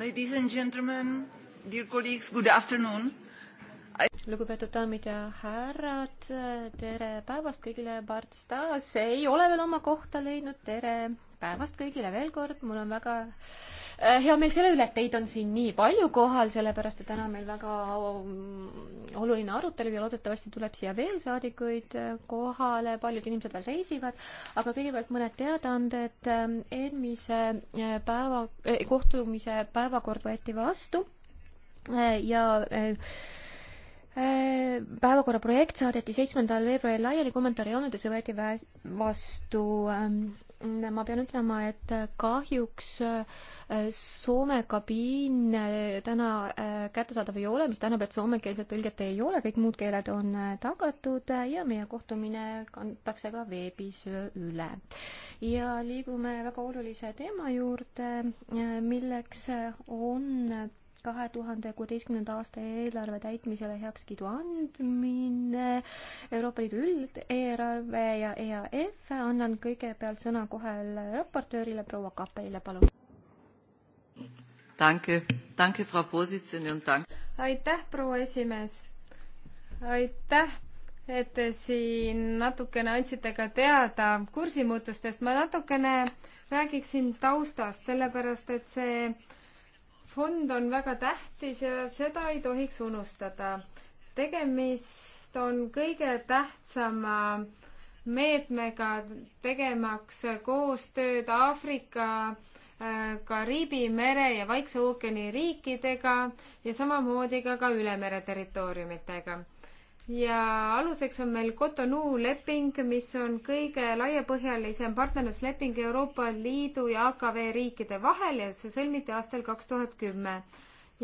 Ladies and gentlemen, dear colleagues, good afternoon lugupeetud daamid ja härrad, tere päevast kõigile, Bart Stas ei ole veel oma kohta leidnud, tere päevast kõigile veel kord, mul on väga Äh, hea meel selle üle, et teid on siin nii palju kohal, sellepärast et täna on meil väga mm, oluline arutelu ja loodetavasti tuleb siia veel saadikuid äh, kohale, paljud inimesed veel reisivad, aga kõigepealt mõned teadaanded. Ähm, eelmise äh, päeva, kohtumise päevakord võeti vastu ja päevakorra projekt saadeti seitsmendal veebruaril laiali, kommentaare ei olnud ja see võeti vastu ähm, ma pean ütlema, et kahjuks äh, Soome kabiin äh, täna äh, kättesaadav ei ole, mis tähendab, et soomekeelset tõlget ei ole, kõik muud keeled on tagatud ja meie kohtumine kantakse ka veebis üle. ja liigume väga olulise teema juurde, milleks on kahe tuhande kuueteistkümnenda aasta eelarve täitmisele heakskiidu andmine, Euroopa Liidu üldeelarve ja EAF, annan kõigepealt sõna kohe raportöörile proua Kapelile, palun. Danke, danke, Frau Vorsitzende und dank-. aitäh, proua esimees. aitäh et te siin natukene andsite ka teada kursimuutustest. ma natukene räägiksin taustast, sellepärast et see fond on väga tähtis ja seda ei tohiks unustada. tegemist on kõige tähtsama meetmega tegemaks koostööd Aafrika, äh, Kariibi mere ja Vaikse ookeani riikidega ja samamoodi ka, ka ülemere territooriumitega ja aluseks on meil Cotonou leping, mis on kõige laiapõhjalisem partnerlusleping Euroopa Liidu ja AKV riikide vahel ja see sõlmiti aastal kaks tuhat kümme.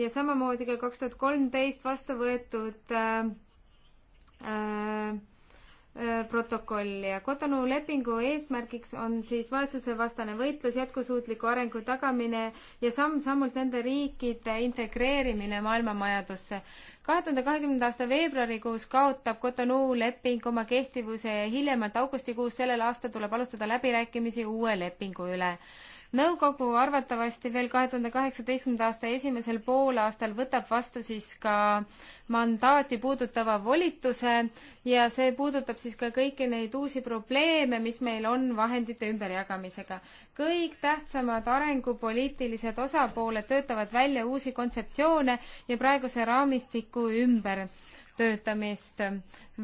ja samamoodi ka kaks tuhat kolmteist vastu võetud äh, äh, Äh, protokolli ja Cotonou lepingu eesmärgiks on siis vaesusevastane võitlus, jätkusuutliku arengu tagamine ja samm-sammult nende riikide integreerimine maailmamajandusse. kahe tuhande kahekümnenda aasta veebruarikuus kaotab Cotonou leping oma kehtivuse ja hiljemalt augustikuus sellel aastal tuleb alustada läbirääkimisi uue lepingu üle nõukogu arvatavasti veel kahe tuhande kaheksateistkümnenda aasta esimesel poolaastal võtab vastu siis ka mandaati puudutava volituse ja see puudutab siis ka kõiki neid uusi probleeme, mis meil on vahendite ümberjagamisega. kõik tähtsamad arengupoliitilised osapooled töötavad välja uusi kontseptsioone ja praeguse raamistiku ümber töötamist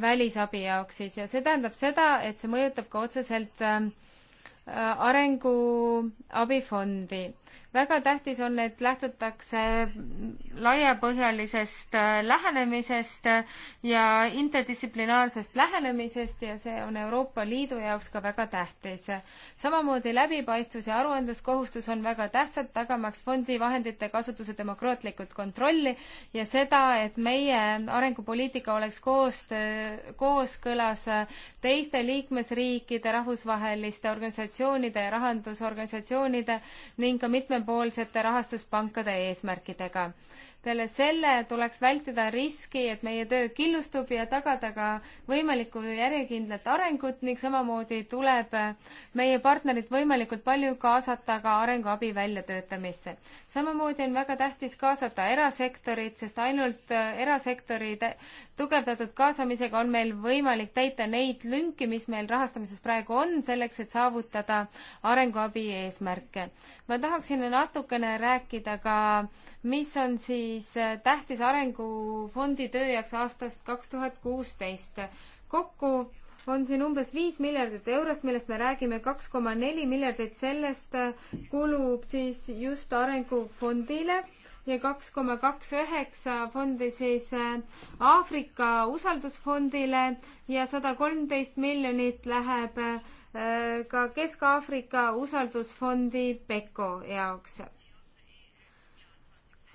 välisabi jaoks siis ja see tähendab seda, et see mõjutab ka otseselt äh, Äh, arenguabifondi väga tähtis on, et lähtutakse laiapõhjalisest äh, lähenemisest ja interdistsiplinaarsest lähenemisest ja see on Euroopa Liidu jaoks ka väga tähtis. samamoodi läbipaistvus ja aruandluskohustus on väga tähtsad, tagamaks fondi vahendite kasutuse demokraatlikult kontrolli ja seda, et meie arengupoliitika oleks koostöö, kooskõlas teiste liikmesriikide, rahvusvaheliste organisatsioonide ja rahandusorganisatsioonide ning ka mitme parempoolsete rahastuspankade eesmärkidega peale selle tuleks vältida riski, et meie töö killustub ja tagada ka võimalikku järjekindlat arengut ning samamoodi tuleb meie partnerid võimalikult palju kaasata ka arenguabi väljatöötamisse. samamoodi on väga tähtis kaasata erasektorit, sest ainult äh, erasektori tugevdatud kaasamisega on meil võimalik täita neid lünki, mis meil rahastamises praegu on, selleks et saavutada arenguabi eesmärke. ma tahaksin natukene rääkida ka, mis on siis siis äh, tähtis arengufondi töö jaoks aastast kaks tuhat kuusteist. kokku on siin umbes viis miljardit eurost, millest me räägime, kaks koma neli miljardit sellest äh, kulub siis just arengufondile ja kaks koma kaks üheksa fondi siis äh, Aafrika usaldusfondile ja sada kolmteist miljonit läheb ka Kesk-Aafrika usaldusfondi PECO jaoks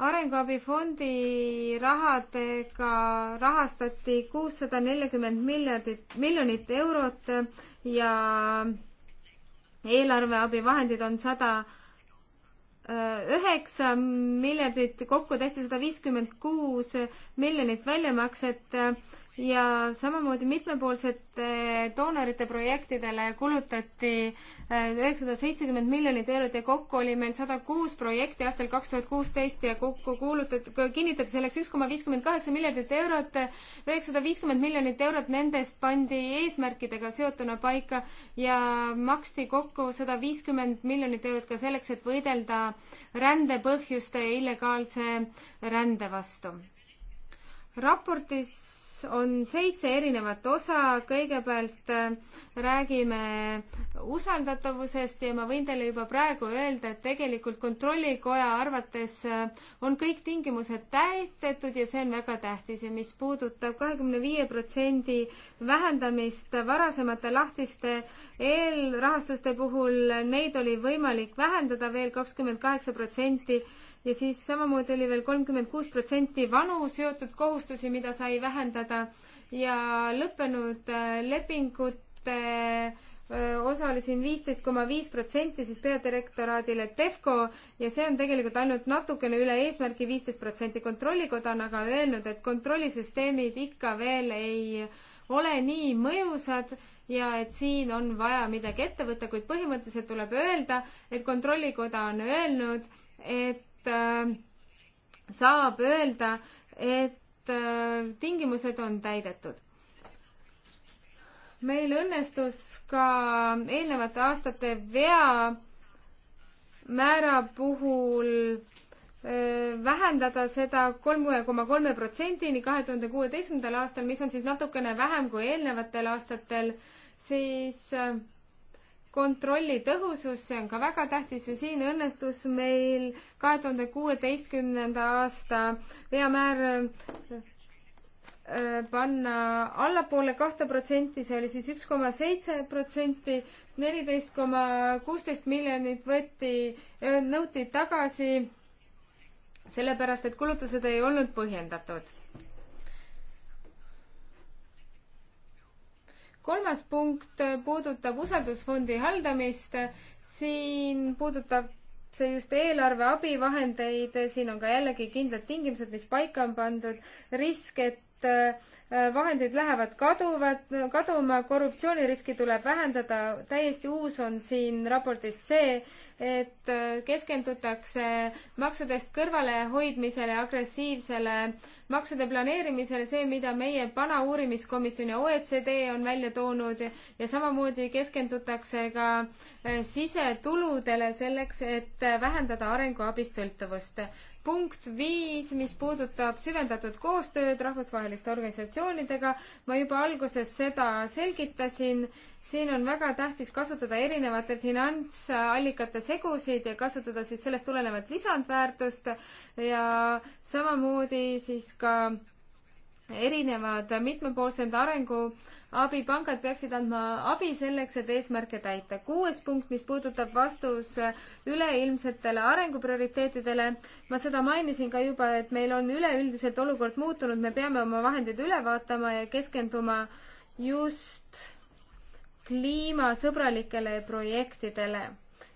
arenguabifondi rahadega rahastati kuussada nelikümmend miljardit, miljonit eurot ja eelarveabivahendid on sada äh, üheksa miljardit, kokku tehti sada viiskümmend kuus miljonit väljamakset ja samamoodi mitmepoolsete doonorite projektidele kulutati äh, üheksasada seitsekümmend miljonit eurot ja kokku oli meil sada kuus projekti aastal kaks tuhat kuusteist ja kokku kuulutati, kinnitati selleks üks koma viiskümmend kaheksa miljardit eurot. üheksasada viiskümmend miljonit eurot nendest pandi eesmärkidega seotuna paika ja maksti kokku sada viiskümmend miljonit eurot ka selleks, et võidelda rände põhjuste ja illegaalse rände vastu. raportis on seitse erinevat osa, kõigepealt äh, räägime usaldatavusest ja ma võin teile juba praegu öelda, et tegelikult Kontrollikoja arvates äh, on kõik tingimused täidetud ja see on väga tähtis ja mis puudutab kahekümne viie protsendi vähendamist varasemate lahtiste eelrahastuste puhul, neid oli võimalik vähendada veel kakskümmend kaheksa protsenti ja siis samamoodi oli veel kolmkümmend kuus protsenti vanu seotud kohustusi, mida sai vähendada ja lõppenud äh, lepingute äh, osalesin viisteist koma viis protsenti siis peadirektoraadile Defco ja see on tegelikult ainult natukene üle eesmärgi viisteist protsenti. kontrollikoda on aga öelnud, et kontrollisüsteemid ikka veel ei ole nii mõjusad ja et siin on vaja midagi ette võtta, kuid põhimõtteliselt tuleb öelda, et kontrollikoda on öelnud, et et äh, saab öelda, et äh, tingimused on täidetud. meil õnnestus ka eelnevate aastate vea määra puhul äh, vähendada seda kolme koma kolme protsendini kahe tuhande kuueteistkümnendal aastal, mis on siis natukene vähem kui eelnevatel aastatel, siis äh, kontrolli tõhusus, see on ka väga tähtis ja siin õnnestus meil kahe tuhande kuueteistkümnenda aasta veamäär äh, panna allapoole kahte protsenti, see oli siis üks koma seitse protsenti, neliteist koma kuusteist miljonit võeti, nõuti tagasi sellepärast, et kulutused ei olnud põhjendatud kolmas punkt puudutab usaldusfondi haldamist. siin puudutab see just eelarve abivahendeid, siin on ka jällegi kindlad tingimused, mis paika on pandud, risk, et Äh, vahendid lähevad kaduvad, kaduma, korruptsiooniriski tuleb vähendada, täiesti uus on siin raportis see, et äh, keskendutakse maksudest kõrvalehoidmisele, agressiivsele maksude planeerimisele, see, mida meie PANA uurimiskomisjon ja OECD on välja toonud ja samamoodi keskendutakse ka äh, sisetuludele selleks, et vähendada arenguabist sõltuvust punkt viis, mis puudutab süvendatud koostööd rahvusvaheliste organisatsioonidega. ma juba alguses seda selgitasin. siin on väga tähtis kasutada erinevate finantsallikate segusid ja kasutada siis sellest tulenevat lisandväärtust ja samamoodi siis ka erinevad mitmepoolsed arenguabipangad peaksid andma abi selleks, et eesmärke täita. kuues punkt, mis puudutab vastus üleilmsetele arenguprioriteetidele. ma seda mainisin ka juba, et meil on üleüldiselt olukord muutunud, me peame oma vahendeid üle vaatama ja keskenduma just kliimasõbralikele projektidele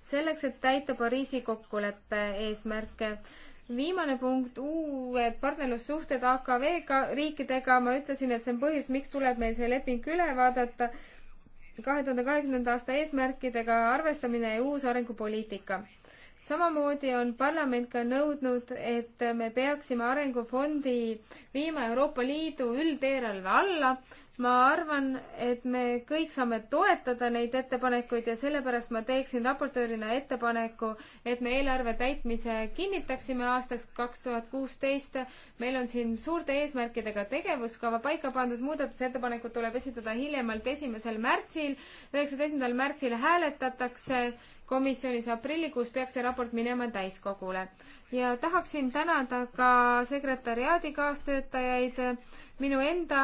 selleks, et täita Pariisi kokkuleppe eesmärke viimane punkt, uued partnerlussuhted AKV-ga, riikidega, ma ütlesin, et see on põhjus, miks tuleb meil see leping üle vaadata, kahe tuhande kahekümnenda aasta eesmärkidega arvestamine ja uus arengupoliitika. samamoodi on parlament ka nõudnud, et me peaksime Arengufondi viima Euroopa Liidu üldeelarve alla ma arvan, et me kõik saame toetada neid ettepanekuid ja sellepärast ma teeksin raportöörina ettepaneku, et me eelarve täitmise kinnitaksime aastaks kaks tuhat kuusteist. meil on siin suurte eesmärkidega tegevuskava paika pandud, muudatusettepanekud tuleb esitada hiljemalt esimesel märtsil. üheksateistkümnendal märtsil hääletatakse komisjonis aprillikuus peaks see raport minema täiskogule. ja tahaksin tänada ka sekretäriaadi kaastöötajaid, minu enda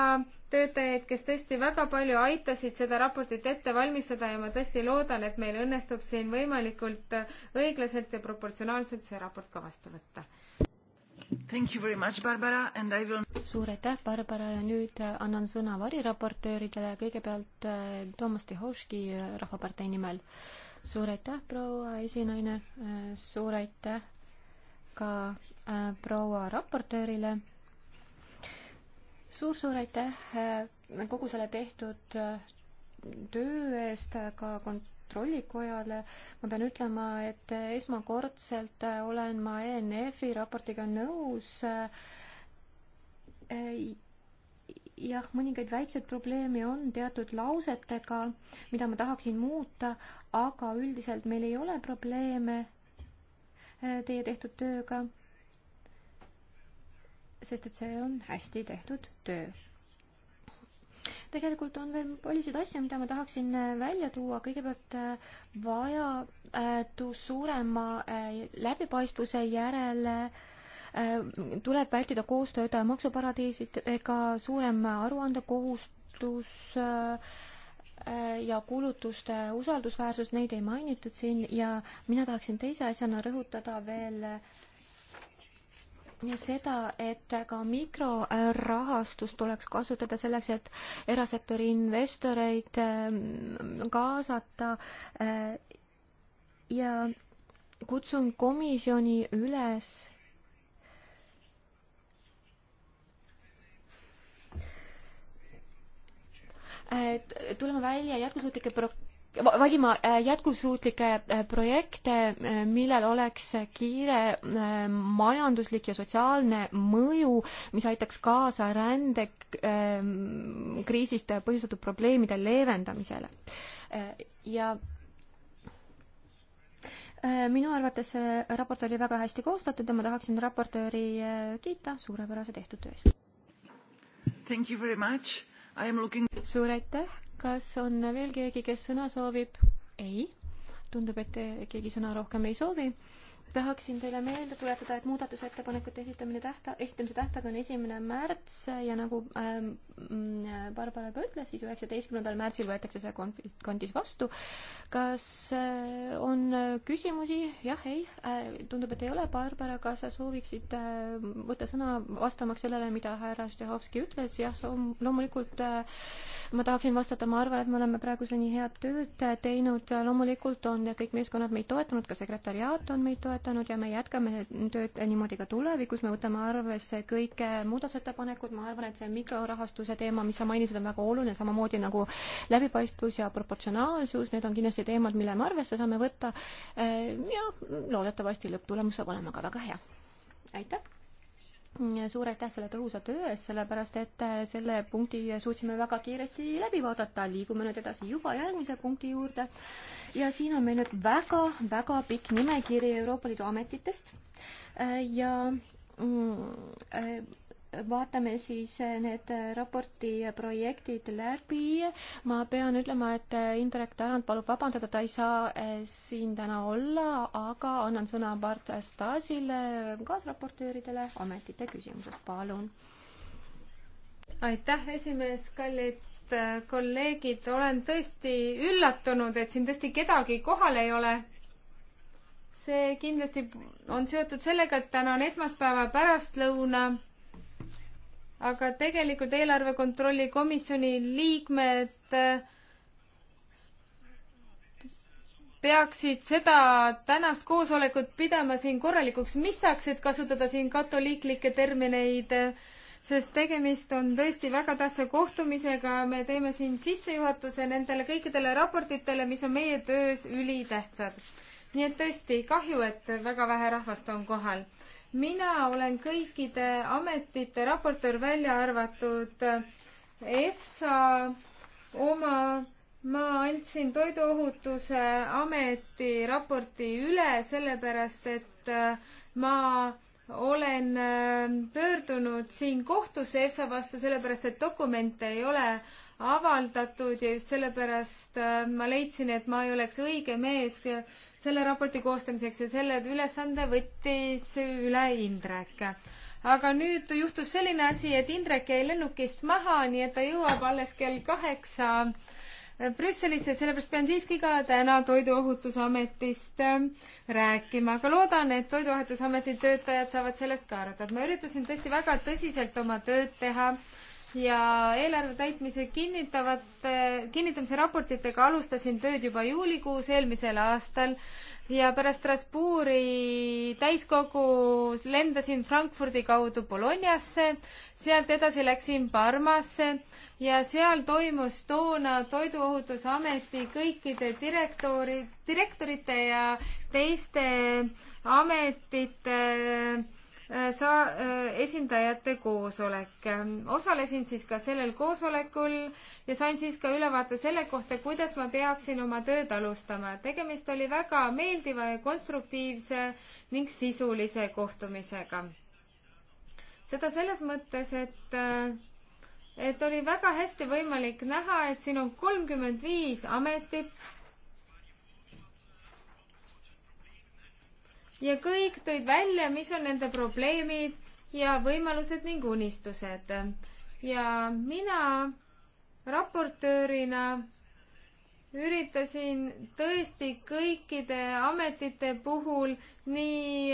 töötajaid, kes tõesti väga palju aitasid seda raportit ette valmistada ja ma tõesti loodan, et meil õnnestub siin võimalikult õiglaselt ja proportsionaalselt see raport ka vastu võtta. Thank you very much, Barbara, and I will suur aitäh, Barbara, ja nüüd annan sõna variraportööridele, kõigepealt eh, Toomas Tihovski eh, Rahvapartei nimel suur aitäh, proua esinaine, suur aitäh ka äh, proua raportöörile suur,. suur-suur aitäh äh, kogu selle tehtud äh, töö eest ka kontrollikojale. ma pean ütlema, et esmakordselt äh, olen ma ENF-i raportiga nõus äh, jah, mõningaid väikseid probleeme on teatud lausetega, mida ma tahaksin muuta, aga üldiselt meil ei ole probleeme äh, teie tehtud tööga. sest et see on hästi tehtud töö. tegelikult on veel paljusid asju, mida ma tahaksin äh, välja tuua, kõigepealt äh, vajadus suurema läbipaistvuse järele äh, Äh, tuleb vältida koostööd maksuparadiisidega, suurem aruandekohustus äh, äh, ja kulutuste usaldusväärsus, neid ei mainitud siin ja mina tahaksin teise asjana rõhutada veel seda, et ka mikrorahastust tuleks kasutada selleks, et erasektori investoreid kaasata ja kutsun komisjoni üles Äh, tulema välja jätkusuutlike pro-, valima äh, jätkusuutlikke äh, projekte, millel oleks kiire majanduslik ja sotsiaalne mõju, mis aitaks kaasa rändekriisist ähm, põhjustatud probleemide leevendamisele. ja minu arvates see raport oli väga hästi koostatud ja ma tahaksin raportööri kiita suurepärase tehtud töö eest. Thank you very much Looking... suur aitäh, kas on veel keegi, kes sõna soovib? ei, tundub, et keegi sõna rohkem ei soovi tahaksin teile meelde tuletada, et muudatusettepanekute esitamine tähta-, esitamise tähtaeg on esimene märts ja nagu ähm, mm, Barbara juba ütles, siis üheksateistkümnendal märtsil võetakse see kondis vastu. kas äh, on äh, küsimusi? jah, ei äh,? tundub, et ei ole. Barbara, kas sa sooviksid äh, võtta sõna vastamaks sellele, mida härra Stjahovski ütles? jah, loomulikult äh, ma tahaksin vastata, ma arvan, et me oleme praeguseni head tööd äh, teinud. loomulikult on kõik meeskonnad meid toetanud, ka sekretäriaat on meid toetanud arutanud ja me jätkame tööd niimoodi ka tulevikus, me võtame arvesse kõik muudatusettepanekud, ma arvan, et see mikrorahastuse teema, mis sa mainisid, on väga oluline, samamoodi nagu läbipaistvus ja proportsionaalsus, need on kindlasti teemad, mille me arvesse saame võtta ja loodetavasti lõpptulemus saab olema ka väga hea. aitäh! suur aitäh selle tõhusa töö eest, sellepärast et äh, selle punkti suutsime väga kiiresti läbi vaadata, liigume nüüd edasi juba järgmise punkti juurde. ja siin on meil nüüd väga-väga pikk nimekiri Euroopa Liidu ametitest äh, ja mm, äh, vaatame siis eh, need eh, raporti eh, projektid läbi. ma pean ütlema, et Indrek Tarand palub vabandada, ta ei saa siin täna olla, aga annan sõna Mart Stasile, kaasraportööridele ametite küsimuses, palun. aitäh, esimees, kallid kolleegid, olen tõesti üllatunud, et siin tõesti kedagi kohal ei ole see kindlasti on seotud sellega, et täna on esmaspäeva pärastlõuna aga tegelikult eelarve kontrolli komisjoni liikmed äh, peaksid seda tänast koosolekut pidama siin korralikuks missaks, et kasutada siin katoliiklikke termineid, sest tegemist on tõesti väga tähtsa kohtumisega, me teeme siin sissejuhatuse nendele kõikidele raportitele, mis on meie töös ülitähtsad. nii et tõesti kahju, et väga vähe rahvast on kohal mina olen kõikide ametite raportöör välja arvatud eh, EFSA oma ma andsin Toiduohutuse Ameti raporti üle, sellepärast et eh, ma olen eh, pöördunud siin kohtusse EFSA vastu, sellepärast et dokumente ei ole avaldatud ja just sellepärast ma leidsin, et ma ei oleks õige mees selle raporti koostamiseks ja selle ülesande võttis üle Indrek. aga nüüd juhtus selline asi, et Indrek jäi lennukist maha, nii et ta jõuab alles kell kaheksa Brüsselisse, sellepärast pean siiski ka täna Toiduohutusametist rääkima, aga loodan, et Toiduohutusameti töötajad saavad sellest ka aru, et ma üritasin tõesti väga tõsiselt oma tööd teha ja eelarve täitmise kinnitavate, kinnitamise raportitega alustasin tööd juba juulikuus eelmisel aastal ja pärast Strasbourgi täiskogus lendasin Frankfurdi kaudu Bolognasse, sealt edasi läksin Parmasse ja seal toimus toona Toiduohutusameti kõikide direktori, direktorite ja teiste ametite Äh, saa-, äh, esindajate koosolek. Ähm, osalesin siis ka sellel koosolekul ja sain siis ka ülevaate selle kohta, kuidas ma peaksin oma tööd alustama. tegemist oli väga meeldiva ja konstruktiivse ning sisulise kohtumisega. seda selles mõttes, et äh, et oli väga hästi võimalik näha, et siin on kolmkümmend viis ametit ja kõik tõid välja, mis on nende probleemid ja võimalused ning unistused. ja mina raportöörina üritasin tõesti kõikide ametite puhul nii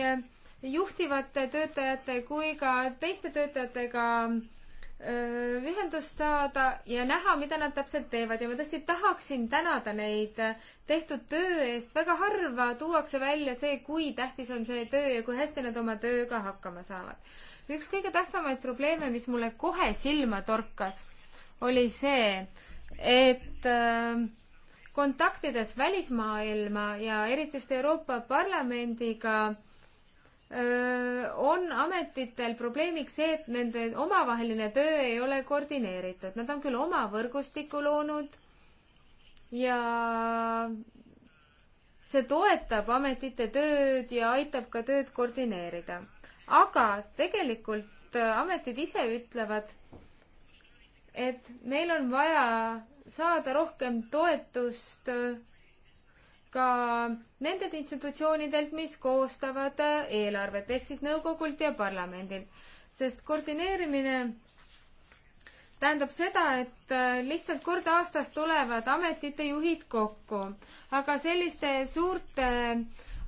juhtivate töötajate kui ka teiste töötajatega äh, ühendust saada ja näha, mida nad täpselt teevad ja ma tõesti tahaksin tänada neid tehtud töö eest. väga harva tuuakse välja see, kui tähtis on see töö ja kui hästi nad oma tööga hakkama saavad. üks kõige tähtsamaid probleeme, mis mulle kohe silma torkas, oli see, et kontaktides välismaailma ja eriti just Euroopa Parlamendiga äh, on ametitel probleemiks see, et nende omavaheline töö ei ole koordineeritud. Nad on küll oma võrgustiku loonud ja see toetab ametite tööd ja aitab ka tööd koordineerida. aga tegelikult ametid ise ütlevad, et neil on vaja saada rohkem toetust äh, ka nendelt institutsioonidelt, mis koostavad äh, eelarvet, ehk siis nõukogult ja parlamendilt. sest koordineerimine tähendab seda, et äh, lihtsalt kord aastas tulevad ametite juhid kokku, aga selliste suurte äh,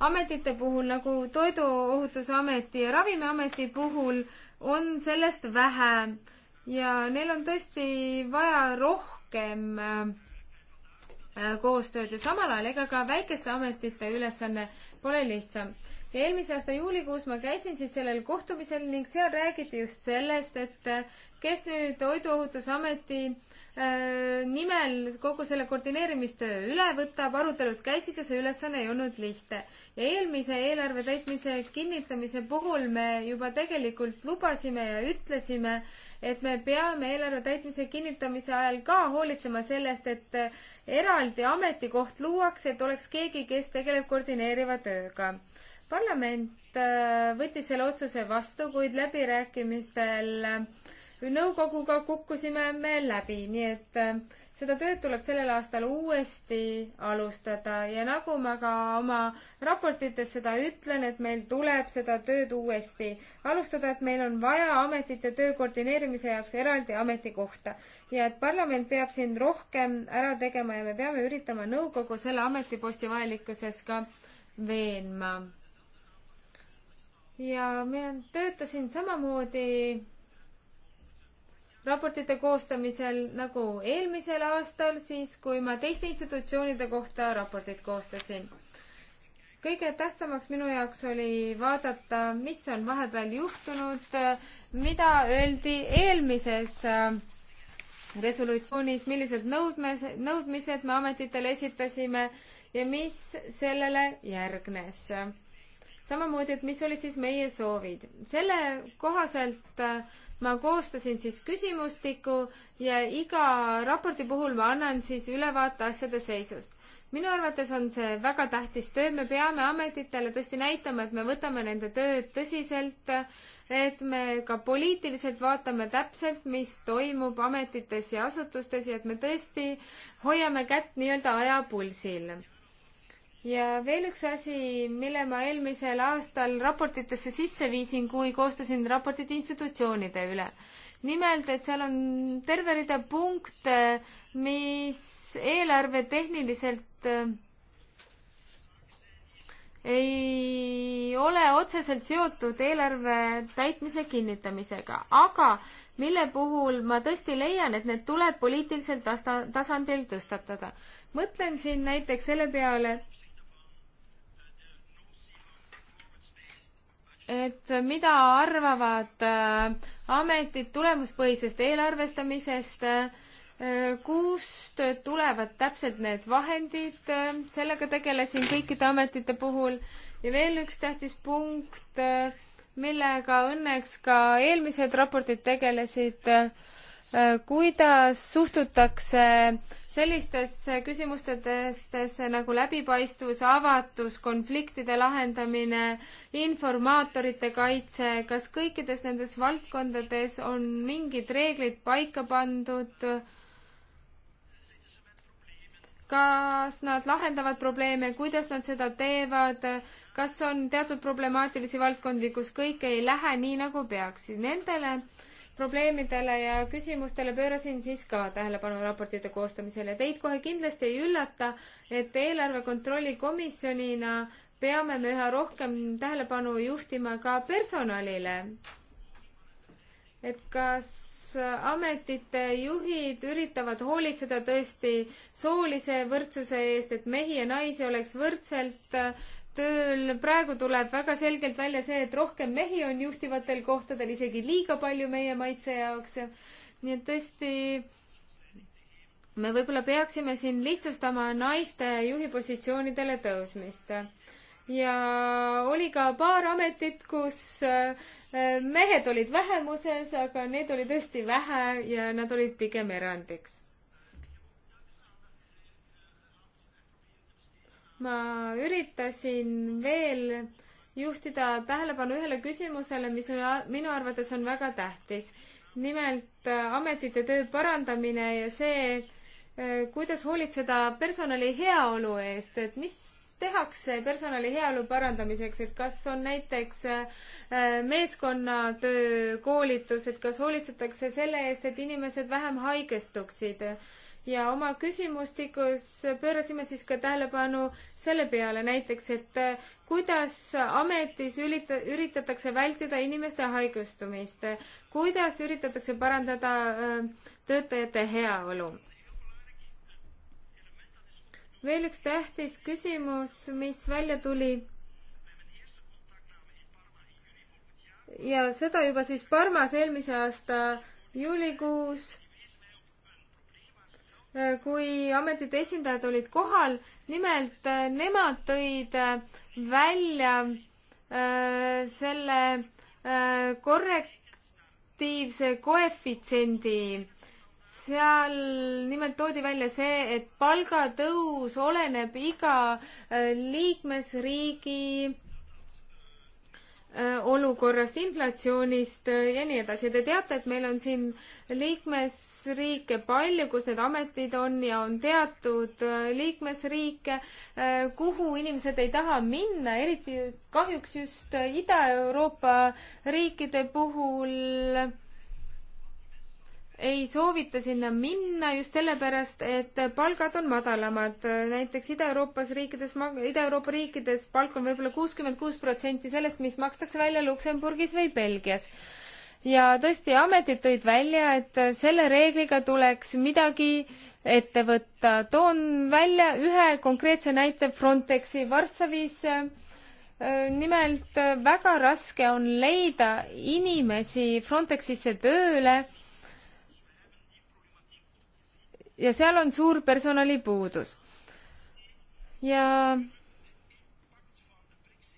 ametite puhul nagu Toiduohutusameti ja Ravimiameti puhul on sellest vähe ja neil on tõesti vaja rohkem äh, Äh, koostööd ja samal ajal ega ka väikeste ametite ülesanne pole lihtsam. ja eelmise aasta juulikuus ma käisin siis sellel kohtumisel ning seal räägiti just sellest, et äh, kes nüüd Toiduohutusameti äh, nimel kogu selle koordineerimistöö üle võtab, arutelud käisid ja see ülesanne ei olnud lihtne. ja eelmise eelarve täitmise kinnitamise puhul me juba tegelikult lubasime ja ütlesime äh,, et me peame eelarve täitmise kinnitamise ajal ka hoolitsema sellest, et eraldi ametikoht luuakse, et oleks keegi, kes tegeleb koordineeriva tööga. parlament äh, võttis selle otsuse vastu, kuid läbirääkimistel nõukoguga kukkusime me läbi, nii et äh, seda tööd tuleb sellel aastal uuesti alustada ja nagu ma ka oma raportites seda ütlen, et meil tuleb seda tööd uuesti alustada, et meil on vaja ametite töö koordineerimise jaoks eraldi ametikohta ja et parlament peab siin rohkem ära tegema ja me peame üritama nõukogu selle ametiposti vajalikkuses ka veenma. ja ma töötasin samamoodi raportite koostamisel nagu eelmisel aastal, siis kui ma teiste institutsioonide kohta raportit koostasin. kõige tähtsamaks minu jaoks oli vaadata, mis on vahepeal juhtunud, mida öeldi eelmises äh, resolutsioonis, millised nõudmes, nõudmised me ametitele esitasime ja mis sellele järgnes samamoodi, et mis olid siis meie soovid. selle kohaselt äh, ma koostasin siis küsimustiku ja iga raporti puhul ma annan siis ülevaate asjade seisust. minu arvates on see väga tähtis töö, me peame ametitele tõesti näitama, et me võtame nende tööd tõsiselt, et me ka poliitiliselt vaatame täpselt, mis toimub ametites ja asutustes ja et me tõesti hoiame kätt nii-öelda ajapulsil ja veel üks asi, mille ma eelmisel aastal raportitesse sisse viisin, kui koostasin raportit institutsioonide üle. nimelt, et seal on terve rida punkte, mis eelarve tehniliselt äh, ei ole otseselt seotud eelarve täitmise kinnitamisega, aga mille puhul ma tõesti leian, et need tuleb poliitilisel tasa, tasandil tõstatada. mõtlen siin näiteks selle peale, et mida arvavad äh, ametid tulemuspõhisest eelarvestamisest, äh, kust tulevad täpselt need vahendid, äh, sellega tegelesin kõikide ametite puhul ja veel üks tähtis punkt, millega õnneks ka eelmised raportid tegelesid Äh, kuidas suhtutakse sellistesse küsimustesse nagu läbipaistvus, avatus, konfliktide lahendamine, informaatorite kaitse, kas kõikides nendes valdkondades on mingid reeglid paika pandud? kas nad lahendavad probleeme, kuidas nad seda teevad, kas on teatud problemaatilisi valdkondi, kus kõik ei lähe nii, nagu peaks, nendele äh, probleemidele ja küsimustele pöörasin siis ka tähelepanu raportite koostamisel ja teid kohe kindlasti ei üllata, et eelarve kontrolli komisjonina peame me üha rohkem tähelepanu juhtima ka personalile. et kas ametite juhid üritavad hoolitseda tõesti soolise võrdsuse eest, et mehi ja naisi oleks võrdselt äh, tööl. praegu tuleb väga selgelt välja see, et rohkem mehi on juhtivatel kohtadel, isegi liiga palju meie maitse jaoks. nii et tõesti, me võib-olla peaksime siin lihtsustama naiste juhipositsioonidele tõusmist. ja oli ka paar ametit, kus eh, mehed olid vähemuses, aga neid oli tõesti vähe ja nad olid pigem erandiks ma üritasin veel juhtida tähelepanu ühele küsimusele, mis on, minu arvates on väga tähtis. nimelt äh, ametite töö parandamine ja see, äh, kuidas hoolitseda personali heaolu eest, et mis tehakse personali heaolu parandamiseks, et kas on näiteks äh, meeskonnatöö koolitus, et kas hoolitsetakse selle eest, et inimesed vähem haigestuksid ja oma küsimustikus pöörasime siis ka tähelepanu selle peale näiteks, et äh, kuidas ametis ülita-, üritatakse vältida inimeste haigestumist, kuidas üritatakse parandada äh, töötajate heaolu. veel üks tähtis küsimus, mis välja tuli ja seda juba siis Parmas eelmise aasta juulikuus kui ametite esindajad olid kohal, nimelt äh, nemad tõid äh, välja äh, selle korrektiivse koefitsiendi. seal nimelt toodi välja see, et palgatõus oleneb iga liikmesriigi olukorrast, inflatsioonist ja nii edasi. Te teate, et meil on siin liikmes liikmesriike palju, kus need ametid on ja on teatud äh, liikmesriike, äh, kuhu inimesed ei taha minna, eriti kahjuks just äh, Ida-Euroopa riikide puhul ei soovita sinna minna just sellepärast, et palgad on madalamad. näiteks Ida-Euroopas riikides, Ida-Euroopa riikides palk on võib-olla kuuskümmend kuus protsenti sellest, mis makstakse välja Luksemburgis või Belgias ja tõesti, ametid tõid välja, et selle reegliga tuleks midagi ette võtta. toon välja ühe konkreetse näite Frontexi Varssavis. nimelt väga raske on leida inimesi Frontexisse tööle. ja seal on suur personalipuudus. ja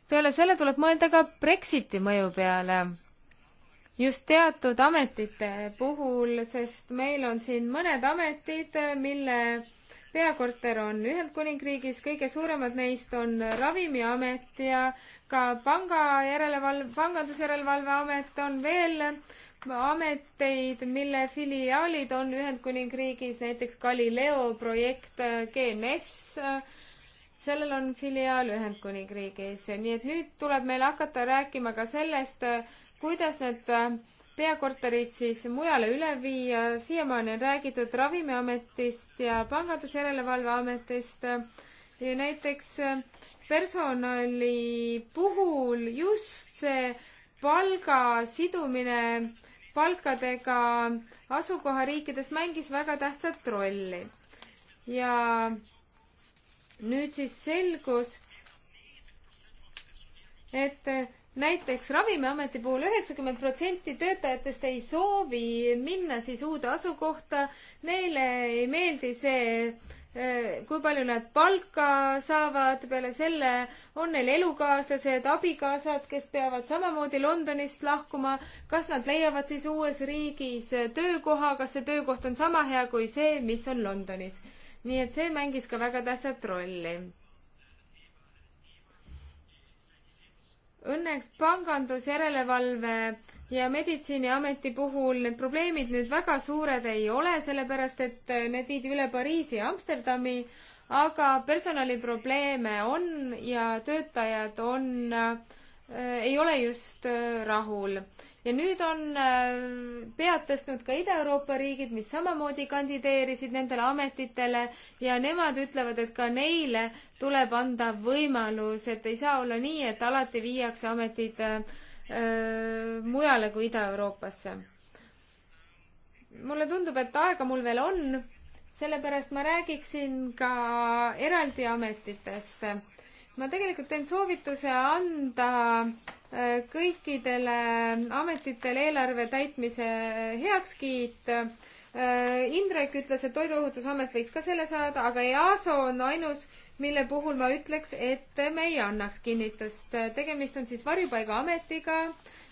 peale selle tuleb mõelda ka Brexiti mõju peale just teatud ametite puhul, sest meil on siin mõned ametid, mille peakorter on Ühendkuningriigis, kõige suuremad neist on Ravimiamet ja ka panga järelevalve, pangandusjärelevalveamet on veel ameteid, mille filiaalid on Ühendkuningriigis, näiteks Galileo projekt GNS, sellel on filiaal Ühendkuningriigis, nii et nüüd tuleb meil hakata rääkima ka sellest, kuidas need äh, peakorterid siis mujale üle viia, siiamaani on räägitud Ravimiametist ja Pangandusjärelevalveametist ja näiteks äh, personali puhul just see palga sidumine palkadega asukohariikides mängis väga tähtsat rolli. ja nüüd siis selgus, et näiteks Ravimiameti puhul üheksakümmend protsenti töötajatest ei soovi minna siis uude asukohta, neile ei meeldi see, eh, kui palju nad palka saavad, peale selle on neil elukaaslased, abikaasad, kes peavad samamoodi Londonist lahkuma, kas nad leiavad siis uues riigis töökoha, kas see töökoht on sama hea kui see, mis on Londonis. nii et see mängis ka väga tähtsat rolli õnneks pangandusjärelevalve ja meditsiiniameti puhul need probleemid nüüd väga suured ei ole, sellepärast et äh, need viidi üle Pariisi ja Amsterdami, aga personaliprobleeme on ja töötajad on äh,, ei ole just äh, rahul ja nüüd on äh, pead tõstnud ka Ida-Euroopa riigid, mis samamoodi kandideerisid nendele ametitele ja nemad ütlevad, et ka neile tuleb anda võimalus, et ei saa olla nii, et alati viiakse ametid äh, mujale kui Ida-Euroopasse. mulle tundub, et aega mul veel on, sellepärast ma räägiksin ka eraldi ametitest ma tegelikult teen soovituse anda äh, kõikidele ametitele eelarve täitmise äh, heakskiit. Äh, Indrek ütles, et Toiduohutusamet võiks ka selle saada, aga EASO on ainus, mille puhul ma ütleks, et me ei annaks kinnitust. tegemist on siis Varjupaigaametiga.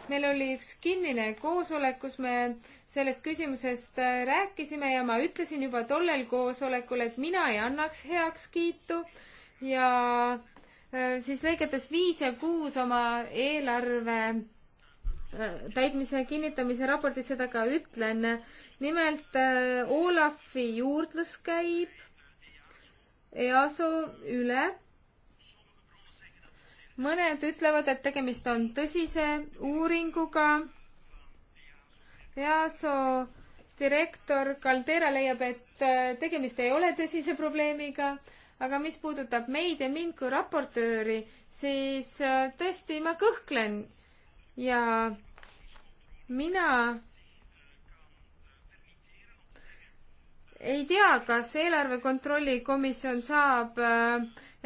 meil oli üks kinnine koosolek, kus me sellest küsimusest rääkisime ja ma ütlesin juba tollel koosolekul, et mina ei annaks heakskiitu ja Äh, siis lõigetes viis ja kuus oma eelarve äh, täitmise kinnitamise raportis seda ka ütlen. nimelt äh, Olafi juurdlus käib EASO üle. mõned ütlevad, et tegemist on tõsise uuringuga. EASO direktor Caldera leiab, et tegemist ei ole tõsise probleemiga aga mis puudutab meid ja mind kui raportööri, siis äh, tõesti ma kõhklen ja mina ei tea, kas eelarve kontrolli komisjon saab äh,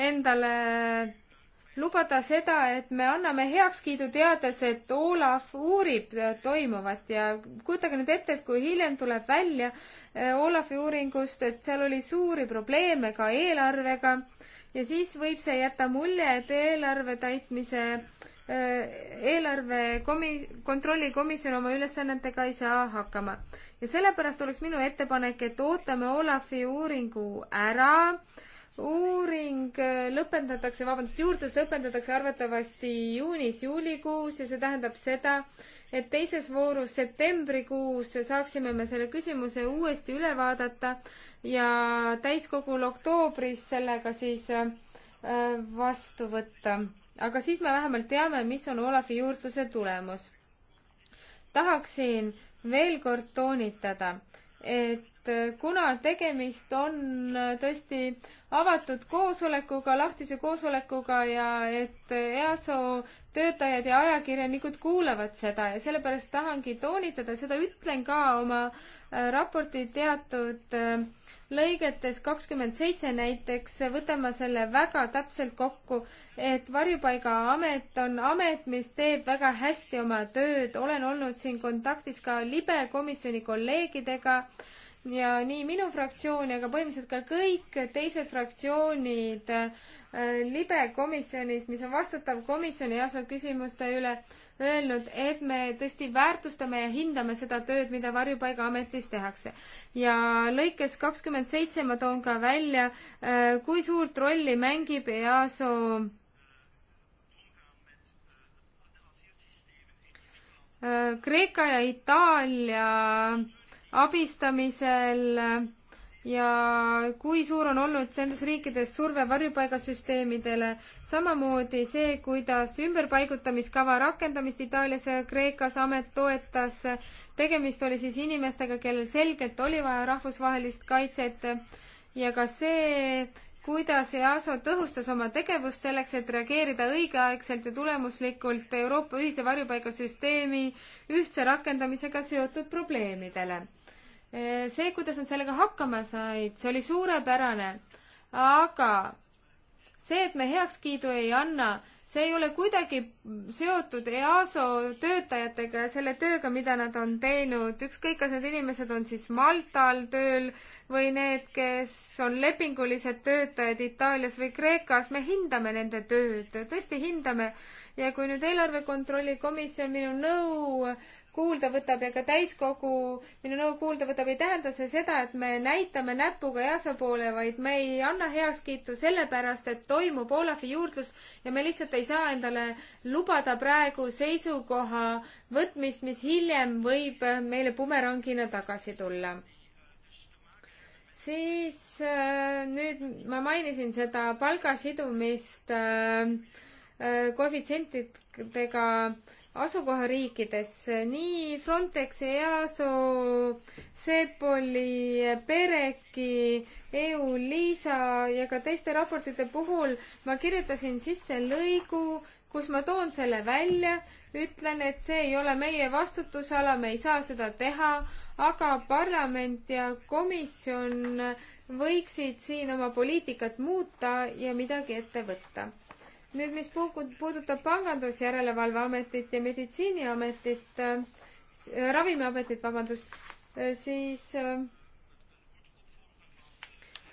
endale lubada seda, et me anname heakskiidu teades, et Olav uurib toimuvat ja kujutage nüüd ette, et kui hiljem tuleb välja eh, Olavi uuringust, et seal oli suuri probleeme ka eelarvega ja siis võib see jätta mulje, et eelarve täitmise eh, eelarve komi-, kontrollikomisjon oma ülesannetega ei saa hakkama. ja sellepärast oleks minu ettepanek, et ootame Olafi uuringu ära äh, uuring äh, lõpetatakse, vabandust, juurdlus lõpetatakse arvatavasti juunis-juulikuus ja see tähendab seda, et teises voorus septembrikuus saaksime me selle küsimuse uuesti üle vaadata ja täiskogul oktoobris sellega siis äh, vastu võtta. aga siis me vähemalt teame, mis on Olavi juurdluse tulemus. tahaksin veel kord toonitada, et Äh, kuna tegemist on äh, tõesti avatud koosolekuga, lahtise koosolekuga ja et EASO töötajad ja ajakirjanikud kuulavad seda ja sellepärast tahangi toonitada, seda ütlen ka oma äh, raporti teatud lõigetes kakskümmend seitse näiteks, võtan ma selle väga täpselt kokku, et Varjupaigaamet on amet, mis teeb väga hästi oma tööd, olen olnud siin kontaktis ka libe komisjoni kolleegidega ja nii minu fraktsioon ja ka põhimõtteliselt ka kõik teised fraktsioonid äh, libe komisjonis, mis on vastutav komisjoni jaoks küsimuste üle, öelnud, et me tõesti väärtustame ja hindame seda tööd, mida Varjupaigaametis tehakse. ja lõikes kakskümmend seitse ma toon ka välja äh,, kui suurt rolli mängib EASO äh, Kreeka ja Itaalia abistamisel ja kui suur on olnud nendes riikides surve varjupaigasüsteemidele, samamoodi see, kuidas ümberpaigutamiskava rakendamist Itaalias ja Kreekas amet toetas. tegemist oli siis inimestega, kellel selgelt oli vaja rahvusvahelist kaitset ja ka see, kuidas EASO tõhustas oma tegevust selleks, et reageerida õigeaegselt ja tulemuslikult Euroopa ühise varjupaigasüsteemi ühtse rakendamisega seotud probleemidele see, kuidas nad sellega hakkama said, see oli suurepärane, aga see, et me heakskiidu ei anna, see ei ole kuidagi seotud EASO töötajatega ja selle tööga, mida nad on teinud, ükskõik, kas need inimesed on siis Maltal tööl või need, kes on lepingulised töötajad Itaalias või Kreekas, me hindame nende tööd, tõesti hindame. ja kui nüüd eelarve kontrolli komisjon minu nõu kuulda võtab ja ka täiskogu minu nõu kuulda võtab, ei tähenda see seda, et me näitame näpuga EASA poole, vaid me ei anna heakskiitu sellepärast, et toimub Olavi juurdlus ja me lihtsalt ei saa endale lubada praegu seisukoha võtmist, mis hiljem võib meile bumerangina tagasi tulla siis äh, nüüd ma mainisin seda palga sidumist äh, äh, koefitsientidega äh, asukohariikides. nii Frontex, EASO, CEPOL-i, PEREC-i, EU Liisa ja ka teiste raportite puhul ma kirjutasin sisse lõigu, kus ma toon selle välja, ütlen, et see ei ole meie vastutusala, me ei saa seda teha, aga parlament ja komisjon võiksid siin oma poliitikat muuta ja midagi ette võtta nüüd, mis puudutab Pangandusjärelevalveametit ja Meditsiiniametit äh,, Ravimiametit, vabandust äh,, siis äh,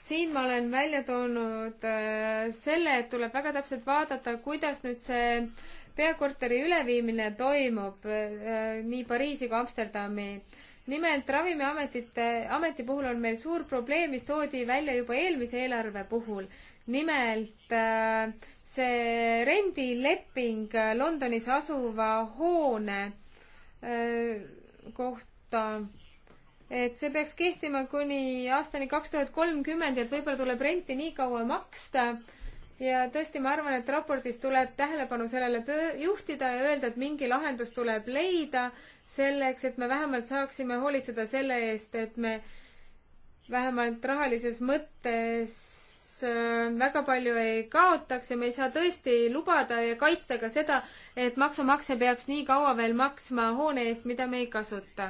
siin ma olen välja toonud äh, selle, et tuleb väga täpselt vaadata, kuidas nüüd see peakorteri üleviimine toimub äh, nii Pariisi kui Amsterdami nimelt Ravimiametite, ameti puhul on meil suur probleem, mis toodi välja juba eelmise eelarve puhul. nimelt äh, see rendileping Londonis asuva hoone äh, kohta, et see peaks kehtima kuni aastani kaks tuhat kolmkümmend, et võib-olla tuleb renti nii kaua maksta ja tõesti, ma arvan, et raportis tuleb tähelepanu sellele juhtida ja öelda, et mingi lahendus tuleb leida selleks, et me vähemalt saaksime hoolitseda selle eest, et me vähemalt rahalises mõttes Äh, väga palju ei kaotaks ja me ei saa tõesti lubada ja kaitsta ka seda, et maksumaksja peaks nii kaua veel maksma hoone eest, mida me ei kasuta.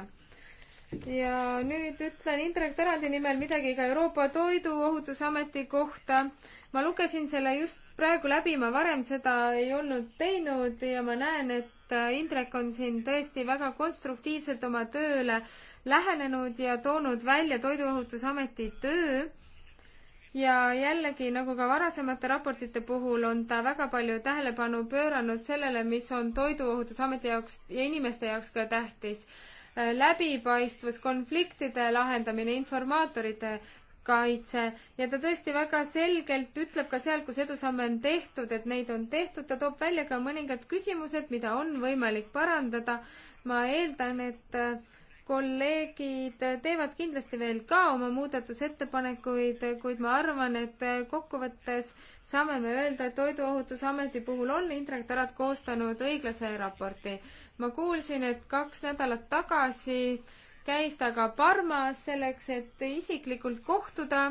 ja nüüd ütlen Indrek Tarandi nimel midagi ka Euroopa Toiduohutusameti kohta. ma lugesin selle just praegu läbi, ma varem seda ei olnud teinud ja ma näen, et Indrek on siin tõesti väga konstruktiivselt oma tööle lähenenud ja toonud välja Toiduohutusameti töö ja jällegi, nagu ka varasemate raportite puhul, on ta väga palju tähelepanu pööranud sellele, mis on Toiduohutusameti jaoks ja inimeste jaoks ka tähtis. Äh, läbipaistvus, konfliktide lahendamine, informaatorite kaitse ja ta tõesti väga selgelt ütleb ka seal, kus edusamme on tehtud, et neid on tehtud, ta toob välja ka mõningad küsimused, mida on võimalik parandada. ma eeldan, et äh, kolleegid teevad kindlasti veel ka oma muudatusettepanekuid, kuid ma arvan, et kokkuvõttes saame me öelda, et Toiduohutusameti puhul on Indrek Tarand koostanud õiglase raporti. ma kuulsin, et kaks nädalat tagasi käis ta ka Parmas selleks, et isiklikult kohtuda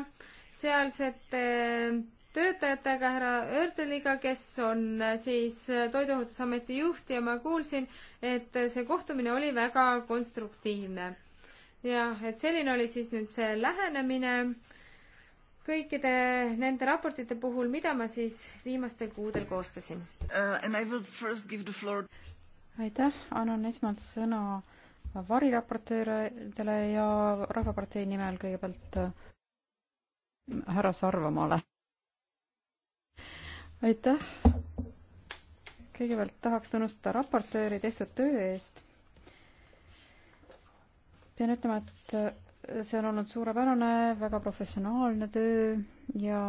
sealsete äh, töötajatega, härra Örteliga, kes on äh, siis äh, Toiduohutusameti juht ja ma kuulsin, et äh, see kohtumine oli väga konstruktiivne. jah, et selline oli siis nüüd see lähenemine kõikide nende raportite puhul, mida ma siis viimastel kuudel koostasin uh,. aitäh, annan esmalt sõna variraportööridele ja Rahvapartei nimel kõigepealt härra Sarvamaale aitäh! kõigepealt tahaks tunnustada raportööri tehtud töö eest. pean ütlema, et see on olnud suurepärane, väga professionaalne töö ja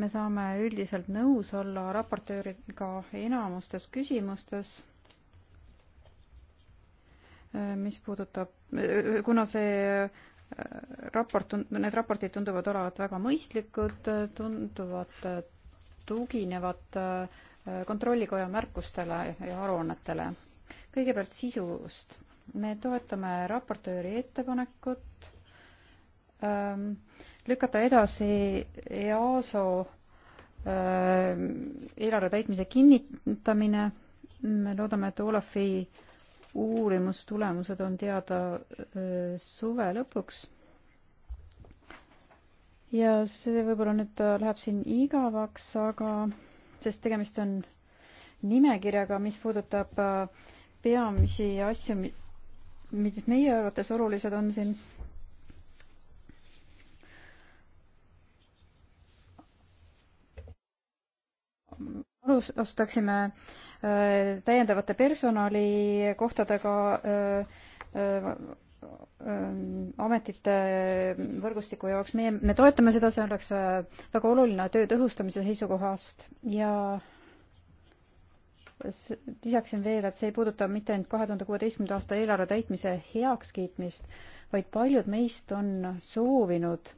me saame üldiselt nõus olla raportööriga enamustes küsimustes, mis puudutab, kuna see äh, raport, need raportid tunduvad olevat väga mõistlikud, tunduvad äh, tuginevad äh, kontrollikoja märkustele ja aruannetele. kõigepealt sisust. me toetame raportööri ettepanekut ähm, lükata edasi EASO ähm, eelarve täitmise kinnitamine. me loodame, et Olafi uurimustulemused on teada äh, suve lõpuks ja see võib-olla nüüd äh, läheb siin igavaks, aga sest tegemist on nimekirjaga, mis puudutab äh, peamisi asju, mis meie arvates olulised on siin. alustaksime äh, täiendavate personalikohtadega ametite võrgustiku jaoks, meie, me toetame seda, see oleks väga oluline töö tõhustamise seisukohast ja lisaksin veel, et see ei puuduta mitte ainult kahe tuhande kuueteistkümnenda aasta eelarve täitmise heakskiitmist, vaid paljud meist on soovinud,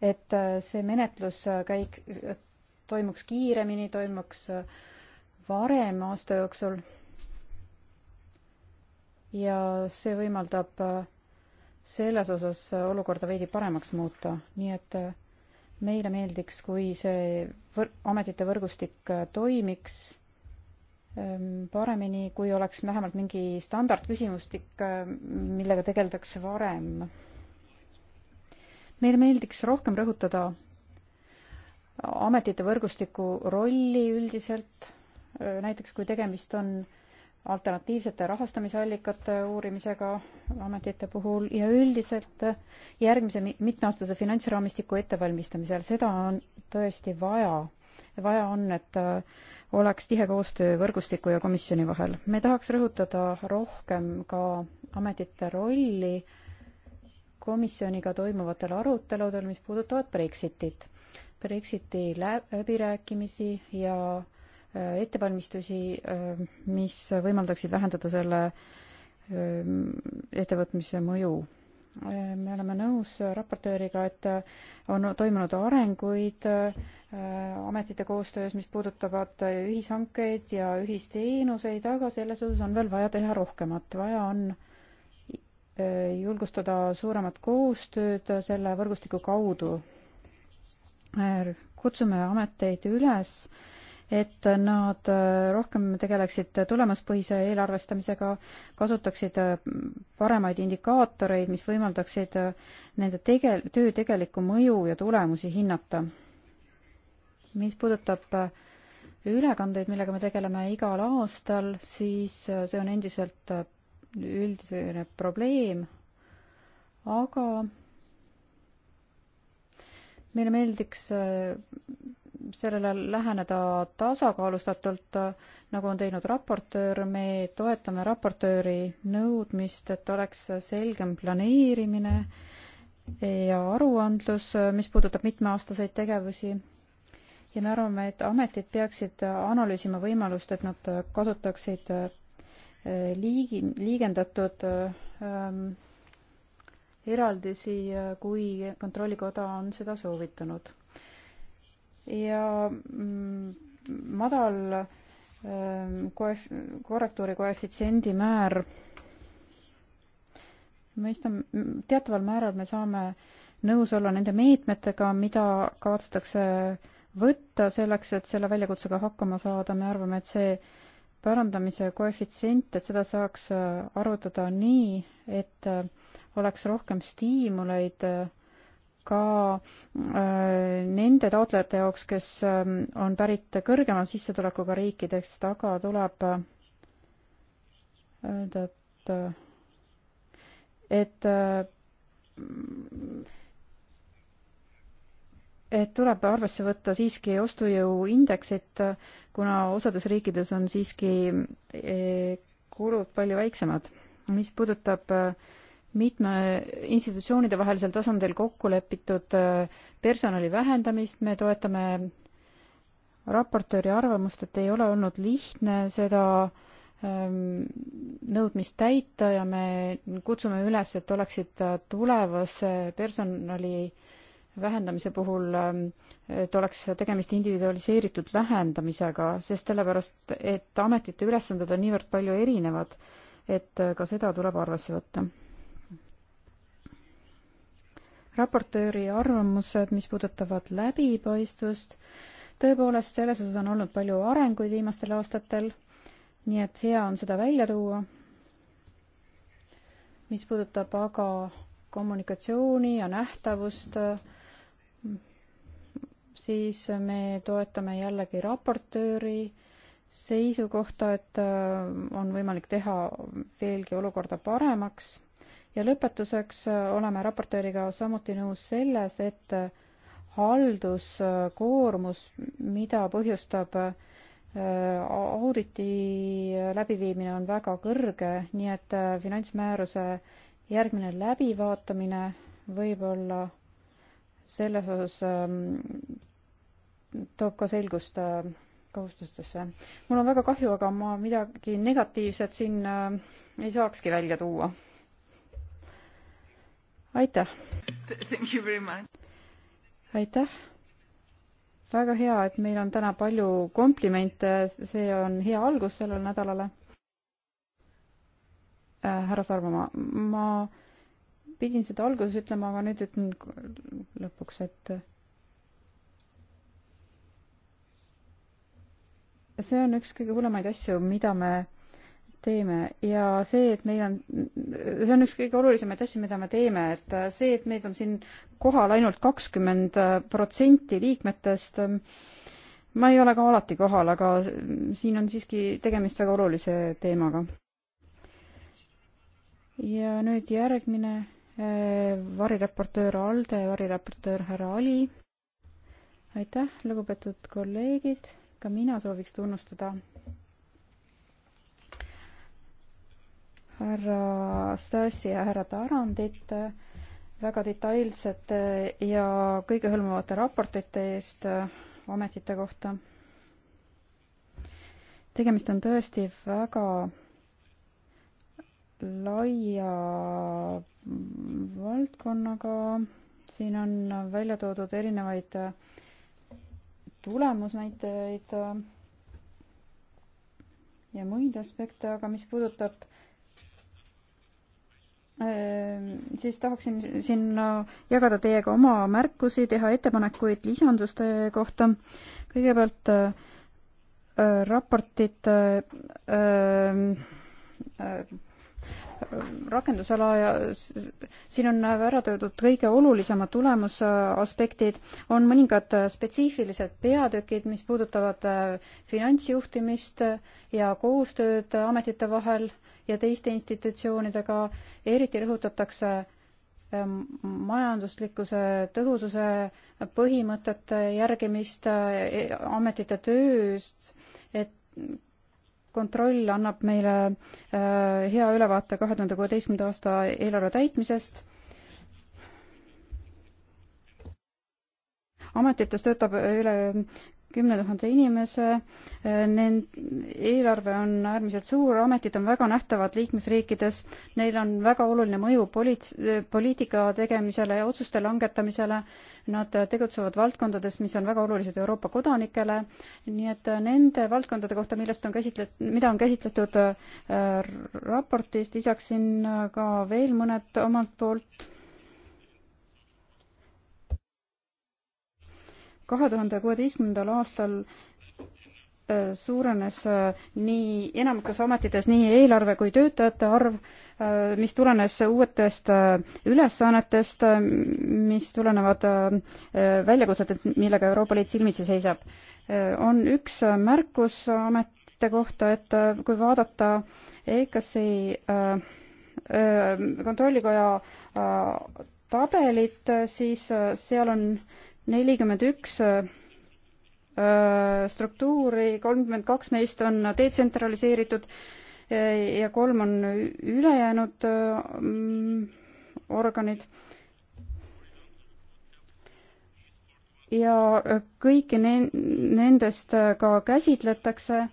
et see menetlus käik-, toimuks kiiremini, toimuks varem aasta jooksul ja see võimaldab äh, selles osas äh, olukorda veidi paremaks muuta, nii et äh, meile meeldiks, kui see võr-, ametite võrgustik toimiks ähm, paremini, kui oleks vähemalt mingi standardküsimustik, millega tegeldakse varem. meile meeldiks rohkem rõhutada ametite võrgustiku rolli üldiselt, näiteks kui tegemist on äh, alternatiivsete rahastamisallikate uurimisega ametite puhul ja üldiselt järgmise mitmeaastase finantsraamistiku ettevalmistamisel, seda on tõesti vaja. vaja on, et äh, oleks tihe koostöö võrgustiku ja komisjoni vahel. me tahaks rõhutada rohkem ka ametite rolli komisjoniga toimuvatel aruteludel, mis puudutavad Brexitit. Brexiti läbirääkimisi ja ettevalmistusi, mis võimaldaksid vähendada selle ettevõtmise mõju. me oleme nõus raportööriga, et on toimunud arenguid äh, ametite koostöös, mis puudutavad ühishankeid ja ühisteenuseid, aga selles osas on veel vaja teha rohkemat, vaja on äh, julgustada suuremat koostööd selle võrgustiku kaudu. Äh, kutsume ameteid üles äh, et nad äh, rohkem tegeleksid tulemuspõhise eelarvestamisega, kasutaksid äh, paremaid indikaatoreid, mis võimaldaksid äh, nende tegel-, töö tegelikku mõju ja tulemusi hinnata. mis puudutab ülekandeid, millega me tegeleme igal aastal, siis see on endiselt üldine probleem, aga meile meeldiks sellele läheneda tasakaalustatult, nagu on teinud raportöör, me toetame raportööri nõudmist, et oleks selgem planeerimine ja aruandlus, mis puudutab mitmeaastaseid tegevusi. ja me arvame, et ametid peaksid analüüsima võimalust, et nad kasutaksid eh, liigi, liigendatud ähm, eraldisi, eh, kui Kontrollikoda on seda soovitanud ja mm, madal ähm, koef-, korrektuuri koefitsiendi määr mõistan, teataval määral me saame nõus olla nende meetmetega, mida kavatsetakse võtta selleks, et selle väljakutsega hakkama saada, me arvame, et see parandamise koefitsient, et seda saaks arvutada nii, et oleks rohkem stiimuleid äh, ka äh, nende taotlejate jaoks, kes ähm, on pärit kõrgema sissetulekuga riikidest, aga tuleb öelda, äh, äh, et et et tuleb arvesse võtta siiski ostujõuindeksit, kuna osades riikides on siiski kulud palju väiksemad. mis puudutab äh, mitme institutsioonide vahelisel tasandil kokku lepitud äh, personali vähendamist, me toetame raportööri arvamust, et ei ole olnud lihtne seda ähm, nõudmist täita ja me kutsume üles, et oleksid äh, tulevase personali vähendamise puhul, ähm, et oleks tegemist individualiseeritud lähendamisega, sest sellepärast, et ametite ülesanded on niivõrd palju erinevad, et äh, ka seda tuleb arvesse võtta raportööri arvamused, mis puudutavad läbipaistvust. tõepoolest, selles osas on olnud palju arenguid viimastel aastatel, nii et hea on seda välja tuua. mis puudutab aga kommunikatsiooni ja nähtavust, siis me toetame jällegi raportööri seisukohta, et on võimalik teha veelgi olukorda paremaks ja lõpetuseks äh, oleme raportööriga samuti nõus selles, et äh, halduskoormus, äh, mida põhjustab auditi läbiviimine, on väga kõrge, nii et finantsmääruse järgmine läbivaatamine võib olla selles osas ähm, toob ka selgust kohustustesse. mul on väga kahju, aga ma midagi negatiivset siin ei saakski välja tuua aitäh! aitäh! väga hea, et meil on täna palju komplimente, see on hea algus sellele nädalale äh,. härra Sarvamaa, ma pidin seda alguses ütlema, aga nüüd ütlen lõpuks, et see on üks kõige hullemaid asju, mida me teeme ja see, et meil on, see on üks kõige olulisemaid asju, mida me teeme, et see, et meid on siin kohal ainult kakskümmend protsenti liikmetest, ma ei ole ka alati kohal, aga siin on siiski tegemist väga olulise teemaga. ja nüüd järgmine eh, variraportöör Alde, variraportöör härra Ali. aitäh, lugupeetud kolleegid, ka mina sooviks tunnustada härra Stassi ja härra Tarandit väga detailsete ja kõigehõlmavate raportite eest ametite kohta. tegemist on tõesti väga laia valdkonnaga, siin on välja toodud erinevaid tulemusnäitajaid ja muid aspekte, aga mis puudutab Ehm, siis tahaksin siin jagada teiega oma märkusi, teha ettepanekuid lisanduste kohta. kõigepealt äh, raportit äh, äh, ehm, äh, rakendusala ja siin on ära toodud kõige olulisemad tulemusaspektid, on mõningad spetsiifilised peatükid, mis puudutavad äh, finantsjuhtimist ja koostööd ametite vahel ja teiste institutsioonidega, eriti rõhutatakse ähm, majanduslikkuse tõhususe põhimõtete järgimist äh, e, ametite tööst, et kontroll annab meile äh, hea ülevaate kahe tuhande kuueteistkümnenda aasta eelarve täitmisest ametites töötab üle kümne tuhande inimese, eh, nend-, eelarve on äärmiselt suur, ametid on väga nähtavad liikmesriikides, neil on väga oluline mõju polits-, poliitika tegemisele ja otsuste langetamisele, nad tegutsevad valdkondades, mis on väga olulised Euroopa kodanikele, nii et nende valdkondade kohta, millest on käsitlet-, mida on käsitletud eh, raportis, lisaksin ka veel mõned omalt poolt kahe tuhande kuueteistkümnendal aastal äh, suurenes äh, nii enamikes ametites nii eelarve kui töötajate arv, äh, mis tulenes uutest ülesannetest, mis tulenevad väljakutsetest, millega Euroopa Liit silmitsi seisab. on üks märkus ametite kohta, et kui vaadata EKAS-i kontrollikoja tabelit, siis seal on äh, nelikümmend üks äh, äh, struktuuri, kolmkümmend kaks neist on detsentraliseeritud äh, ja kolm on ülejäänud mm, organid. ja kõiki ne-, nendest ka käsitletakse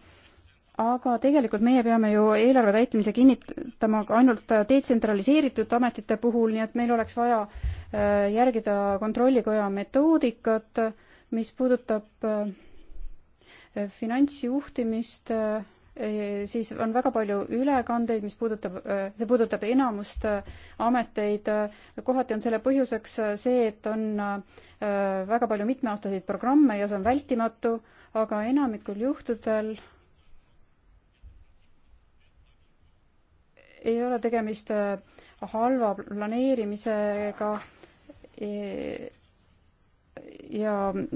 aga tegelikult meie peame ju eelarve täitmise kinnitama ainult detsentraliseeritud ametite puhul, nii et meil oleks vaja äh, järgida Kontrollikoja metoodikat, mis puudutab äh, finantsjuhtimist, äh, siis on väga palju ülekandeid, mis puudutab, see puudutab enamust ameteid. kohati on selle põhjuseks see, et on väga palju mitmeaastaseid programme ja see on vältimatu, aga enamikul juhtudel ei ole tegemist äh, halva planeerimisega e, ja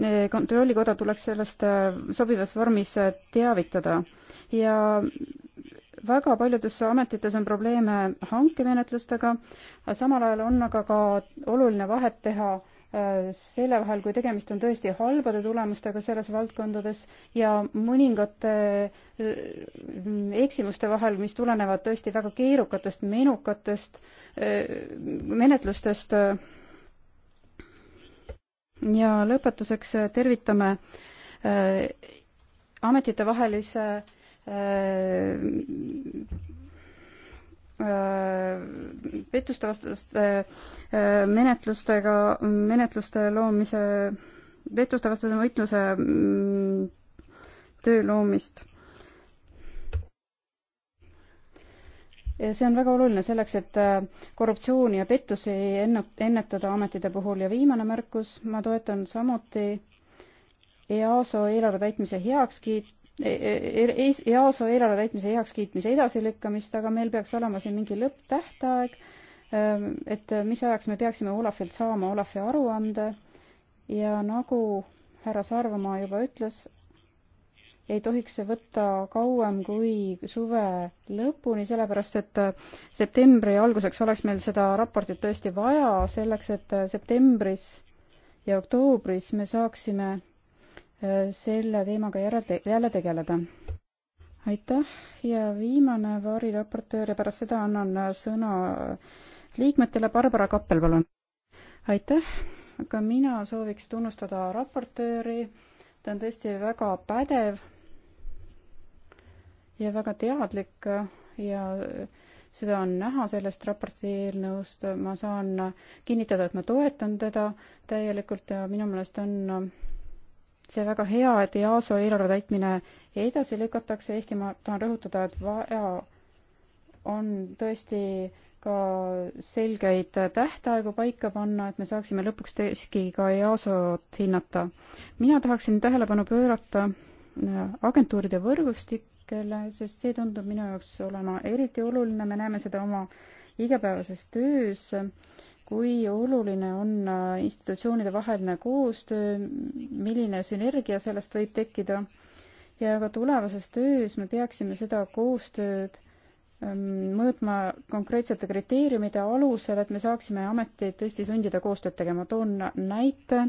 e, kontrollikoda tuleks sellest äh, sobivas vormis äh, teavitada. ja väga paljudes ametites on probleeme hankemenetlustega, samal ajal on aga ka oluline vahet teha äh, Äh, selle vahel, kui tegemist on tõesti halbade tulemustega selles valdkondades ja mõningate äh, eksimuste vahel, mis tulenevad tõesti väga keerukatest, menukatest äh, menetlustest. ja lõpetuseks tervitame ametitevahelise Äh, pettustevastaste äh, menetlustega, menetluste loomise, pettustevastase võitluse mm, töö loomist. ja see on väga oluline selleks, et äh, korruptsiooni ja pettusi ennetada ametite puhul ja viimane märkus, ma toetan samuti EASO eelarve täitmise heakskiit, E, e, er, EASO eelarve täitmise heakskiitmise edasilükkamist, aga meil peaks olema siin mingi lõpptähtaeg, ähm, et äh, mis ajaks me peaksime Olafilt saama Olafi aruande ja nagu härra Sarvamaa juba ütles, ei tohiks see võtta kauem kui suve lõpuni, sellepärast et äh, septembri alguseks oleks meil seda raportit tõesti vaja, selleks et äh, septembris ja oktoobris me saaksime selle teemaga jälle, jälle tegeleda. aitäh ja viimane variraportöör ja pärast seda annan sõna liikmetele. Barbara Kappel, palun. aitäh, aga mina sooviks tunnustada raportööri. ta on tõesti väga pädev ja väga teadlik ja seda on näha sellest raporti eelnõust, ma saan kinnitada, et ma toetan teda täielikult ja minu meelest on see väga hea, et EASO eelarve täitmine edasi lükatakse, ehkki ma tahan rõhutada, et vaja on tõesti ka selgeid tähtaegu paika panna, et me saaksime lõpuks tõesti ka EASO-t hinnata. mina tahaksin tähelepanu pöörata äh, agentuuride võrgustikele, sest see tundub minu jaoks olema eriti oluline, me näeme seda oma igapäevases töös kui oluline on äh, institutsioonide vaheline koostöö, milline sünergia sellest võib tekkida ja ka tulevases töös me peaksime seda koostööd ähm, mõõtma konkreetsete kriteeriumide alusel, et me saaksime ameteid tõesti sundida koostööd tegema. toon näite,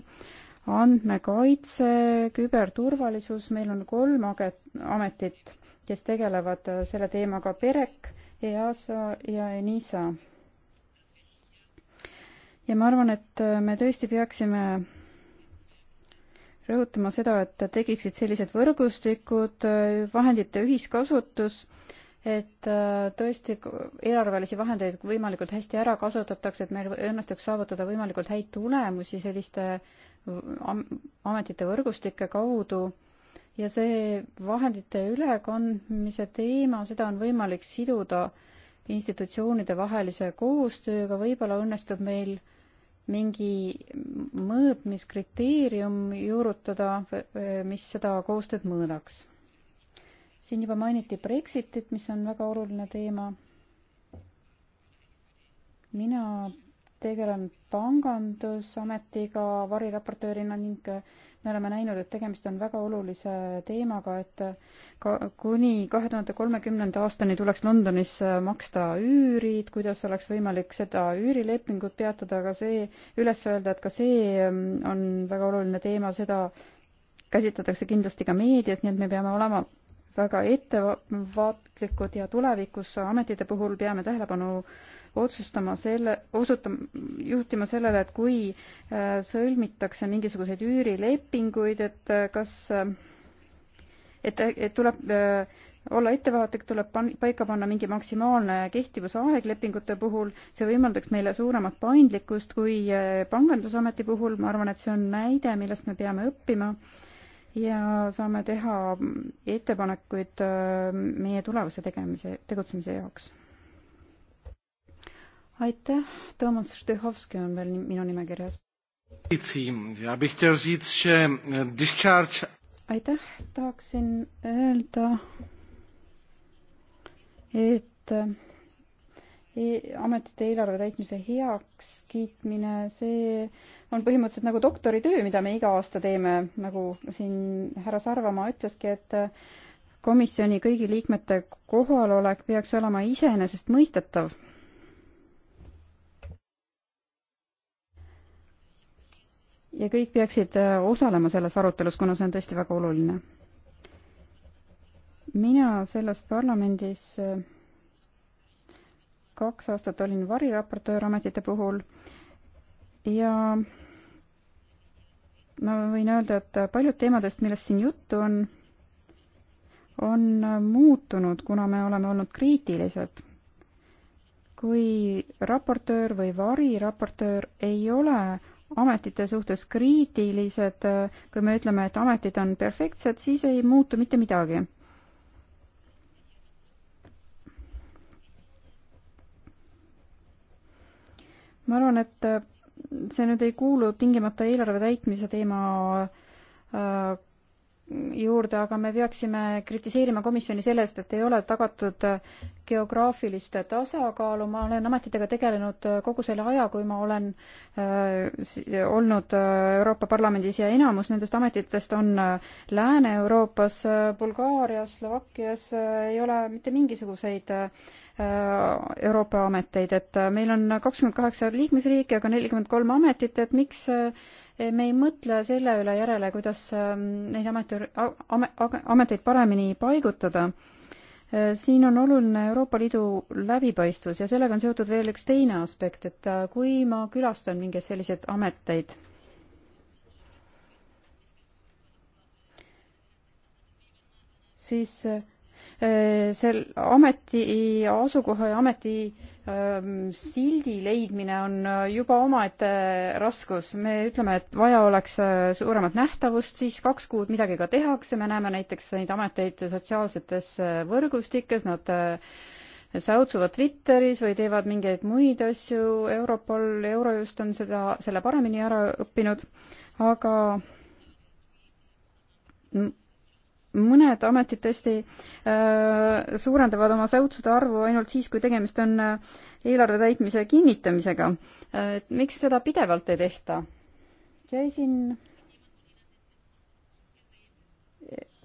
andmekaitse, küberturvalisus, meil on kolm ametit, kes tegelevad äh, selle teemaga, PEREK, EASA ja ENISA ja ma arvan, et äh, me tõesti peaksime rõhutama seda, et tekiksid sellised võrgustikud, äh, vahendite ühiskasutus, et äh, tõesti eelarvelisi vahendeid võimalikult hästi ära kasutatakse, et meil õnnestuks saavutada võimalikult häid tulemusi selliste ametite võrgustike kaudu ja see vahendite ülekandmise teema, seda on võimalik siduda institutsioonide vahelise koostööga, võib-olla õnnestub meil äh, mingi mõõtmiskriteerium juurutada, mis seda koostööd mõõdaks. siin juba mainiti Brexitit, mis on väga oluline teema. mina tegelen pangandusametiga variraportöörina ning me oleme näinud, et tegemist on väga olulise teemaga, et ka kuni kahe tuhande kolmekümnenda aastani tuleks Londonis maksta üürid, kuidas oleks võimalik seda üürilepingut peatada, aga see, üles öelda, et ka see ähm, on väga oluline teema, seda käsitletakse kindlasti ka meedias, nii et me peame olema väga ettevaatlikud ja tulevikus ametite puhul peame tähelepanu äh, otsustama selle, osutama, juhtima sellele, et kui äh, sõlmitakse mingisuguseid üürilepinguid, et äh, kas, äh, et, et tuleb olla ettevaatlik, tuleb pan-, paika panna mingi maksimaalne kehtivusaeg lepingute puhul, see võimaldaks meile suuremat paindlikkust kui Pangandusameti puhul, ma arvan, et see on näide, millest me peame õppima ja saame teha ettepanekuid meie tulevase tegemise, tegutsemise jaoks aitäh, Toomas Štehovski on veel minu nimekirjas. Eh, aitäh, tahaksin öelda, et eh, e-, ametite eelarve täitmise heakskiitmine, see on põhimõtteliselt nagu doktoritöö, mida me iga aasta teeme, nagu siin härra Sarvamaa ütleski, et eh, komisjoni kõigi liikmete kohalolek peaks olema iseenesestmõistetav ja kõik peaksid äh, osalema selles arutelus, kuna see on tõesti väga oluline. mina selles parlamendis äh, kaks aastat olin variraportöör ametite puhul ja ma võin öelda, et paljud teemadest, millest siin juttu on, on äh, muutunud, kuna me oleme olnud kriitilised. kui raportöör või variraportöör ei ole ametite suhtes kriitilised, kui me ütleme, et ametid on perfektsed, siis ei muutu mitte midagi. ma arvan, et see nüüd ei kuulu tingimata eelarve täitmise teema äh, juurde, aga me peaksime kritiseerima komisjoni selle eest, et ei ole tagatud geograafilist tasakaalu, ma olen ametitega tegelenud kogu selle aja, kui ma olen äh, olnud Euroopa Parlamendis ja enamus nendest ametitest on äh, Lääne-Euroopas, äh, Bulgaarias, Slovakkias äh, ei ole mitte mingisuguseid äh, Euroopa ameteid, et meil on kakskümmend kaheksa liikmesriiki, aga nelikümmend kolm ametit, et miks äh, me ei mõtle selle üle järele, kuidas ähm, neid ameti, ameteid paremini paigutada. Äh, siin on oluline Euroopa Liidu läbipaistvus ja sellega on seotud veel üks teine aspekt, et äh, kui ma külastan mingeid selliseid ameteid, siis äh, Äh, sel ameti asukoha ja ameti ähm, sildi leidmine on äh, juba omaette raskus. me ütleme, et vaja oleks äh, suuremat nähtavust, siis kaks kuud midagi ka tehakse, me näeme näiteks neid ameteid sotsiaalsetes võrgustikes, nad säutsuvad Twitteris või teevad mingeid muid asju, Europol, Eurojust on seda, selle paremini ära õppinud, aga mõned ametid tõesti äh, suurendavad oma säutsude arvu ainult siis, kui tegemist on äh, eelarve täitmise kinnitamisega äh,. et miks seda pidevalt ei tehta? käisin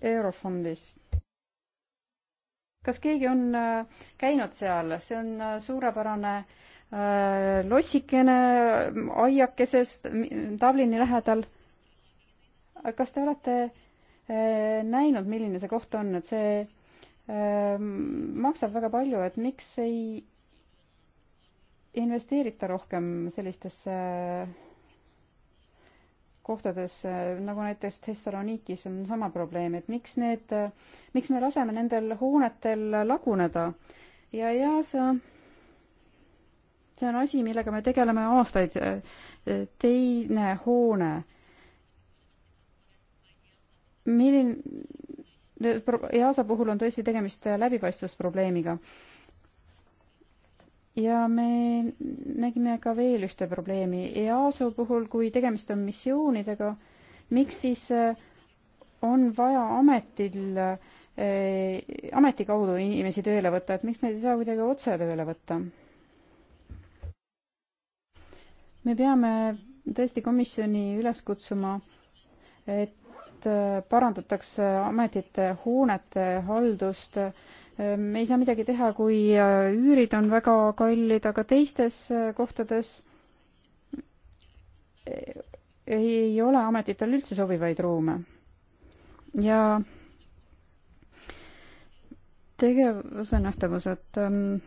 Eurofondis. kas keegi on äh, käinud seal, see on äh, suurepärane äh, lossikene aiakeses Dublini lähedal. kas te olete äh, Äh, näinud, milline see koht on, et see ähm, maksab väga palju, et miks ei investeerita rohkem sellistesse äh, kohtadesse, nagu näiteks Thessalonikis on sama probleem, et miks need, äh, miks me laseme nendel hoonetel laguneda ja, ja see see on asi, millega me tegeleme aastaid. teine hoone, milline, EASA puhul on tõesti tegemist läbipaistvusprobleemiga. ja me nägime ka veel ühte probleemi. EASO puhul, kui tegemist on missioonidega, miks siis eh, on vaja ametil eh, ameti kaudu inimesi tööle võtta, et miks neid ei saa kuidagi otse tööle võtta? me peame tõesti komisjoni üles kutsuma, et et äh, parandatakse ametite hoonete haldust. Äh, me ei saa midagi teha, kui äh, üürid on väga kallid, aga teistes kohtades ei ole ametitel üldse sobivaid ruume. ja tegevuse nähtavus, et ähm,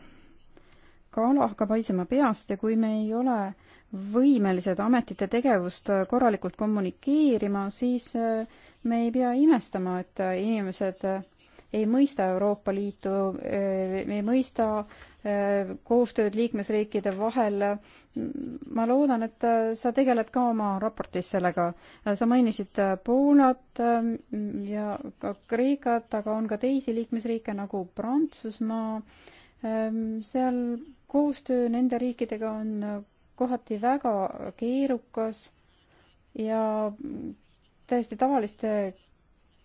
kala hakkab haisema peast ja kui me ei ole äh, võimelised ametite tegevust korralikult kommunikeerima, siis äh, me ei pea imestama, et äh, inimesed äh, ei mõista Euroopa Liitu, ei mõista koostööd liikmesriikide vahel. ma loodan, et sa tegeled ka oma raportis sellega. sa mainisid Poolat ähm, ja ka Kreekat, aga on ka teisi liikmesriike nagu Prantsusmaa. Ähm, seal koostöö nende riikidega on kohati väga keerukas ja täiesti tavaliste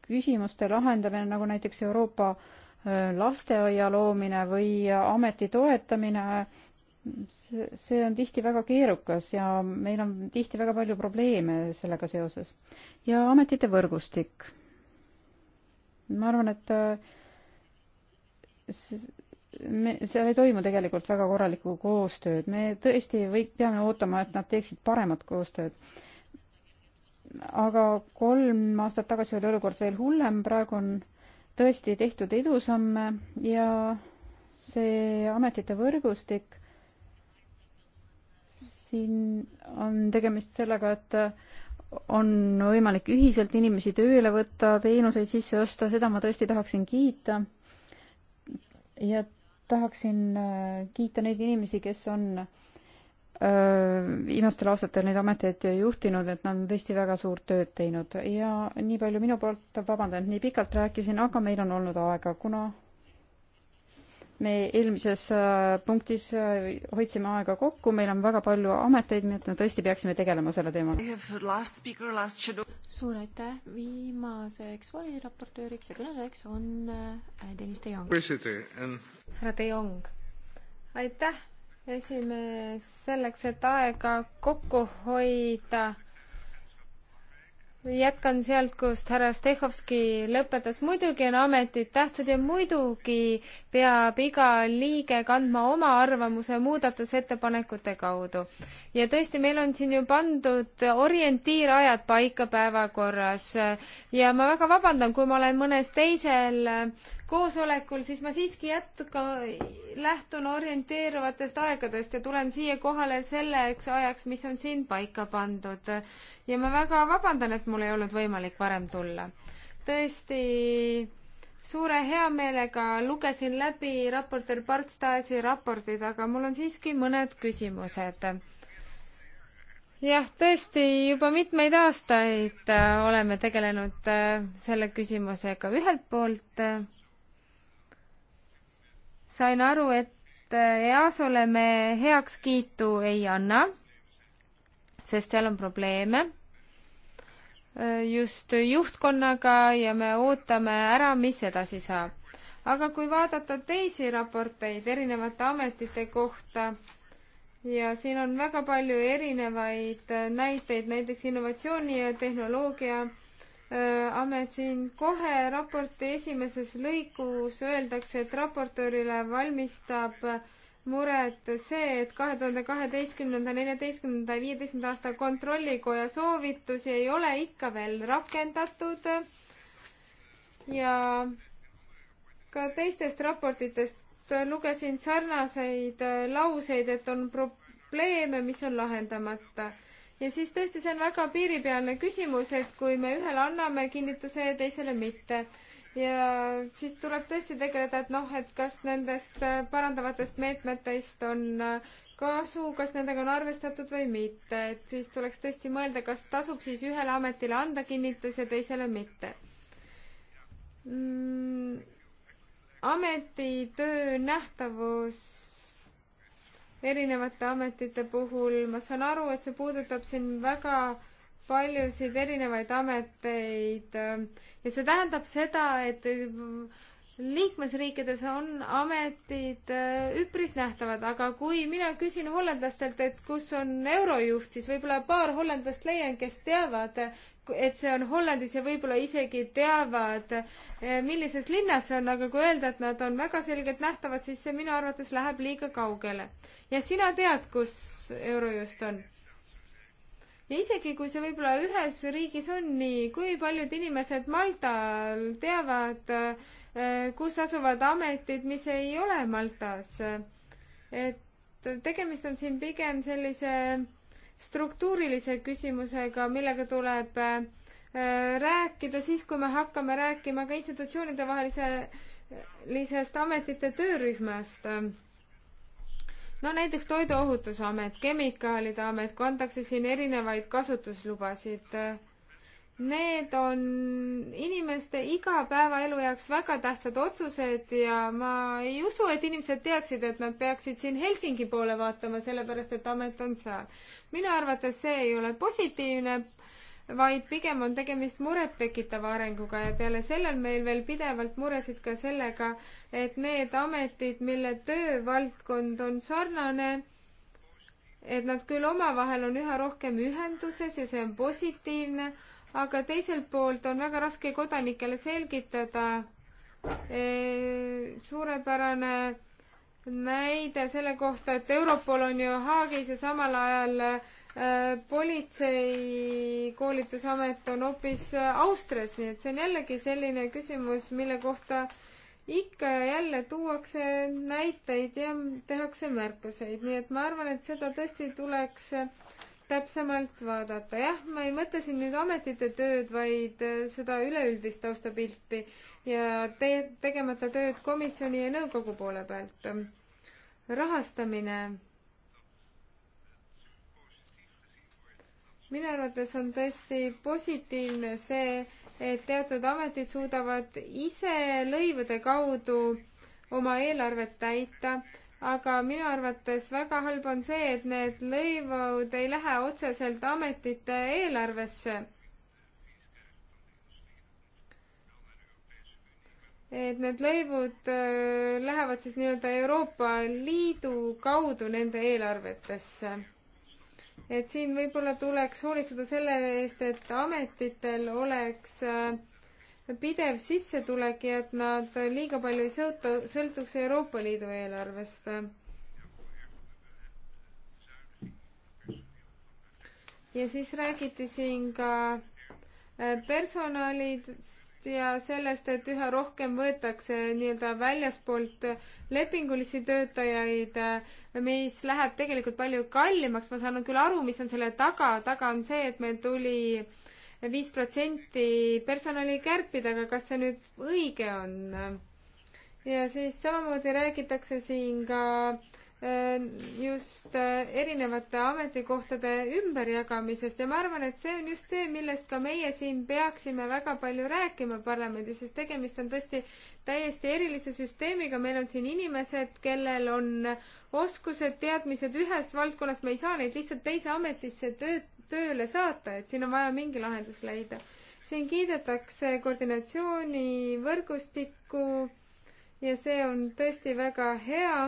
küsimuste lahendamine, nagu näiteks Euroopa lasteaia loomine või ameti toetamine, see on tihti väga keerukas ja meil on tihti väga palju probleeme sellega seoses. ja ametite võrgustik. ma arvan, et me, seal ei toimu tegelikult väga korralikku koostööd, me tõesti või-, peame ootama, et nad teeksid paremat koostööd. aga kolm aastat tagasi oli olukord veel hullem, praegu on tõesti tehtud edusamme ja see ametite võrgustik, siin on tegemist sellega, et on võimalik ühiselt inimesi tööle võtta, teenuseid sisse osta, seda ma tõesti tahaksin kiita. ja tahaksin äh, kiita neid inimesi, kes on äh, viimastel aastatel neid ameteid juhtinud, et nad on tõesti väga suurt tööd teinud ja nii palju minu poolt, vabandan, et nii pikalt rääkisin, aga meil on olnud aega, kuna me eelmises äh, punktis hoidsime aega kokku, meil on väga palju ameteid, nii et me tõesti peaksime tegelema selle teemaga. suur aitäh, viimaseks valiraportööriks ja kõnelejaks on Deniss Teijang härra De Jong. aitäh, esimees, selleks, et aega kokku hoida, jätkan sealt, kust härra Stehhovski lõpetas. muidugi on ametid tähtsad ja muidugi peab iga liige kandma oma arvamuse muudatusettepanekute kaudu. ja tõesti, meil on siin ju pandud orientiirajad paika päevakorras ja ma väga vabandan, kui ma olen mõnes teisel koosolekul, siis ma siiski jätka, lähtun orienteeruvatest aegadest ja tulen siia kohale selleks ajaks, mis on siin paika pandud. ja ma väga vabandan, et mul ei olnud võimalik varem tulla. tõesti, suure heameelega lugesin läbi raportöör Bart Stasi raportid, aga mul on siiski mõned küsimused jah, tõesti juba mitmeid aastaid äh, oleme tegelenud äh, selle küsimusega ühelt poolt äh, sain aru, et äh, EASO-le me heakskiitu ei anna, sest seal on probleeme äh, just juhtkonnaga ja me ootame ära, mis edasi saab. aga kui vaadata teisi raporteid erinevate ametite kohta, ja siin on väga palju erinevaid äh, näiteid, näiteks innovatsiooni ja tehnoloogia äh, Äh, amet siin kohe raporti esimeses lõigus öeldakse, et raportöörile valmistab muret see, et kahe tuhande kaheteistkümnenda, neljateistkümnenda ja viieteistkümnenda aasta kontrollikoja soovitusi ei ole ikka veel rakendatud. ja ka teistest raportitest lugesin sarnaseid lauseid, et on probleeme, mis on lahendamata ja siis tõesti, see on väga piiripealne küsimus, et kui me ühele anname kinnituse ja teisele mitte. ja siis tuleb tõesti tegeleda, et noh, et kas nendest äh, parandavatest meetmetest on äh, kasu, kas nendega on arvestatud või mitte, et siis tuleks tõesti mõelda, kas tasub siis ühele ametile anda kinnitus ja teisele mitte mm,. ametitöö nähtavus erinevate ametite puhul. ma saan aru, et see puudutab siin väga paljusid erinevaid ameteid ja see tähendab seda, et liikmesriikides on ametid äh, üpris nähtavad, aga kui mina küsin hollandlastelt, et kus on eurojuht, siis võib-olla paar hollandlast leian, kes teavad, et see on Hollandis ja võib-olla isegi teavad, äh, millises linnas see on, aga kui öelda, et nad on väga selgelt nähtavad, siis see minu arvates läheb liiga kaugele. ja sina tead, kus eurojust on? ja isegi, kui see võib-olla ühes riigis on nii, kui paljud inimesed Maltal teavad äh, kus asuvad ametid, mis ei ole Maltas. et tegemist on siin pigem sellise struktuurilise küsimusega, millega tuleb äh, rääkida siis, kui me hakkame rääkima ka institutsioonide vahelise, lisest ametite töörühmast. no näiteks Toiduohutusamet, Kemikaalide Amet, kui antakse siin erinevaid kasutuslubasid äh, Need on inimeste igapäevaelu jaoks väga tähtsad otsused ja ma ei usu, et inimesed teaksid, et nad peaksid siin Helsingi poole vaatama, sellepärast et amet on seal. minu arvates see ei ole positiivne, vaid pigem on tegemist murettekitava arenguga ja peale selle on meil veel pidevalt muresid ka sellega, et need ametid, mille töövaldkond on sarnane, et nad küll omavahel on üha rohkem ühenduses ja see on positiivne, aga teiselt poolt on väga raske kodanikele selgitada e, suurepärane näide selle kohta, et Europol on ju Haagis ja samal ajal e, politseikoolitusamet on hoopis Austrias, nii et see on jällegi selline küsimus, mille kohta ikka ja jälle tuuakse näiteid ja tehakse märkuseid, nii et ma arvan, et seda tõesti tuleks äh, täpsemalt vaadata. jah, ma ei mõtle siin nüüd ametite tööd, vaid äh, seda üleüldist taustapilti ja te-, tegemata tööd komisjoni ja nõukogu poole pealt. rahastamine. minu arvates on tõesti positiivne see, et teatud ametid suudavad ise lõivude kaudu oma eelarvet täita aga minu arvates väga halb on see, et need lõivud ei lähe otseselt ametite eelarvesse. et need lõivud äh, lähevad siis nii-öelda Euroopa Liidu kaudu nende eelarvetesse. et siin võib-olla tuleks hoolitseda selle eest, et ametitel oleks äh, pidev sissetulek ja et nad liiga palju ei sõltu, sõltuks Euroopa Liidu eelarvest. ja siis räägiti siin ka äh, personalist ja sellest, et üha rohkem võetakse nii-öelda väljaspoolt lepingulisi töötajaid, äh, mis läheb tegelikult palju kallimaks, ma saan küll aru, mis on selle taga, taga on see, et meil tuli äh, viis protsenti personali kärpida, aga kas see nüüd õige on? ja siis samamoodi räägitakse siin ka äh, just äh, erinevate ametikohtade ümberjagamisest ja ma arvan, et see on just see, millest ka meie siin peaksime väga palju rääkima parlamendis, sest tegemist on tõesti täiesti erilise süsteemiga, meil on siin inimesed, kellel on oskused, teadmised ühes valdkonnas, me ei saa neid lihtsalt teise ametisse tööd tööle saata, et siin on vaja mingi lahendus leida. siin kiidetakse koordinatsioonivõrgustikku ja see on tõesti väga hea.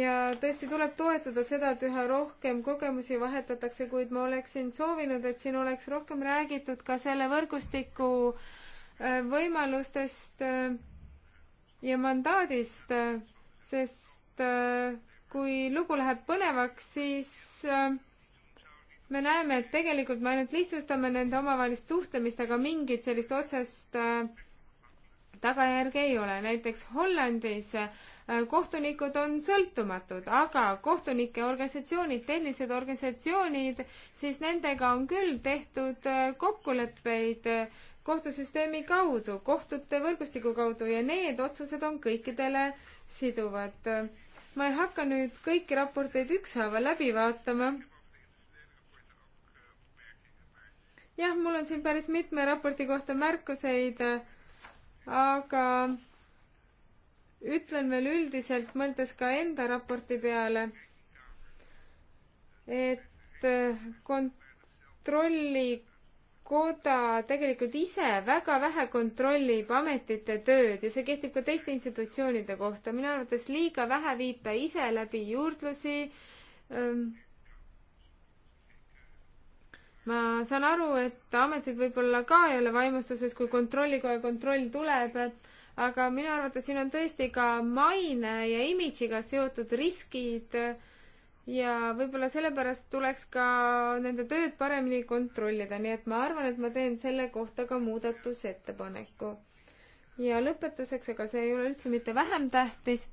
ja tõesti tuleb toetada seda, et üha rohkem kogemusi vahetatakse, kuid ma oleksin soovinud, et siin oleks rohkem räägitud ka selle võrgustiku äh, võimalustest äh, ja mandaadist, äh, sest kui lugu läheb põnevaks, siis äh, me näeme, et tegelikult me ainult lihtsustame nende omavahelist suhtlemist, aga mingit sellist otsest äh, tagajärge ei ole. näiteks Hollandis äh, kohtunikud on sõltumatud, aga kohtunike organisatsioonid, tehnilised organisatsioonid, siis nendega on küll tehtud kokkuleppeid kohtusüsteemi kaudu, kohtute võrgustiku kaudu ja need otsused on kõikidele siduvad ma ei hakka nüüd kõiki raporteid ükshaaval läbi vaatama. jah, mul on siin päris mitme raporti kohta märkuseid, aga ütlen veel üldiselt, mõeldes ka enda raporti peale, et kont-, kontrolli koda tegelikult ise väga vähe kontrollib ametite tööd ja see kehtib ka teiste institutsioonide kohta. minu arvates liiga vähe viib ta ise läbi juurdlusi. ma saan aru, et ametid võib-olla ka ei ole vaimustuses, kui kontrollikoja kontroll tuleb, aga minu arvates siin on tõesti ka maine ja imidžiga seotud riskid ja võib-olla sellepärast tuleks ka nende tööd paremini kontrollida, nii et ma arvan, et ma teen selle kohta ka muudatusettepaneku. ja lõpetuseks, aga see ei ole üldse mitte vähem tähtis,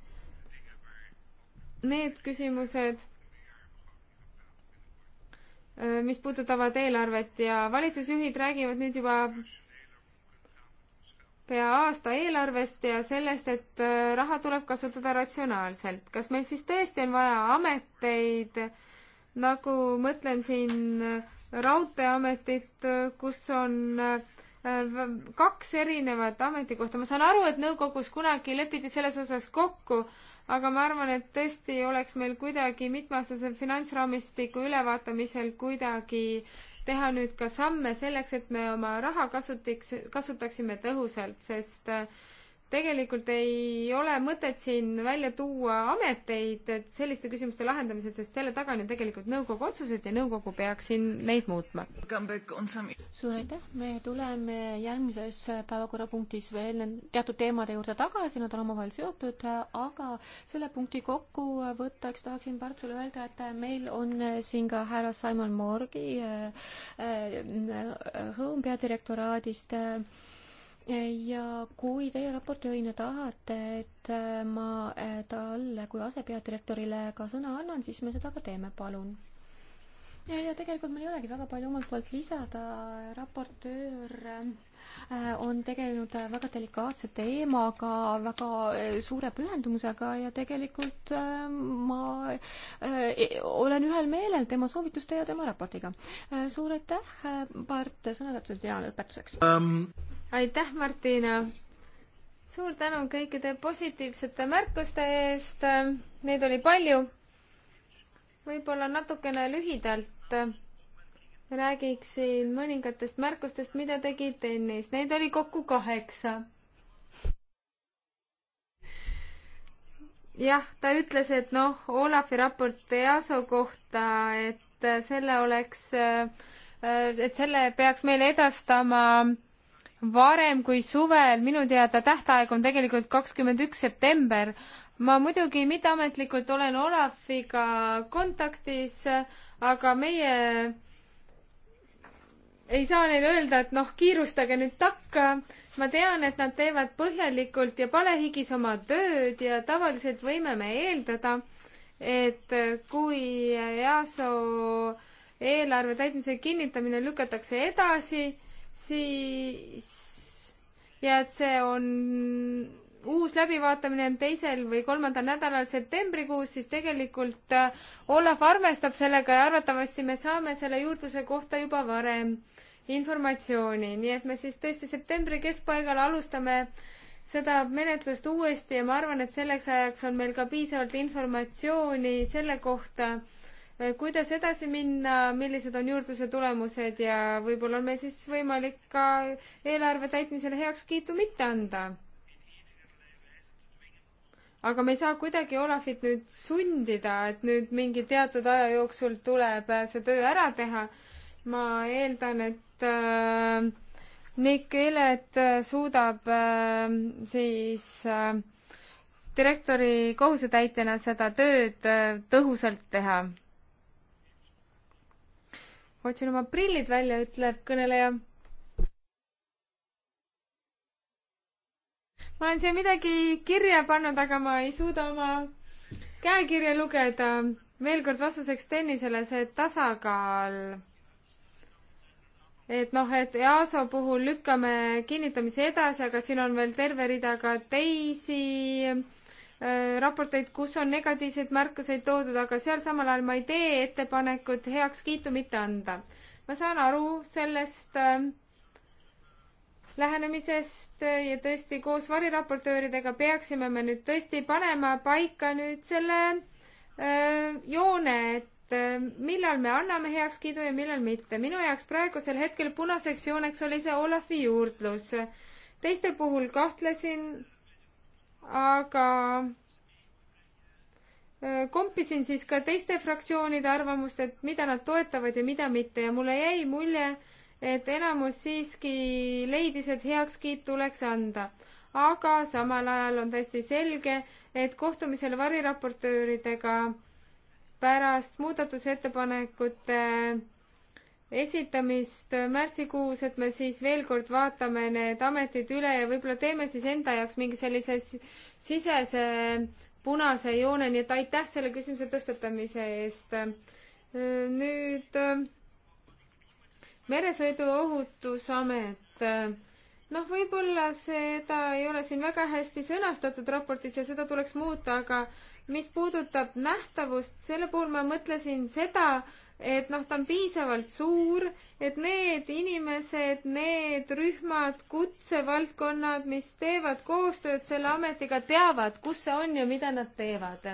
need küsimused, mis puudutavad eelarvet ja valitsusjuhid räägivad nüüd juba pea aasta eelarvest ja sellest, et äh, raha tuleb kasutada ratsionaalselt. kas meil siis tõesti on vaja ameteid, nagu mõtlen siin äh, raudteeametit, äh, kus on kaks erinevat ametikohta. ma saan aru, et nõukogus kunagi lepiti selles osas kokku, aga ma arvan, et tõesti oleks meil kuidagi mitmeaastase finantsraamistiku ülevaatamisel kuidagi äh, teha nüüd ka samme selleks, et me oma raha kasutiks, kasutaksime tõhusalt, sest äh, tegelikult ei ole mõtet siin välja tuua ameteid selliste küsimuste lahendamisel, sest selle taga on ju tegelikult nõukogu otsused ja nõukogu peaks siin neid muutma. suur aitäh, me tuleme järgmises päevakorrapunktis veel teatud teemade juurde tagasi, nad on omavahel seotud, aga selle punkti kokkuvõtteks tahaksin Partsule öelda, et meil on siin ka härra Simon Morgi eh, eh, Home peadirektoraadist äh, ja kui teie raportöörina tahate, et äh, ma äh, talle kui asepeadirektorile ka sõna annan, siis me seda ka teeme, palun ja, ja tegelikult meil ei olegi väga palju omalt poolt lisada, raportöör äh, on tegelenud väga delikaatse teemaga, väga äh, suure pühendumusega ja tegelikult äh, ma olen ühel meelel tema soovituste ja tema raportiga. suur aitäh, Mart, sõnakatsused ja lõpetuseks um.... aitäh, Martina! suur tänu kõikide positiivsete märkuste eest, neid oli palju võib-olla natukene lühidalt räägiksin mõningatest märkustest, mida tegi tennis. Neid oli kokku kaheksa. jah, ta ütles, et noh, Olavi raport EASO kohta, et selle oleks, äh, et selle peaks meile edastama varem kui suvel. minu teada tähtaeg on tegelikult kakskümmend üks september, ma muidugi mitteametlikult olen Olafiga kontaktis, aga meie ei saa neile öelda, et noh, kiirustage nüüd takka. ma tean, et nad teevad põhjalikult ja palehigis oma tööd ja tavaliselt võime me eeldada, et kui EASO eelarve täitmise kinnitamine lükatakse edasi, siis ja et see on uus läbivaatamine on teisel või kolmandal nädalal septembrikuus, siis tegelikult äh, Olav arvestab sellega ja arvatavasti me saame selle juurdluse kohta juba varem informatsiooni, nii et me siis tõesti septembri keskpaigal alustame seda menetlust uuesti ja ma arvan, et selleks ajaks on meil ka piisavalt informatsiooni selle kohta, äh, kuidas edasi minna, millised on juurdluse tulemused ja võib-olla on meil siis võimalik ka eelarve täitmisele heakskiitu mitte anda aga me ei saa kuidagi Olafit nüüd sundida, et nüüd mingi teatud aja jooksul tuleb äh, see töö ära teha. ma eeldan, et äh, Nick Elet äh, suudab äh, siis äh, direktori kohusetäitjana seda tööd äh, tõhusalt teha. otsin oma prillid välja, ütleb kõneleja ma olen siia midagi kirja pannud, aga ma ei suuda oma käekirja lugeda. veel kord vastuseks tennisele see tasakaal. et noh, et EASO puhul lükkame kinnitamise edasi, aga siin on veel terve rida ka teisi äh, raporteid, kus on negatiivseid märkuseid toodud, aga seal samal ajal ma ei tee ettepanekut heakskiitu mitte anda. ma saan aru sellest äh, lähenemisest ja tõesti koos variraportööridega peaksime me nüüd tõesti panema paika nüüd selle öö, äh, joone, et öö, äh, millal me anname heakskiidu ja millal mitte. minu jaoks praegusel hetkel punaseks jooneks oli see Olafi juurdlus. teiste puhul kahtlesin, aga äh, kompisin siis ka teiste fraktsioonide arvamust, et mida nad toetavad ja mida mitte ja mulle jäi mulje, et enamus siiski leidis, et heakskiit tuleks anda. aga samal ajal on täiesti selge, et kohtumisel variraportööridega pärast muudatusettepanekute esitamist märtsikuus, et me siis veel kord vaatame need ametid üle ja võib-olla teeme siis enda jaoks mingi sellise sisese punase joone, nii et aitäh selle küsimuse tõstatamise eest. nüüd meresõiduohutusamet, noh, võib-olla seda ei ole siin väga hästi sõnastatud raportis ja seda tuleks muuta, aga mis puudutab nähtavust, selle puhul ma mõtlesin seda, et noh, ta on piisavalt suur, et need inimesed, need rühmad, kutsevaldkonnad, mis teevad koostööd selle ametiga, teavad, kus see on ja mida nad teevad.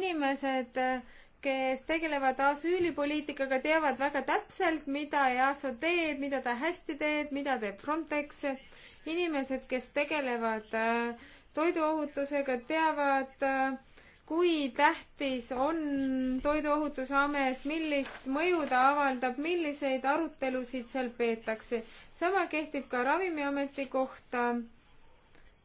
inimesed kes tegelevad asüülipoliitikaga, teavad väga täpselt, mida EASO teeb, mida ta hästi teeb, mida teeb Frontex. inimesed, kes tegelevad äh, toiduohutusega, teavad, äh, kui tähtis on Toiduohutusamet, millist mõju ta avaldab, milliseid arutelusid seal peetakse. sama kehtib ka Ravimiameti kohta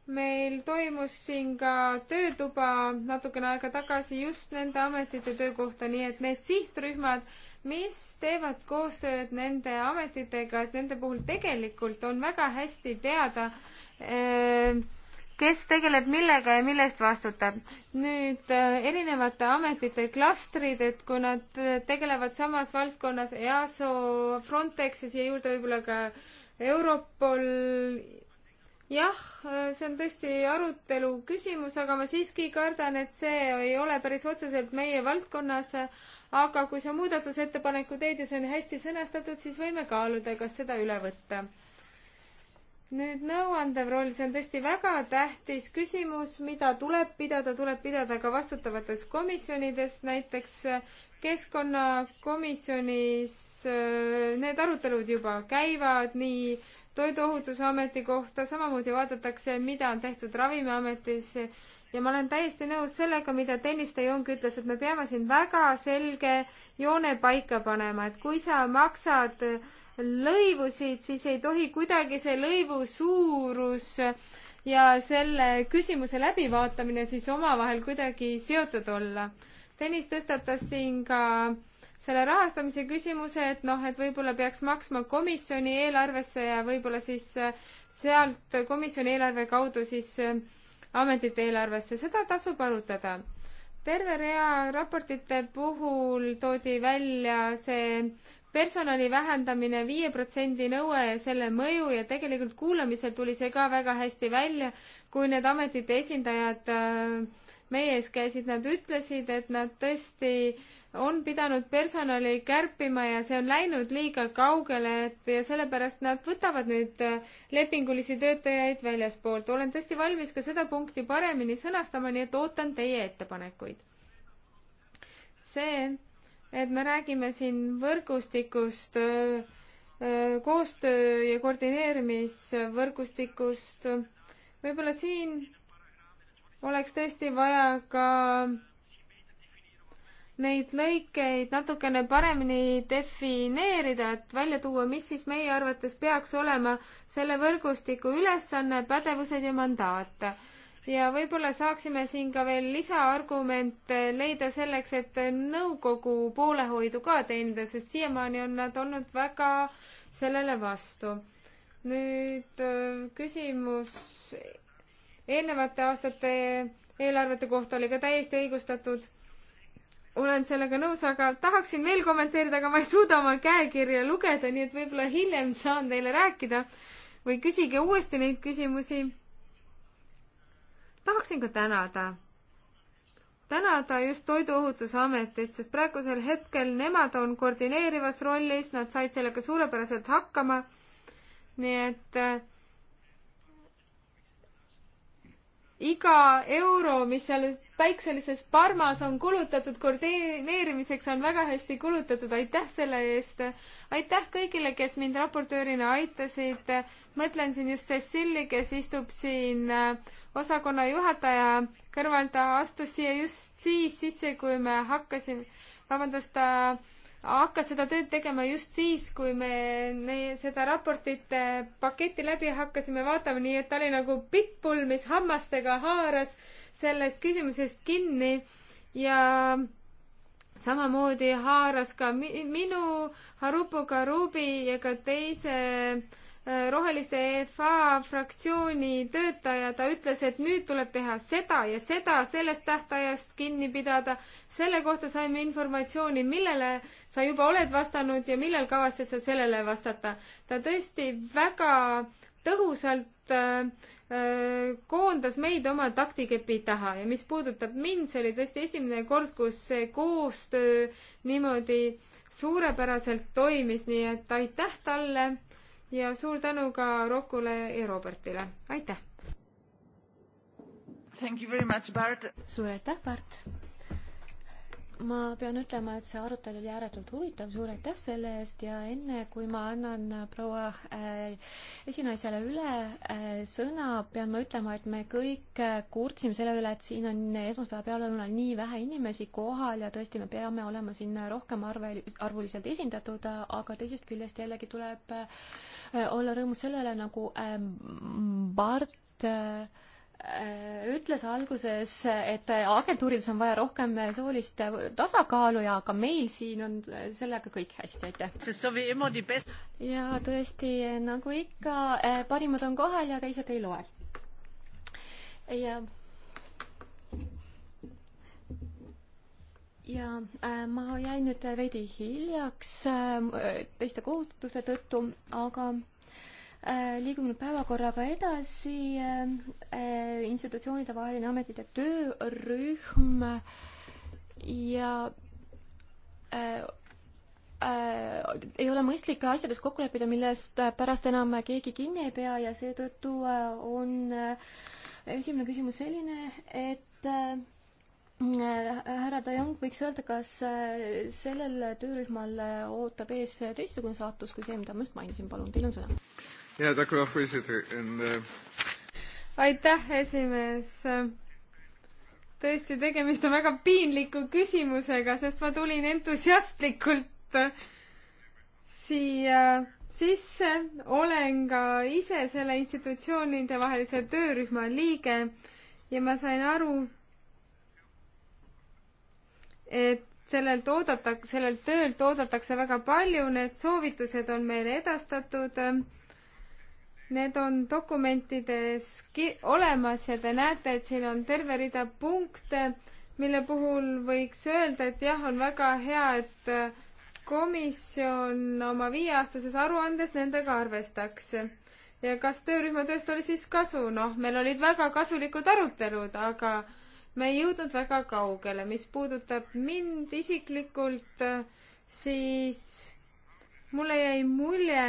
meil toimus siin ka töötuba natukene aega tagasi just nende ametite töö kohta, nii et need sihtrühmad, mis teevad koostööd nende ametitega, et nende puhul tegelikult on väga hästi teada, ehm, kes tegeleb millega ja mille eest vastutab. nüüd äh, erinevate ametite klastrid, et kui nad äh, tegelevad samas valdkonnas EASO, Frontex ja siia juurde võib-olla ka Europol jah, äh, see on tõesti arutelu küsimus, aga ma siiski kardan, et see ei ole päris otseselt meie valdkonnas. aga kui sa muudatusettepaneku teed ja see on hästi sõnastatud, siis võime kaaluda, kas seda üle võtta. nüüd nõuandev roll, see on tõesti väga tähtis küsimus, mida tuleb pidada, tuleb pidada ka vastutavates komisjonides, näiteks äh, keskkonnakomisjonis äh, need arutelud juba käivad nii Toiduohutusameti kohta, samamoodi vaadatakse, mida on tehtud Ravimiametis ja ma olen täiesti nõus sellega, mida Tõnis De Jong ütles, et me peame siin väga selge joone paika panema, et kui sa maksad lõivusid, siis ei tohi kuidagi see lõivu suurus ja selle küsimuse läbivaatamine siis omavahel kuidagi seotud olla. Tõnis tõstatas siin ka äh, selle rahastamise küsimuse, et noh, et võib-olla peaks maksma komisjoni eelarvesse ja võib-olla siis äh, sealt komisjoni eelarve kaudu siis äh, ametite eelarvesse, seda tasub arutada. terve rea raportite puhul toodi välja see personali vähendamine viie protsendi nõue ja selle mõju ja tegelikult kuulamisel tuli see ka väga hästi välja, kui need ametite esindajad äh, meie ees käisid, nad ütlesid, et nad tõesti äh, on pidanud personali kärpima ja see on läinud liiga kaugele, et ja sellepärast nad võtavad nüüd äh, lepingulisi töötajaid väljaspoolt. olen tõesti valmis ka seda punkti paremini sõnastama, nii et ootan teie ettepanekuid. see, et me räägime siin võrgustikust, äh, äh, koostöö ja koordineerimisvõrgustikust, võib-olla siin oleks tõesti vaja ka neid lõikeid natukene paremini defineerida, et välja tuua, mis siis meie arvates peaks olema selle võrgustiku ülesanne, pädevused ja mandaat. ja võib-olla saaksime siin ka veel lisaargumente leida selleks, et nõukogu poolehoidu ka teenida, sest siiamaani on nad olnud väga sellele vastu. nüüd äh, küsimus eelnevate aastate eelarvete kohta oli ka täiesti õigustatud olen sellega nõus, aga tahaksin veel kommenteerida, aga ma ei suuda oma käekirja lugeda, nii et võib-olla hiljem saan teile rääkida või küsige uuesti neid küsimusi. tahaksin ka tänada, tänada just Toiduohutusametit, sest praegusel hetkel nemad on koordineerivas rollis, nad said sellega suurepäraselt hakkama. nii et äh, iga euro, mis seal päikselises Parmas on kulutatud koordineerimiseks, on väga hästi kulutatud. aitäh selle eest. aitäh kõigile, kes mind raportöörina aitasid. mõtlen siin just Cecilli, kes istub siin äh, osakonna juhataja kõrval. ta astus siia just siis sisse, kui me hakkasime, vabandust, ta hakkas seda tööd tegema just siis, kui me meie seda raportite paketti läbi hakkasime vaatama, nii et ta oli nagu pitbull, mis hammastega haaras sellest küsimusest kinni ja samamoodi haaras ka minu Harupo Karubi ja ka teise äh, roheliste EFA fraktsiooni töötaja, ta ütles, et nüüd tuleb teha seda ja seda, sellest tähtajast kinni pidada. selle kohta saime informatsiooni, millele sa juba oled vastanud ja millal kavatsed sa sellele vastata. ta tõesti väga tõhusalt äh, äh, koondas meid oma taktikepi taha ja mis puudutab mind, see oli tõesti esimene kord, kus see koostöö niimoodi suurepäraselt toimis, nii et aitäh talle ja suur tänu ka Rokule ja Robertile, aitäh! suur aitäh, Bart! ma pean ütlema, et see arutelu oli ääretult huvitav, suur aitäh selle eest ja enne, kui ma annan äh, proua äh, esinaisele üle äh, sõna, pean ma ütlema, et me kõik äh, kurtsime selle üle, et siin on esmaspäeva pealelõunal nii vähe inimesi kohal ja tõesti, me peame olema siin rohkem arve, arvuliselt esindatud, aga teisest küljest jällegi tuleb äh, olla rõõmus selle üle, nagu äh, Bart äh, Äh, ütles alguses, et agentuurides on vaja rohkem soolist tasakaalu ja ka meil siin on sellega kõik hästi, aitäh. ja tõesti, nagu ikka, äh, parimad on kohal ja teised ei loe. ja ja äh, ma jäin nüüd veidi hiljaks äh, teiste kohustuste tõttu, aga Äh, liigume nüüd päevakorraga edasi. Äh, äh, institutsioonide vaheline ametite töörühm ja äh, äh, ei ole mõistlik asjades kokku leppida, millest pärast enam keegi kinni ei pea ja seetõttu on äh, esimene küsimus selline, et äh, härra Dajong võiks öelda, kas sellel töörühmal ootab ees teistsugune saatus kui see, mida ma just mainisin, palun, teil on sõna ja dank u wel, voorzitter. En, uh... aitäh, esimees. tõesti, tegemist on väga piinliku küsimusega, sest ma tulin entusiastlikult siia sisse, olen ka ise selle institutsioonide vahelise töörühma liige ja ma sain aru, et sellelt oodatakse, sellelt töölt oodatakse väga palju, need soovitused on meile edastatud Need on dokumentides olemas ja te näete, et siin on terve rida punkte, mille puhul võiks öelda, et jah, on väga hea, et äh, komisjon oma viieaastases aruandes nendega arvestaks. ja kas töörühma tööst oli siis kasu? noh, meil olid väga kasulikud arutelud, aga me ei jõudnud väga kaugele. mis puudutab mind isiklikult, äh, siis mulle jäi mulje,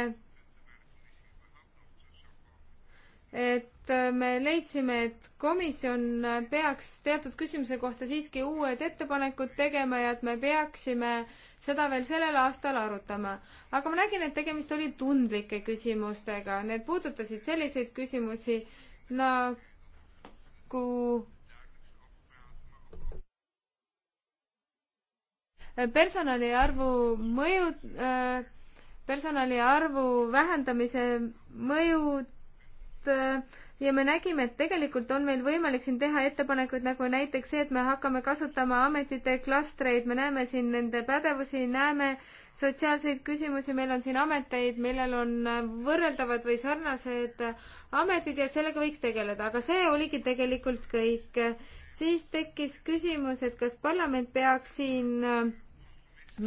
et äh, me leidsime, et komisjon peaks teatud küsimuse kohta siiski uued ettepanekud tegema ja et me peaksime seda veel sellel aastal arutama. aga ma nägin, et tegemist oli tundlike küsimustega, need puudutasid selliseid küsimusi nagu personali arvu mõju, äh, personali arvu vähendamise mõjud, Äh, ja me nägime, et tegelikult on meil võimalik siin teha ettepanekuid, nagu näiteks see, et me hakkame kasutama ametite klastreid, me näeme siin nende pädevusi, näeme sotsiaalseid küsimusi, meil on siin ameteid, millel on võrreldavad või sarnased ametid ja et sellega võiks tegeleda, aga see oligi tegelikult kõik. siis tekkis küsimus, et kas parlament peaks siin äh,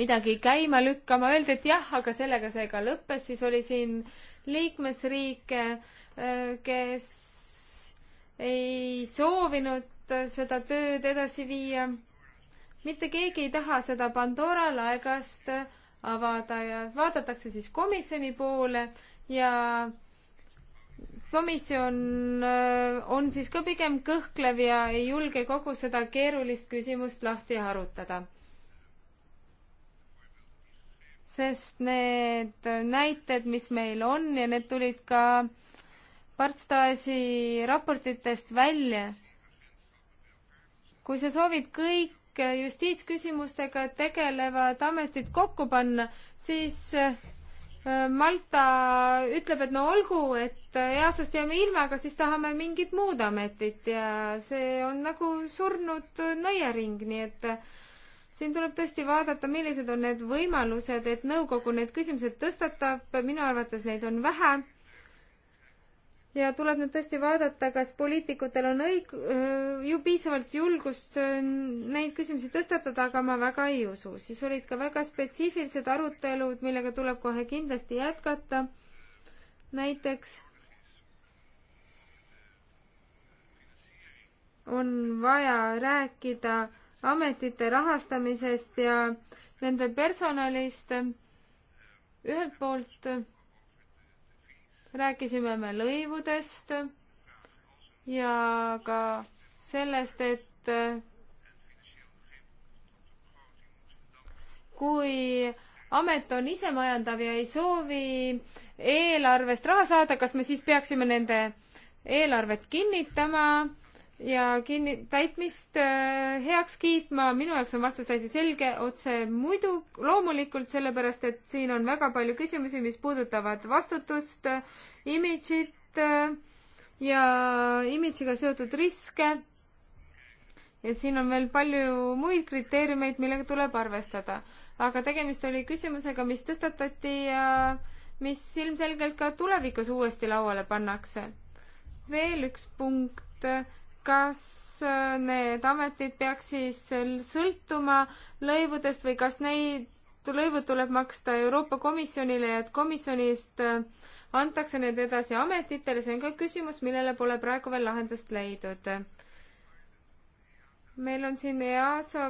midagi käima lükkama, öeldi, et jah, aga sellega see ka lõppes, siis oli siin liikmesriike äh, kes ei soovinud seda tööd edasi viia. mitte keegi ei taha seda Pandora laegast avada ja vaadatakse siis komisjoni poole ja komisjon äh, on siis ka pigem kõhklev ja ei julge kogu seda keerulist küsimust lahti harutada. sest need näited, mis meil on ja need tulid ka äh, Partstasi raportitest välja. kui sa soovid kõik justiitsküsimustega tegelevad ametid kokku panna, siis äh, Malta ütleb, et no olgu, et EASO-st jääme ilma, aga siis tahame mingit muud ametit ja see on nagu surnud nõiaring, nii et äh, siin tuleb tõesti vaadata, millised on need võimalused, et nõukogu need küsimused tõstatab, minu arvates neid on vähe ja tuleb nüüd tõesti vaadata, kas poliitikutel on õig-, ju piisavalt julgust neid küsimusi tõstatada, aga ma väga ei usu. siis olid ka väga spetsiifilised arutelud, millega tuleb kohe kindlasti jätkata. näiteks on vaja rääkida ametite rahastamisest ja nende personalist. ühelt poolt rääkisime me lõivudest ja ka sellest, et kui amet on isemajandav ja ei soovi eelarvest raha saada, kas me siis peaksime nende eelarvet kinnitama ja kinni, täitmist äh, heaks kiitma, minu jaoks on vastus täiesti selge, otse muidu, loomulikult, sellepärast et siin on väga palju küsimusi, mis puudutavad vastutust, imidžit äh, ja imidžiga seotud riske. ja siin on veel palju muid kriteeriumeid, millega tuleb arvestada. aga tegemist oli küsimusega, mis tõstatati ja mis ilmselgelt ka tulevikus uuesti lauale pannakse. veel üks punkt kas äh, need ametid peaks siis sõltuma lõivudest või kas neid lõivud tuleb maksta Euroopa Komisjonile ja et komisjonist äh, antakse need edasi ametitele, see on ka küsimus, millele pole praegu veel lahendust leidnud. meil on siin EASA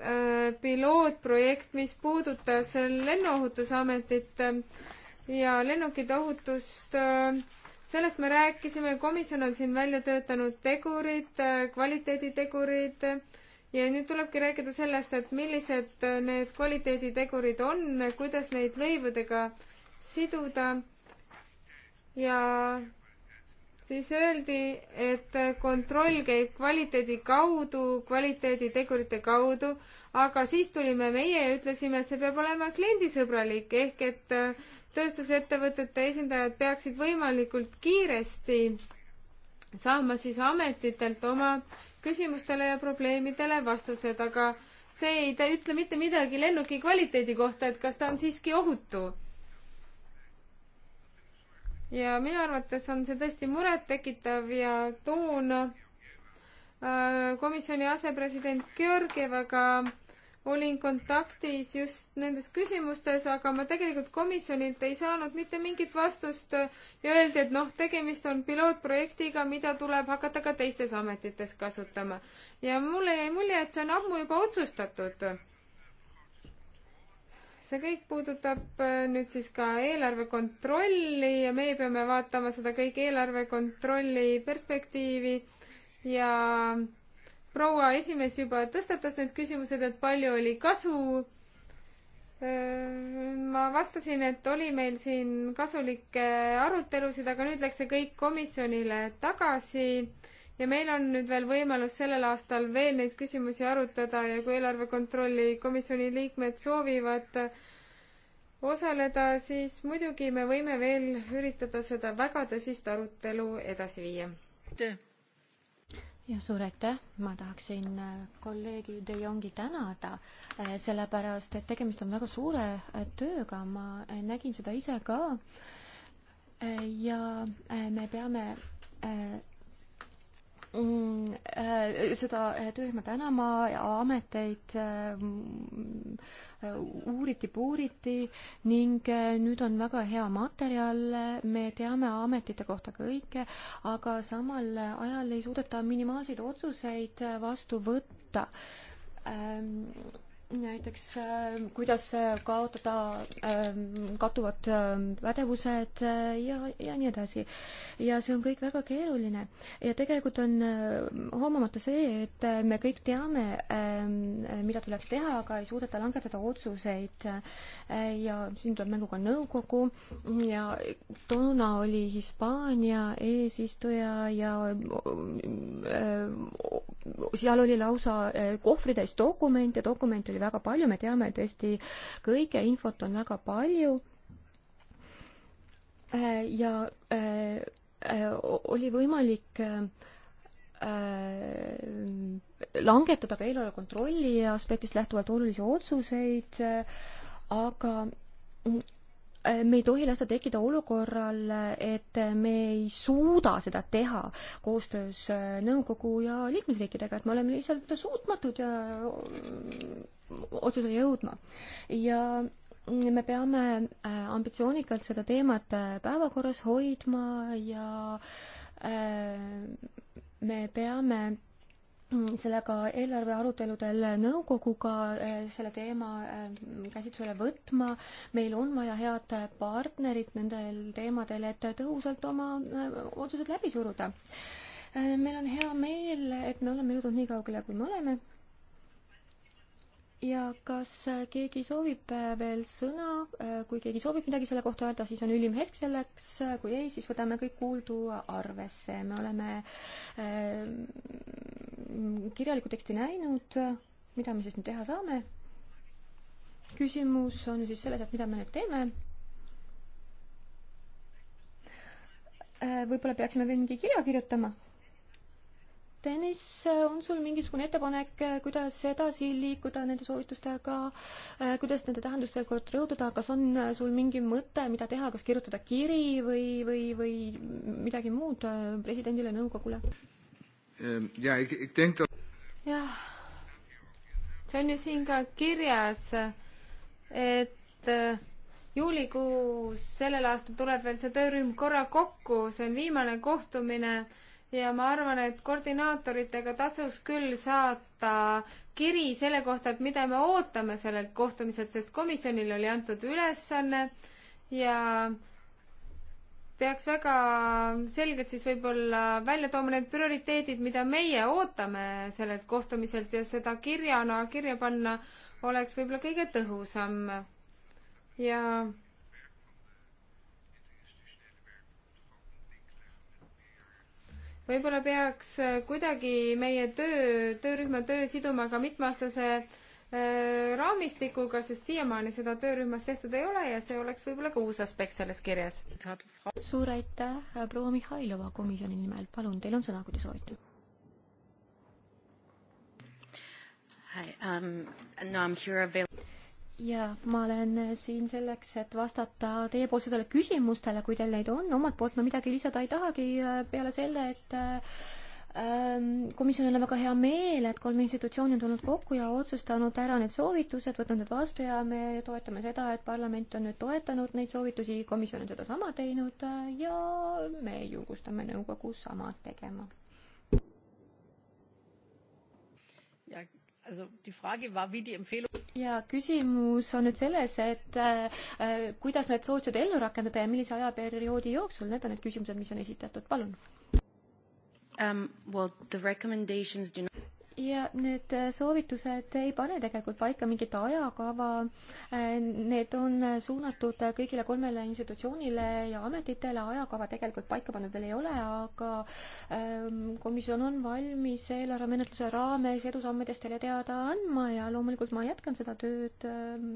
äh, pilootprojekt, mis puudutas lennuohutusametit ja lennukite ohutust äh, sellest me rääkisime, komisjon on siin välja töötanud tegurid, kvaliteeditegurid ja nüüd tulebki rääkida sellest, et millised need kvaliteeditegurid on, kuidas neid lõivudega siduda. ja siis öeldi, et kontroll käib kvaliteedi kaudu, kvaliteeditegurite kaudu, aga siis tulime meie ja ütlesime, et see peab olema kliendisõbralik ehk et äh, tööstusettevõtete esindajad peaksid võimalikult kiiresti saama siis ametitelt oma küsimustele ja probleemidele vastused, aga see ei ütle mitte midagi lennuki kvaliteedi kohta, et kas ta on siiski ohutu. ja minu arvates on see tõesti murettekitav ja toon äh, komisjoni asepresident Georgievaga olin kontaktis just nendes küsimustes, aga ma tegelikult komisjonilt ei saanud mitte mingit vastust ja öeldi, et noh, tegemist on pilootprojektiga, mida tuleb hakata ka teistes ametites kasutama. ja mulle jäi mulje, et see on ammu juba otsustatud. see kõik puudutab äh, nüüd siis ka eelarve kontrolli ja meie peame vaatama seda kõik eelarve kontrolli perspektiivi ja proua esimees juba tõstatas need küsimused, et palju oli kasu. Äh, ma vastasin, et oli meil siin kasulikke arutelusid, aga nüüd läks see kõik komisjonile tagasi ja meil on nüüd veel võimalus sellel aastal veel neid küsimusi arutada ja kui eelarve kontrolli komisjoni liikmed soovivad osaleda, siis muidugi me võime veel üritada seda väga tõsist arutelu edasi viia. aitäh! jah, suur aitäh, ma tahaksin äh, kolleegi De Jongi tänada, äh, sellepärast et tegemist on väga suure äh, tööga, ma nägin seda ise ka. ja me peame Mm, äh, seda äh, töörühma tänama ja ameteid äh, mm, uuriti, puuriti ning nüüd on väga hea materjal, me teame ametite kohta kõike, aga samal ajal ei suudeta minimaalseid otsuseid vastu võtta ähm, näiteks äh, kuidas äh, kaotada ähm, kattuvad ähm, pädevused äh, ja, ja nii edasi. ja see on kõik väga keeruline ja tegelikult on hoomamata see, et me kõik teame, ähm, mida tuleks teha, aga ei suudeta langetada otsuseid. ja siin tuleb mängu ka nõukogu ja toona oli Hispaania eesistuja ja seal oli lausa kohvritäis dokumente, dokumente oli väga palju, me teame tõesti kõige, infot on väga palju. Äh, ja äh, äh, oli võimalik langetada ka eelarve kontrolli aspektist lähtuvalt olulisi otsuseid, aga me ei tohi lasta tekkida olukorral, et me ei suuda seda teha koostöös nõukogu ja liikmesriikidega, et me oleme lihtsalt suutmatud ja otsuseni jõudma. ja me peame äh, ambitsioonikalt seda teemat äh, päevakorras hoidma ja äh, me peame mm, sellega eelarve aruteludel nõukoguga selle teema käsitlusele võtma. meil on vaja head partnerit nendel teemadel, et tõhusalt oma otsused läbi suruda. meil on hea meel, et me oleme jõudnud nii kaugele, kui me oleme ja kas äh, keegi soovib äh, veel sõna, äh, kui keegi soovib midagi selle kohta öelda, siis on ülim hetk selleks, kui ei, siis võtame kõik kuuldu arvesse, me oleme äh, kirjalikku teksti näinud, mida me siis nüüd teha saame? küsimus on siis selles, et mida me nüüd teeme äh,. võib-olla peaksime veel mingi kirja kirjutama Tõnis, on sul mingisugune ettepanek, eh, kuidas edasi liikuda nende soovitustega, eh, kuidas nende tähendust veel kord rõhutada, kas on eh, sul mingi mõte, mida teha, kas kirjutada kiri või, või, või midagi muud presidendile, nõukogule? Ähm, jah, see on ju siin ka kirjas, et juulikuus sellel aastal tuleb veel see töörühm korra kokku, see on viimane kohtumine ja ma arvan, et koordinaatoritega tasuks küll saata kiri selle kohta, et mida me ootame sellelt kohtumiselt, sest komisjonile oli antud ülesanne ja peaks väga selgelt siis võib-olla välja tooma need prioriteedid, mida meie ootame sellelt kohtumiselt ja seda kirjana kirja panna oleks võib-olla kõige tõhusam. ja võib-olla peaks äh, kuidagi meie töö, töörühma töö siduma ka mitmeaastase äh, raamistikuga, sest siiamaani seda töörühmas tehtud ei ole ja see oleks võib-olla ka uus aspekt selles kirjas. suur aitäh, äh, proua Mihhailova komisjoni nimel, palun, teil on sõna, kui te soovite. Hi, um, no I'm here available ja ma olen siin selleks, et vastata teiepoolsetele küsimustele, kui teil neid on, omalt poolt ma midagi lisada ei tahagi äh, peale selle, et äh, ähm, komisjonil on väga hea meel, et kolm institutsiooni on tulnud kokku ja otsustanud ära need soovitused, võtnud need vastu ja me toetame seda, et parlament on nüüd toetanud neid soovitusi, komisjon on sedasama teinud äh, ja me julgustame nõukogu sama tegema ja küsimus on nüüd selles, et äh, kuidas need soodsad ellu rakendada ja millise ajaperioodi jooksul, need on need küsimused, mis on esitatud, palun um,. Well, do not ja need äh, soovitused ei pane tegelikult paika mingit ajakava, äh, need on suunatud äh, kõigile kolmele institutsioonile ja ametitele, ajakava tegelikult paika pannud veel ei ole, aga ähm, komisjon on valmis eelarvemenetluse raames edusammedest teile teada andma ja loomulikult ma jätkan seda tööd ähm,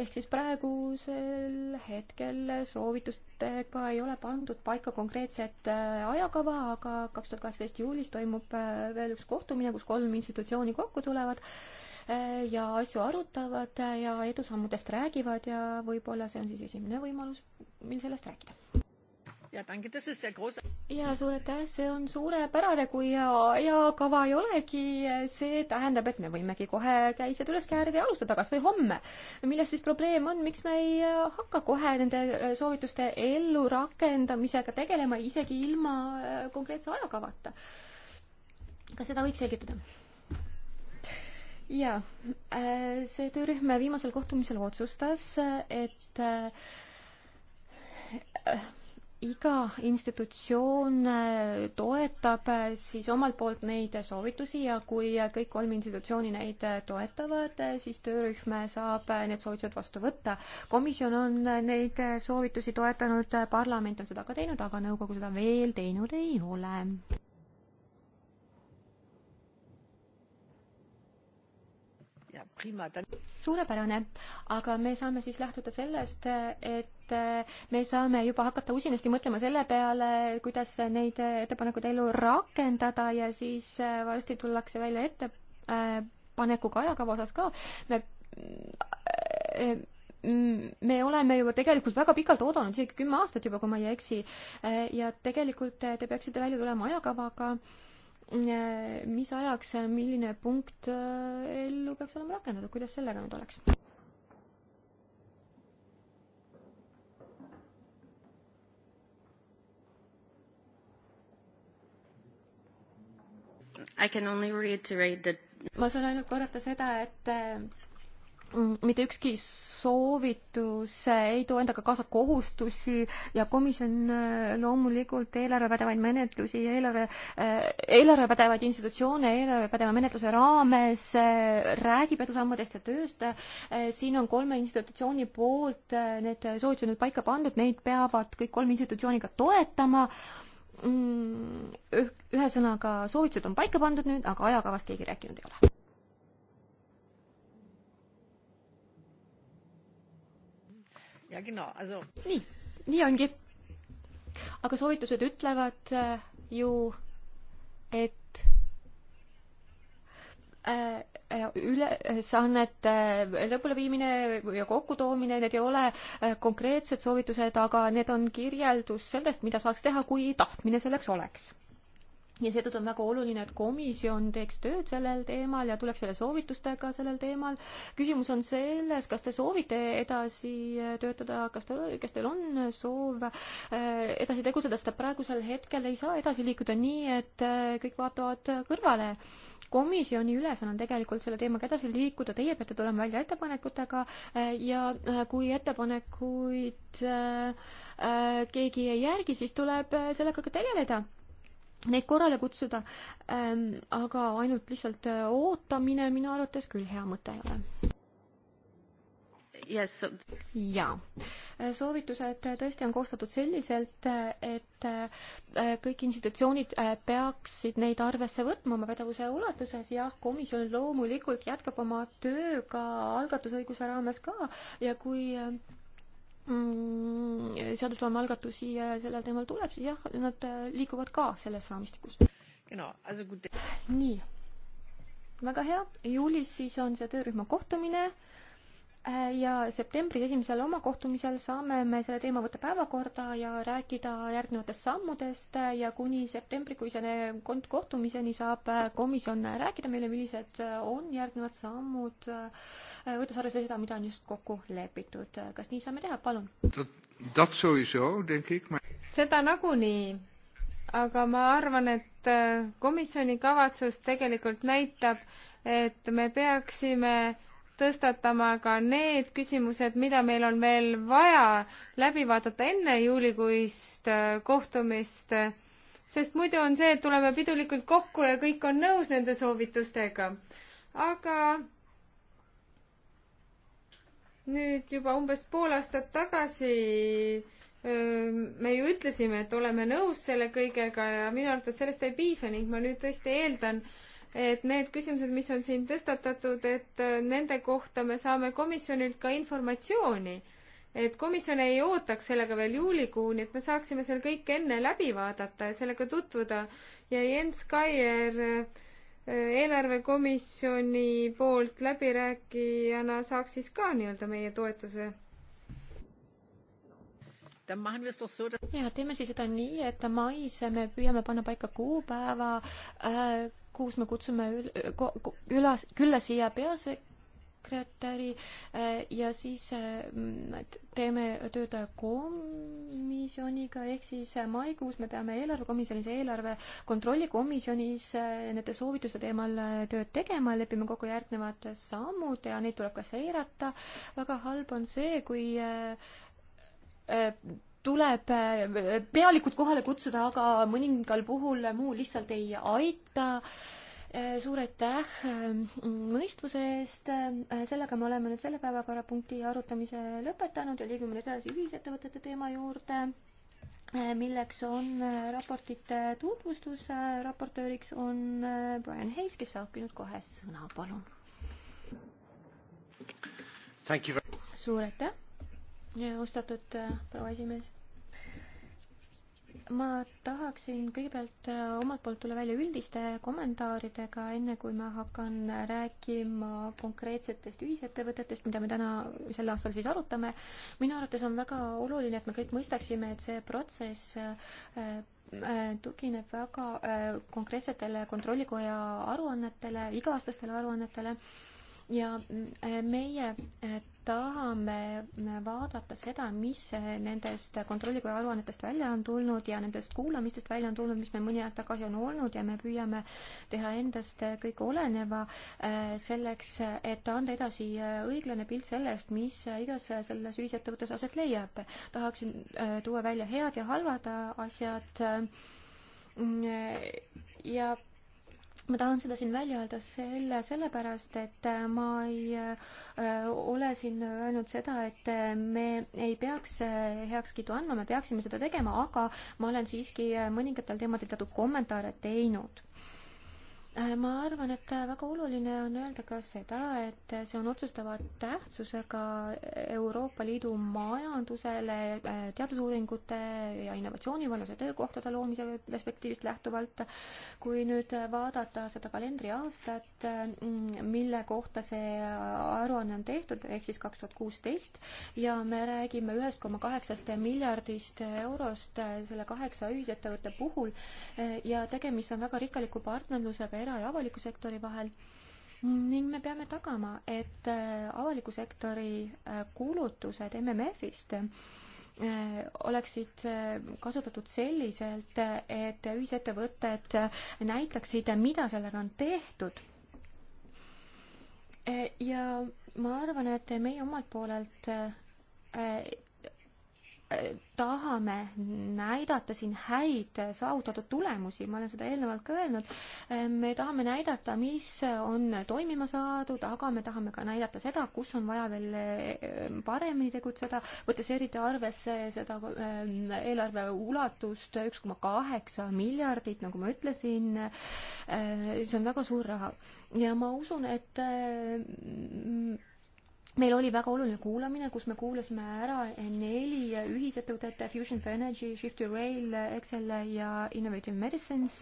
ehk siis praegusel hetkel soovitustega ei ole pandud paika konkreetset äh, ajakava, aga kaks tuhat kaheksateist juulis toimub äh, veel üks kohtumine, kus kolm institutsiooni kokku tulevad äh, ja asju arutavad ja edusammudest räägivad ja võib-olla see on siis esimene võimalus, mil sellest rääkida ja suur aitäh, see on suurepärane, kui ajakava ei olegi, see tähendab, et me võimegi kohe käised üles käärida ja alustada kas või homme. milles siis probleem on, miks me ei äh, hakka kohe nende äh, soovituste ellurakendamisega tegelema, isegi ilma äh, konkreetse ajakavata? kas seda võiks selgitada? jaa, see töörühm viimasel kohtumisel otsustas, et iga institutsioon äh, toetab äh, siis omalt poolt neid soovitusi ja kui äh, kõik kolm institutsiooni neid toetavad, siis töörühm saab need soovitused vastu võtta. komisjon on neid soovitusi toetanud, parlament on seda ka teinud, aga nõukogu seda veel teinud ei ole. suurepärane, aga me saame siis lähtuda sellest, et eh, me saame juba hakata usinasti mõtlema selle peale, kuidas neid ettepanekuid ellu rakendada ja siis eh, varsti tullakse välja ettepanekuga eh, ajakava osas ka. me me oleme juba tegelikult väga pikalt oodanud, isegi kümme aastat juba, kui ma ei eksi. ja tegelikult te peaksite välja tulema ajakavaga ka mis ajaks milline punkt äh, ellu peaks olema rakendatud, kuidas sellega nüüd oleks? I can only reiterate that ma saan ainult korrata seda, et äh, mitte ükski soovitus ei too endaga kaasa kohustusi ja komisjon äh, loomulikult eelarvepädevaid menetlusi ja eelarve, äh, eelarvepädevaid institutsioone eelarvepädeva menetluse raames äh, räägib edusammudest ja tööst. siin on kolme institutsiooni poolt need soovitused nüüd paika pandud, neid peavad kõik kolm institutsiooni ka toetama mm, ühesõnaga, soovitused on paika pandud nüüd, aga ajakavast keegi rääkinud ei ole ja genau, also. nii, nii ongi. aga soovitused ütlevad äh, ju, et äh, äh ülesannete lõpuleviimine ja kokkutoomine, need ei ole äh, konkreetsed soovitused, aga need on kirjeldus sellest, mida saaks teha, kui tahtmine selleks oleks ja seetõttu on väga oluline, et komisjon teeks tööd sellel teemal ja tuleks välja soovitustega sellel teemal. küsimus on selles, kas te soovite edasi töötada, kas te, kas teil on soov äh, edasi tegutseda, sest praegusel hetkel ei saa edasi liikuda nii, et äh, kõik vaatavad kõrvale. komisjoni ülesanne on tegelikult selle teemaga edasi liikuda, teie peate tulema välja ettepanekutega äh, ja kui ettepanekuid keegi ei järgi, siis tuleb sellega ka tegeleda neid korrale kutsuda ähm,, aga ainult lihtsalt äh, ootamine minu arvates küll hea mõte ei ole yes.. jaa, äh, soovitused äh, tõesti on koostatud selliselt, et kõik institutsioonid peaksid neid arvesse võtma oma pädevuse ulatuses, jah, komisjon loomulikult jätkab oma tööga algatusõiguse raames ka ja kui Mm, seadusloome algatusi äh, sellel teemal tuleb, siis jah, nad äh, liiguvad ka selles raamistikus. nii, väga hea, juulis siis on see töörühma kohtumine ja septembri esimesel oma kohtumisel saame me selle teema võtta päevakorda ja rääkida järgnevatest sammudest ja kuni septembrikuisene kohtumiseni saab komisjon rääkida meile, millised on järgnevad sammud, võttes arvesse seda, mida on just kokku lepitud. kas nii saame teha, palun? seda nagunii, aga ma arvan, et äh, komisjoni kavatsus tegelikult näitab, et me peaksime tõstatama ka need küsimused, mida meil on veel vaja läbi vaadata enne juulikuist äh, kohtumist, sest muidu on see, et tuleme pidulikult kokku ja kõik on nõus nende soovitustega. aga nüüd juba umbes pool aastat tagasi me ju ütlesime, et oleme nõus selle kõigega ja minu arvates sellest ei piisa ning ma nüüd tõesti eeldan, et need küsimused, mis on siin tõstatatud, et äh, nende kohta me saame komisjonilt ka informatsiooni. et komisjon ei ootaks sellega veel juulikuuni, et me saaksime selle kõik enne läbi vaadata ja sellega tutvuda. ja Jens Kaier äh, eelarvekomisjoni poolt läbirääkijana saaks siis ka nii-öelda meie toetuse ja teeme siis seda nii, et mais me püüame panna paika kuupäeva äh, kuus me kutsume ül, üla, külla siia peasekretäri äh, ja siis äh, teeme tööd komisjoniga, ehk siis äh, maikuus me peame eelarvekomisjonis, eelarve kontrolli komisjonis nende soovituste teemal tööd tegema, lepime kokku järgnevad sammud ja neid tuleb ka seirata. väga halb on see, kui tuleb äh, pealikud kohale kutsuda, aga mõningal puhul muu lihtsalt ei aita. Äh, suur aitäh äh, mõistvuse eest. sellega me oleme nüüd selle päevakorrapunkti arutamise lõpetanud ja liigume nüüd edasi ühisettevõtete teema juurde milleks on raportite tutvustus. raportööriks on Brian Hayes, kes saabki nüüd kohe sõna, palun. suur aitäh austatud äh, proua esimees. ma tahaksin kõigepealt äh, omalt poolt tulla välja üldiste kommentaaridega, enne kui ma hakkan rääkima konkreetsetest ühisettevõtetest, mida me täna sel aastal siis arutame. minu arvates on väga oluline, et me kõik mõistaksime, et see protsess äh, tugineb väga konkreetsetele kontrollikoja aruannetele, iga-aastastele aruannetele iga ja äh, meie äh, tahame äh, vaadata seda, mis nendest kontrollikoja aruannetest välja on tulnud ja nendest kuulamistest välja on tulnud, mis meil mõni aeg tagasi on olnud ja me püüame teha endast kõik oleneva selleks, et anda edasi õiglane pilt sellest, mis igas selles ühisettevõttes aset leiab. tahaksin tuua välja head ja halvad asjad mm, ja ma tahan seda siin välja öelda selle, sellepärast, et äh, ma ei äh, ole siin öelnud seda, et äh, me ei peaks äh, heakskiidu andma, me peaksime seda tegema, aga ma olen siiski mõningatel teemadel teatud kommentaare teinud. Äh, ma arvan, et väga oluline on öelda ka seda, et see on otsustava tähtsusega Euroopa Liidu majandusele äh, teadusuuringute ja innovatsiooni vallas ja töökohtade loomise perspektiivist lähtuvalt. kui nüüd vaadata seda kalendriaastat, äh, mille kohta see aruanne on tehtud, ehk siis kaks tuhat kuusteist ja me räägime ühest koma kaheksast miljardist eurost selle kaheksa ühisettevõtte puhul ja tegemist on väga rikkaliku partnerlusega era- ja avaliku sektori vahel ning me peame tagama, et äh, avaliku sektori äh, kulutused MMF-ist äh, oleksid kasutatud selliselt, et ühisettevõtted näitaksid, mida sellega on tehtud ja ma arvan, et meie omalt poolelt tahame näidata siin häid saavutatud tulemusi, ma olen seda eelnevalt ka öelnud, me tahame näidata, mis on toimima saadud, aga me tahame ka näidata seda, kus on vaja veel eh, paremini tegutseda, võttes eriti arvesse seda eh, eelarve ulatust, üks koma kaheksa miljardit, nagu ma ütlesin, eh, see on väga suur raha. ja ma usun, et meil oli väga oluline kuulamine, kus me kuulasime ära neli ühisettevõtet Fusion for Energy, Shift to Rail, Excel ja Innovative Medicines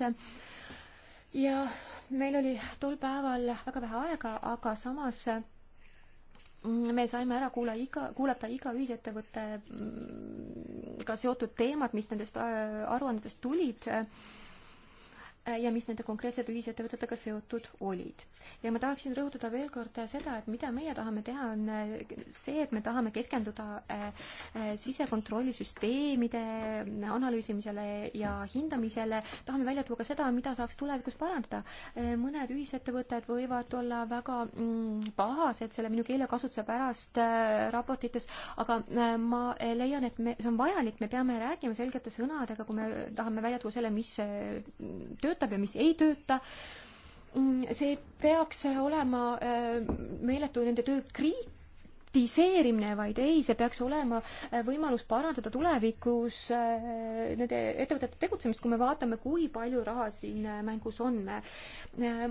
ja meil oli tol päeval väga vähe aega, aga samas mm, me saime ära kuula iga, kuulata iga ühisettevõttega mm, seotud teemad, mis nendest äh, aruandest tulid Äh, ja mis nende konkreetsete ühisettevõtetega seotud olid. ja ma tahaksin rõhutada veel kord äh, seda, et mida meie tahame teha, on äh, see, et me tahame keskenduda sisekontrollisüsteemide analüüsimisele ja hindamisele, tahame välja tuua ka seda, mida saaks tulevikus parandada. mõned ühisettevõtted võivad olla väga mm, pahased selle minu keelekasutuse pärast raportites, aga ma leian, et me, see on vajalik, me peame rääkima selgete sõnadega, kui me tahame välja tuua selle, mis töötab töötab ja mis ei tööta. Mm, see peaks olema äh, meeletu nende töö kriit-, kritiseerimine, vaid ei, see peaks olema äh, võimalus parandada tulevikus äh, nende ettevõtete tegutsemist, kui me vaatame, kui palju raha siin mängus on.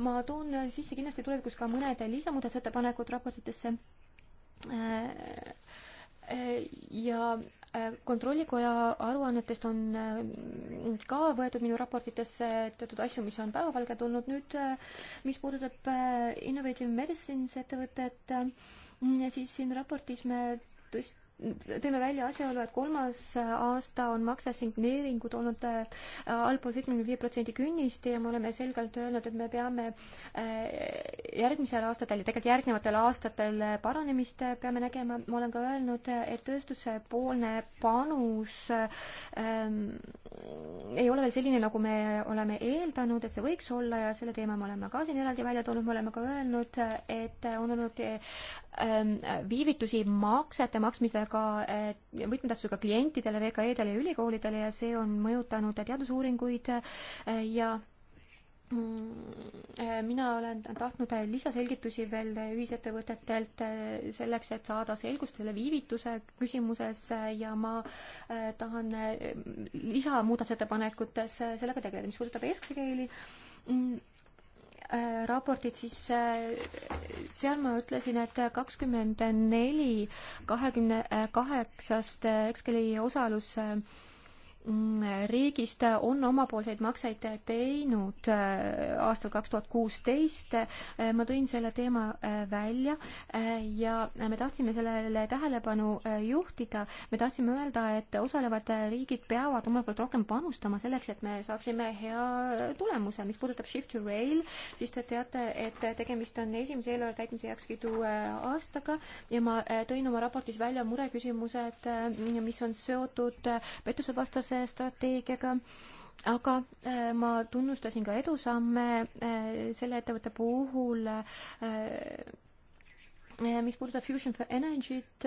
ma toon sisse kindlasti tulevikus ka mõned lisamuudatusettepanekud raportitesse ja äh, kontrollikoja aruannetest on äh, ka võetud minu raportitesse teatud asju, mis on päevavalge tulnud. nüüd, äh, mis puudutab Innovative Medicines ettevõtet, siis siin raportis me tõst-, tõime välja asjaolu, et kolmas aasta on makseassigneeringud olnud äh, allpool seitsmekümne viie protsendi künnist ja me oleme selgelt öelnud, et me peame äh, järgmisel aastatel ja tegelikult järgnevatel aastatel paranemist peame nägema. ma olen ka öelnud, et tööstuse poolne panus ähm, ei ole veel selline, nagu me oleme eeldanud, et see võiks olla ja selle teema me oleme ka siin eraldi välja toonud, me oleme ka öelnud, et on olnud ähm, viivitusi maksete maksmisel ka eh, võtmetähtsusega klientidele, VKE-dele ja ülikoolidele ja see on mõjutanud teadusuuringuid eh, ja mm, eh, mina olen tahtnud lisaselgitusi veel ühisettevõtetelt selleks, et saada selgust selle viivituse küsimuses ja ma tahan lisamuudatusettepanekutes sellega tegeleda, mis puudutab eesti keeli mm, Äh, raportit, siis äh, seal ma ütlesin, et kakskümmend neli kahekümne äh, kaheksast Exceli osalus riigist on omapoolseid makseid teinud äh, aastal kaks tuhat kuusteist. Äh, ma tõin selle teema äh, välja ja me tahtsime sellele tähelepanu juhtida. me tahtsime öelda, et osalevad riigid peavad omalt poolt rohkem panustama selleks, et me saaksime hea tulemuse. mis puudutab Shift to Rail, siis te teate, et tegemist on esimese eelarve täitmise heakskiidu aastaga ja ma tõin oma raportis välja mureküsimused, mis on seotud pettusevastase majanduse strateegiaga, aga äh, ma tunnustasin ka edusamme äh, selle ettevõtte puhul äh, Eh, mis puudutab Fusion for Energy't,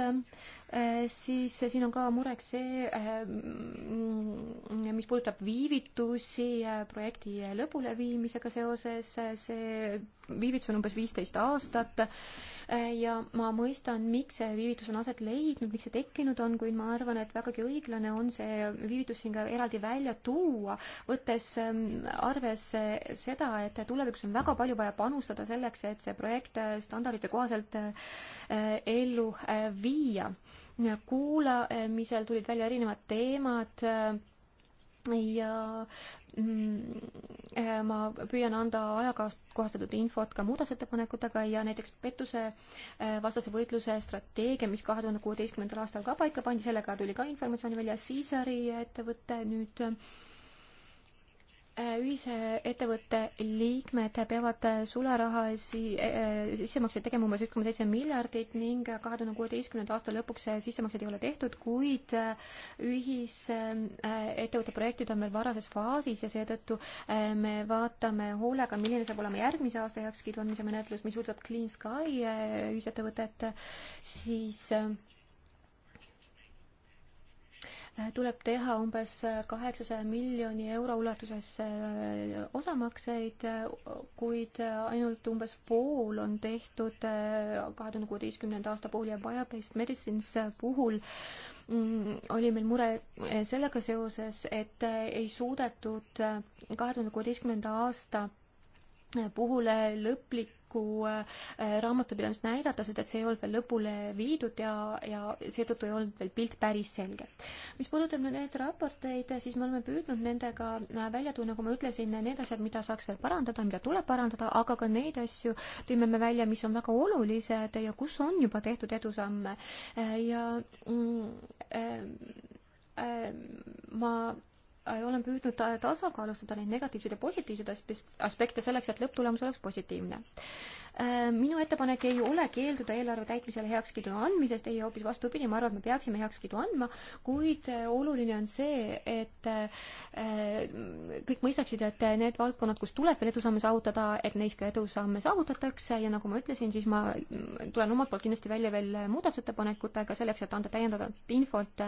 eh, siis siin on ka mureks see, eh, mis puudutab viivitusi projekti lõpuleviimisega seoses, see viivitus on umbes viisteist aastat ja ma mõistan, miks see viivitus on aset leidnud, miks see tekkinud on, kuid ma arvan, et vägagi õiglane on see viivitus siin ka eraldi välja tuua, võttes arvesse seda, et tulevikus on väga palju vaja panustada selleks, et see projekt standardite kohaselt Eh, ellu eh, viia. kuulamisel tulid välja erinevad teemad eh, ja mm, ma püüan anda ajakohastatud infot ka muudatusettepanekutega ja näiteks pettuse vastase võitluse strateegia, mis kahe tuhande kuueteistkümnendal aastal ka paika pandi, sellega tuli ka informatsiooni välja, Siisari ettevõte nüüd ühise ettevõtte liikmed peavad sularahasi eh, sissemakseid tegema umbes üks koma seitse miljardit ning kahe tuhande kuueteistkümnenda aasta lõpuks sissemakseid ei ole tehtud, kuid eh, ühisettevõtte eh, projektid on veel varases faasis ja seetõttu me vaatame hoolega, milline saab olema järgmise aasta heakskiidu andmise menetlus, mis puudutab Clean Sky ühisettevõtet, siis tuleb teha umbes kaheksasaja miljoni euro ulatuses äh, osamakseid, kuid äh, ainult umbes pool on tehtud äh, kahe tuhande kuueteistkümnenda aasta puhul ja Biobased Medicines puhul mm, oli meil mure sellega seoses, et ei suudetud kahe tuhande kuueteistkümnenda aasta puhul eh, lõplikku eh, raamatupidamist näidata, sest et see ei olnud veel lõpule viidud ja, ja seetõttu ei olnud veel pilt päris selge. mis puudutab nüüd neid raporteid, siis me oleme püüdnud nendega äh, välja tuua, nagu ma ütlesin, need asjad, mida saaks veel parandada, mida tuleb parandada, aga ka neid asju tõime me välja, mis on väga olulised ja kus on juba tehtud edusamme äh, ja mm, mm, ma Äh, olen püüdnud tasakaalustada neid negatiivseid ja positiivseid aspekte selleks, et lõpptulemus oleks positiivne. Äh, minu ettepanek ei ole keelduda eelarve täitmisele heakskiidu andmisest, ei hoopis vastupidi, ma arvan, et me peaksime heakskiidu andma, kuid äh, oluline on see, et kõik mõistaksid, et need valdkonnad, kus tuleb veel edusamme saavutada, et neis ka edusamme saavutatakse ja nagu ma ütlesin, siis ma mm, tulen omalt poolt kindlasti välja veel muudatusettepanekutega selleks, et anda täiendavat infot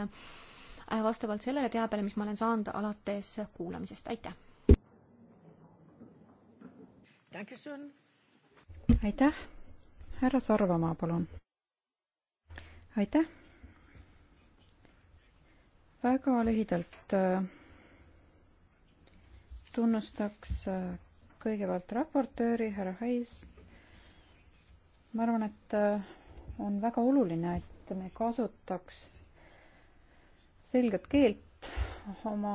Äh, vastavalt sellele teabele, mis ma olen saanud alates kuulamisest, aitäh! aitäh, härra Sarvamaa, palun! aitäh! väga lühidalt äh, tunnustaks äh, kõigepealt raportööri, härra Hais. ma arvan, et on väga oluline, et me kasutaks selget keelt oma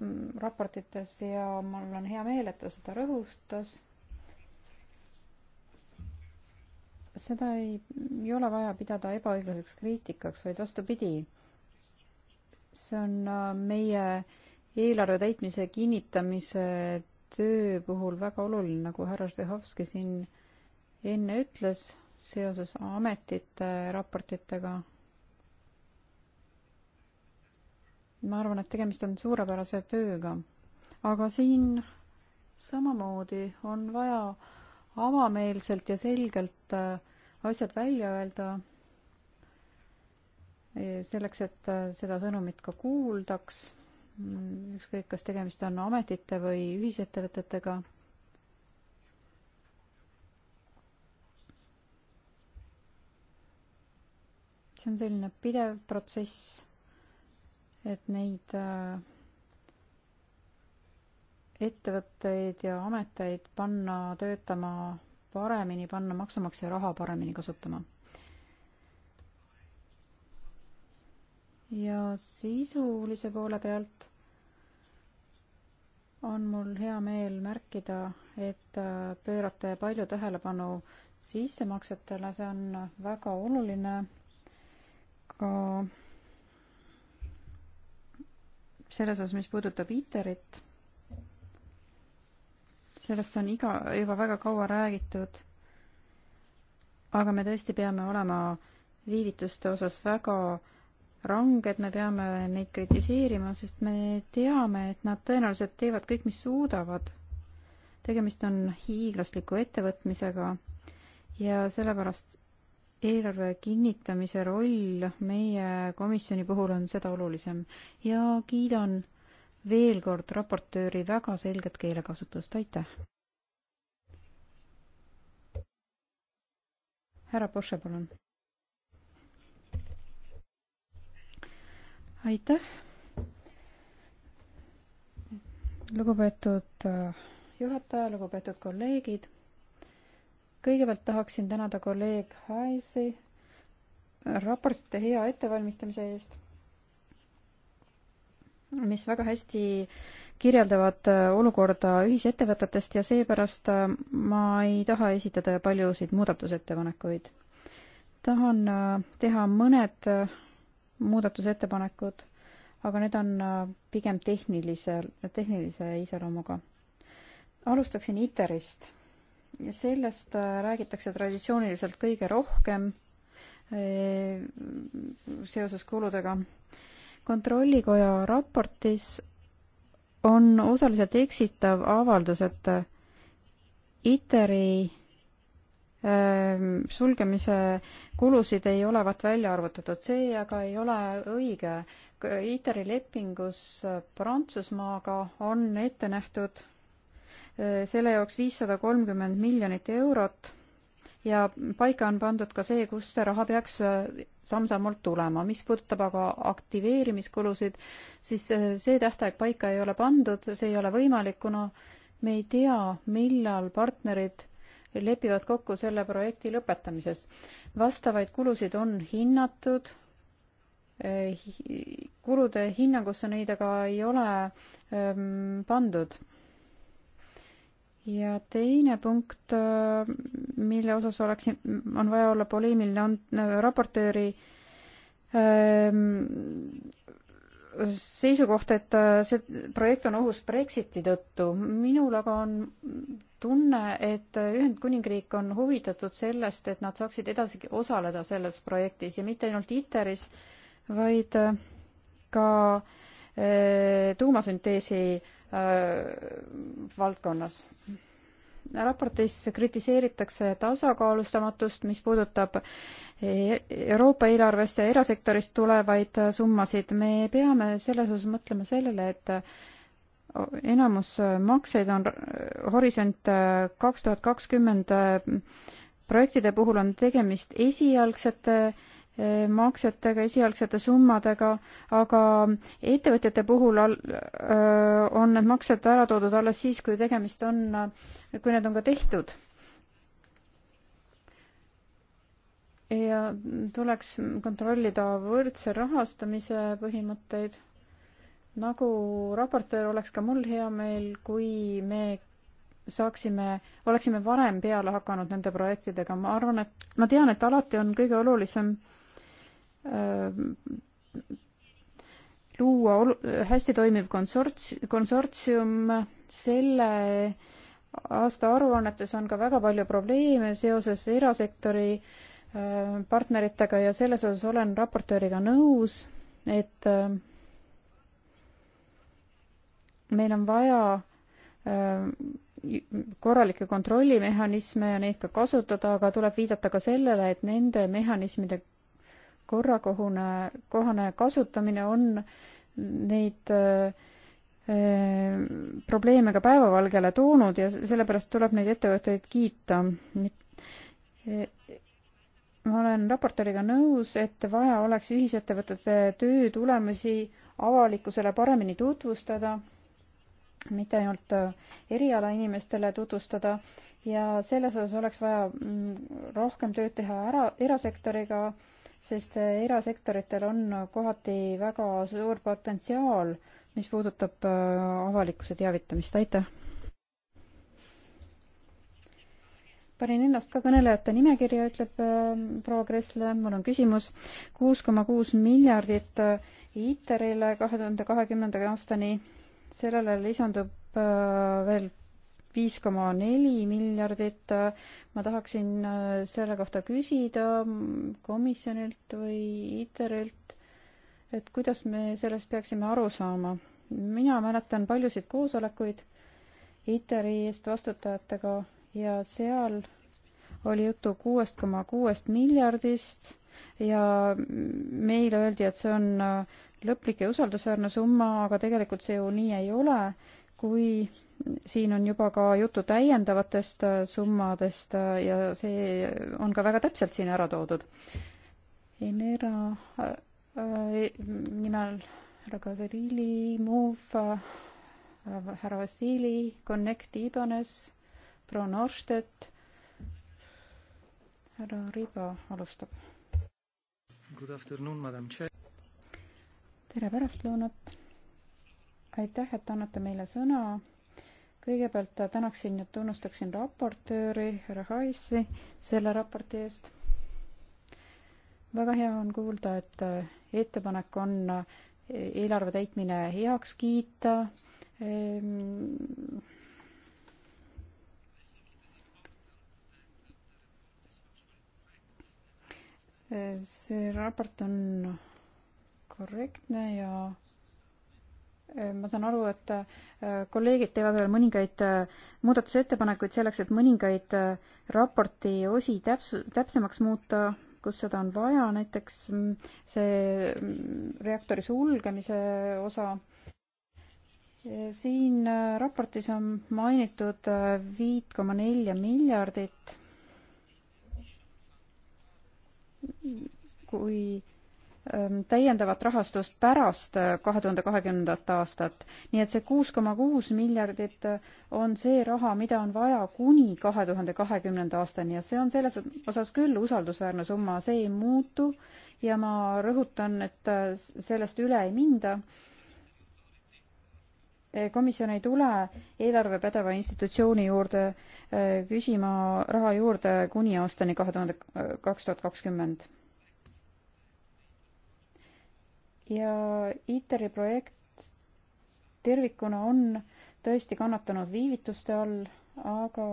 mm, raportites ja mul on hea meel, et ta seda rõhutas. seda ei, ei ole vaja pidada ebaõiglaseks kriitikaks, vaid vastupidi. see on äh, meie eelarve täitmise kinnitamise töö puhul väga oluline, nagu härra Štehovski siin enne ütles, seoses ametite raportitega ma arvan, et tegemist on suurepärase tööga. aga siin samamoodi on vaja avameelselt ja selgelt äh, asjad välja öelda, e, selleks, et äh, seda sõnumit ka kuuldaks, mm, ükskõik, kas tegemist on ametite või ühisettevõtetega. see on selline pidev protsess et neid äh, ettevõtteid ja ameteid panna töötama paremini, panna maksumaksja raha paremini kasutama. ja sisulise poole pealt on mul hea meel märkida, et äh, pöörate palju tähelepanu sissemaksetele, see on väga oluline ka selles osas, mis puudutab ITER-it, sellest on iga, juba väga kaua räägitud, aga me tõesti peame olema viivituste osas väga ranged, me peame neid kritiseerima, sest me teame, et nad tõenäoliselt teevad kõik, mis suudavad. tegemist on hiiglasliku ettevõtmisega ja sellepärast eelarve kinnitamise roll meie komisjoni puhul on seda olulisem ja kiidan veel kord raportööri väga selget keelekasutust, aitäh. härra Porsche, palun. aitäh. lugupeetud äh, juhataja, lugupeetud kolleegid kõigepealt tahaksin tänada kolleeg Haisi raportite hea ettevalmistamise eest, mis väga hästi kirjeldavad äh, olukorda ühisettevõtetest ja seepärast äh, ma ei taha esitada paljusid muudatusettepanekuid. tahan äh, teha mõned muudatusettepanekud, aga need on pigem tehnilise, tehnilise iseloomuga. alustaksin ITER-ist sellest äh, räägitakse traditsiooniliselt kõige rohkem äh, seoses kuludega. kontrollikoja raportis on osaliselt eksitav avaldus, et äh, ITER-i ähm, sulgemise kulusid ei olevat välja arvutatud, see aga ei ole õige. ITER-i lepingus Prantsusmaaga on ette nähtud Äh, selle jaoks viissada kolmkümmend miljonit eurot ja paika on pandud ka see, kust see raha peaks äh, samm-sammult tulema. mis puudutab aga aktiveerimiskulusid, siis äh, see tähtaeg paika ei ole pandud, see ei ole võimalik, kuna me ei tea, millal partnerid lepivad kokku selle projekti lõpetamises. vastavaid kulusid on hinnatud, kulude hinnangusse neid aga ei ole ähm, pandud ja teine punkt, mille osas oleks, on vaja olla poleemiline, on äh, raportööri ähm, seisukoht, et äh, see projekt on ohus Brexiti tõttu. minul aga on tunne, et Ühendkuningriik on huvitatud sellest, et nad saaksid edasi osaleda selles projektis ja mitte ainult ITER-is, vaid äh, ka tuumasünteesi Äh, valdkonnas. raportis kritiseeritakse tasakaalustamatust, mis puudutab e-, Euroopa eelarvest ja erasektorist tulevaid summasid. me peame selles osas mõtlema sellele, et enamus makseid on Horisont kaks tuhat kakskümmend projektide puhul on tegemist esialgsete äh, Eh, maksetega, esialgsete summadega, aga ettevõtjate puhul eh, on need maksed ära toodud alles siis, kui tegemist on, kui need on ka tehtud. ja tuleks kontrollida võrdse rahastamise põhimõtteid. nagu raportöör oleks ka mul hea meel, kui me saaksime, oleksime varem peale hakanud nende projektidega, ma arvan, et ma tean, et alati on kõige olulisem äh, Äh, luua olu-, hästi toimiv konsorts-, konsortsium, selle aasta aruannetes on ka väga palju probleeme seoses erasektori äh, partneritega ja selles osas olen raportööriga nõus, et äh, meil on vaja korralikke kontrollimehhanisme ja neid ka kasutada, aga tuleb viidata ka sellele, et nende mehhanismide korrakohune, kohane kasutamine on neid äh, probleeme ka päevavalgele toonud ja sellepärast tuleb neid ettevõtteid kiita. ma olen raportööriga nõus, et vaja oleks ühisettevõtete töö tulemusi avalikkusele paremini tutvustada, mitte ainult äh, erialainimestele tutvustada ja selles osas oleks vaja mm, rohkem tööd teha ära, erasektoriga sest erasektoritel on kohati väga suur potentsiaal, mis puudutab äh, avalikkuse teavitamist, aitäh! panin ennast ka kõnelejate nimekirja, ütleb äh, proua Kressle, mul on küsimus. kuus koma kuus miljardit äh, ITER-ile kahe tuhande kahekümnenda aastani, sellele lisandub veel viis koma neli miljardit. ma tahaksin äh, selle kohta küsida komisjonilt või ITER-ilt, et kuidas me sellest peaksime aru saama. mina mäletan paljusid koosolekuid ITER-i eest vastutajatega ja seal oli juttu kuuest koma kuuest miljardist ja meile öeldi, et see on äh, lõplik ja usaldusväärne summa, aga tegelikult see ju nii ei ole kui siin on juba ka juttu täiendavatest äh, summadest äh, ja see on ka väga täpselt siin ära toodud. Enera äh, äh nimel härra Kazarili, Move äh,, härra Vassili, Connect Ibanes, proua Norstedt, härra Riba alustab. tere pärastlõunat aitäh, et annate meile sõna. kõigepealt tänaksin ja tunnustaksin raportööri, härra Haissi, selle raporti eest. väga hea on kuulda, et äh, ettepanek on äh, eelarve täitmine heaks kiita ehm, äh, see raport on korrektne ja Äh, ma saan aru, et äh, kolleegid teevad veel mõningaid äh, muudatusettepanekuid selleks, et mõningaid raporti osi täps-, täpsemaks muuta, kus seda on vaja, näiteks mm, see mm, reaktori sulgemise osa. siin raportis on mainitud viit koma nelja miljardit, kui Ähm, täiendavat rahastust pärast äh, kahe tuhande kahekümnendat aastat. nii et see kuus koma kuus miljardit äh, on see raha, mida on vaja kuni kahe tuhande kahekümnenda aastani ja see on selles osas küll usaldusväärne summa, see ei muutu ja ma rõhutan, et äh, sellest üle ei minda. komisjon ei tule eelarvepädeva institutsiooni juurde küsima raha juurde kuni aastani kahe tuhande, kaks tuhat kakskümmend ja ITER-i projekt tervikuna on tõesti kannatanud viivituste all, aga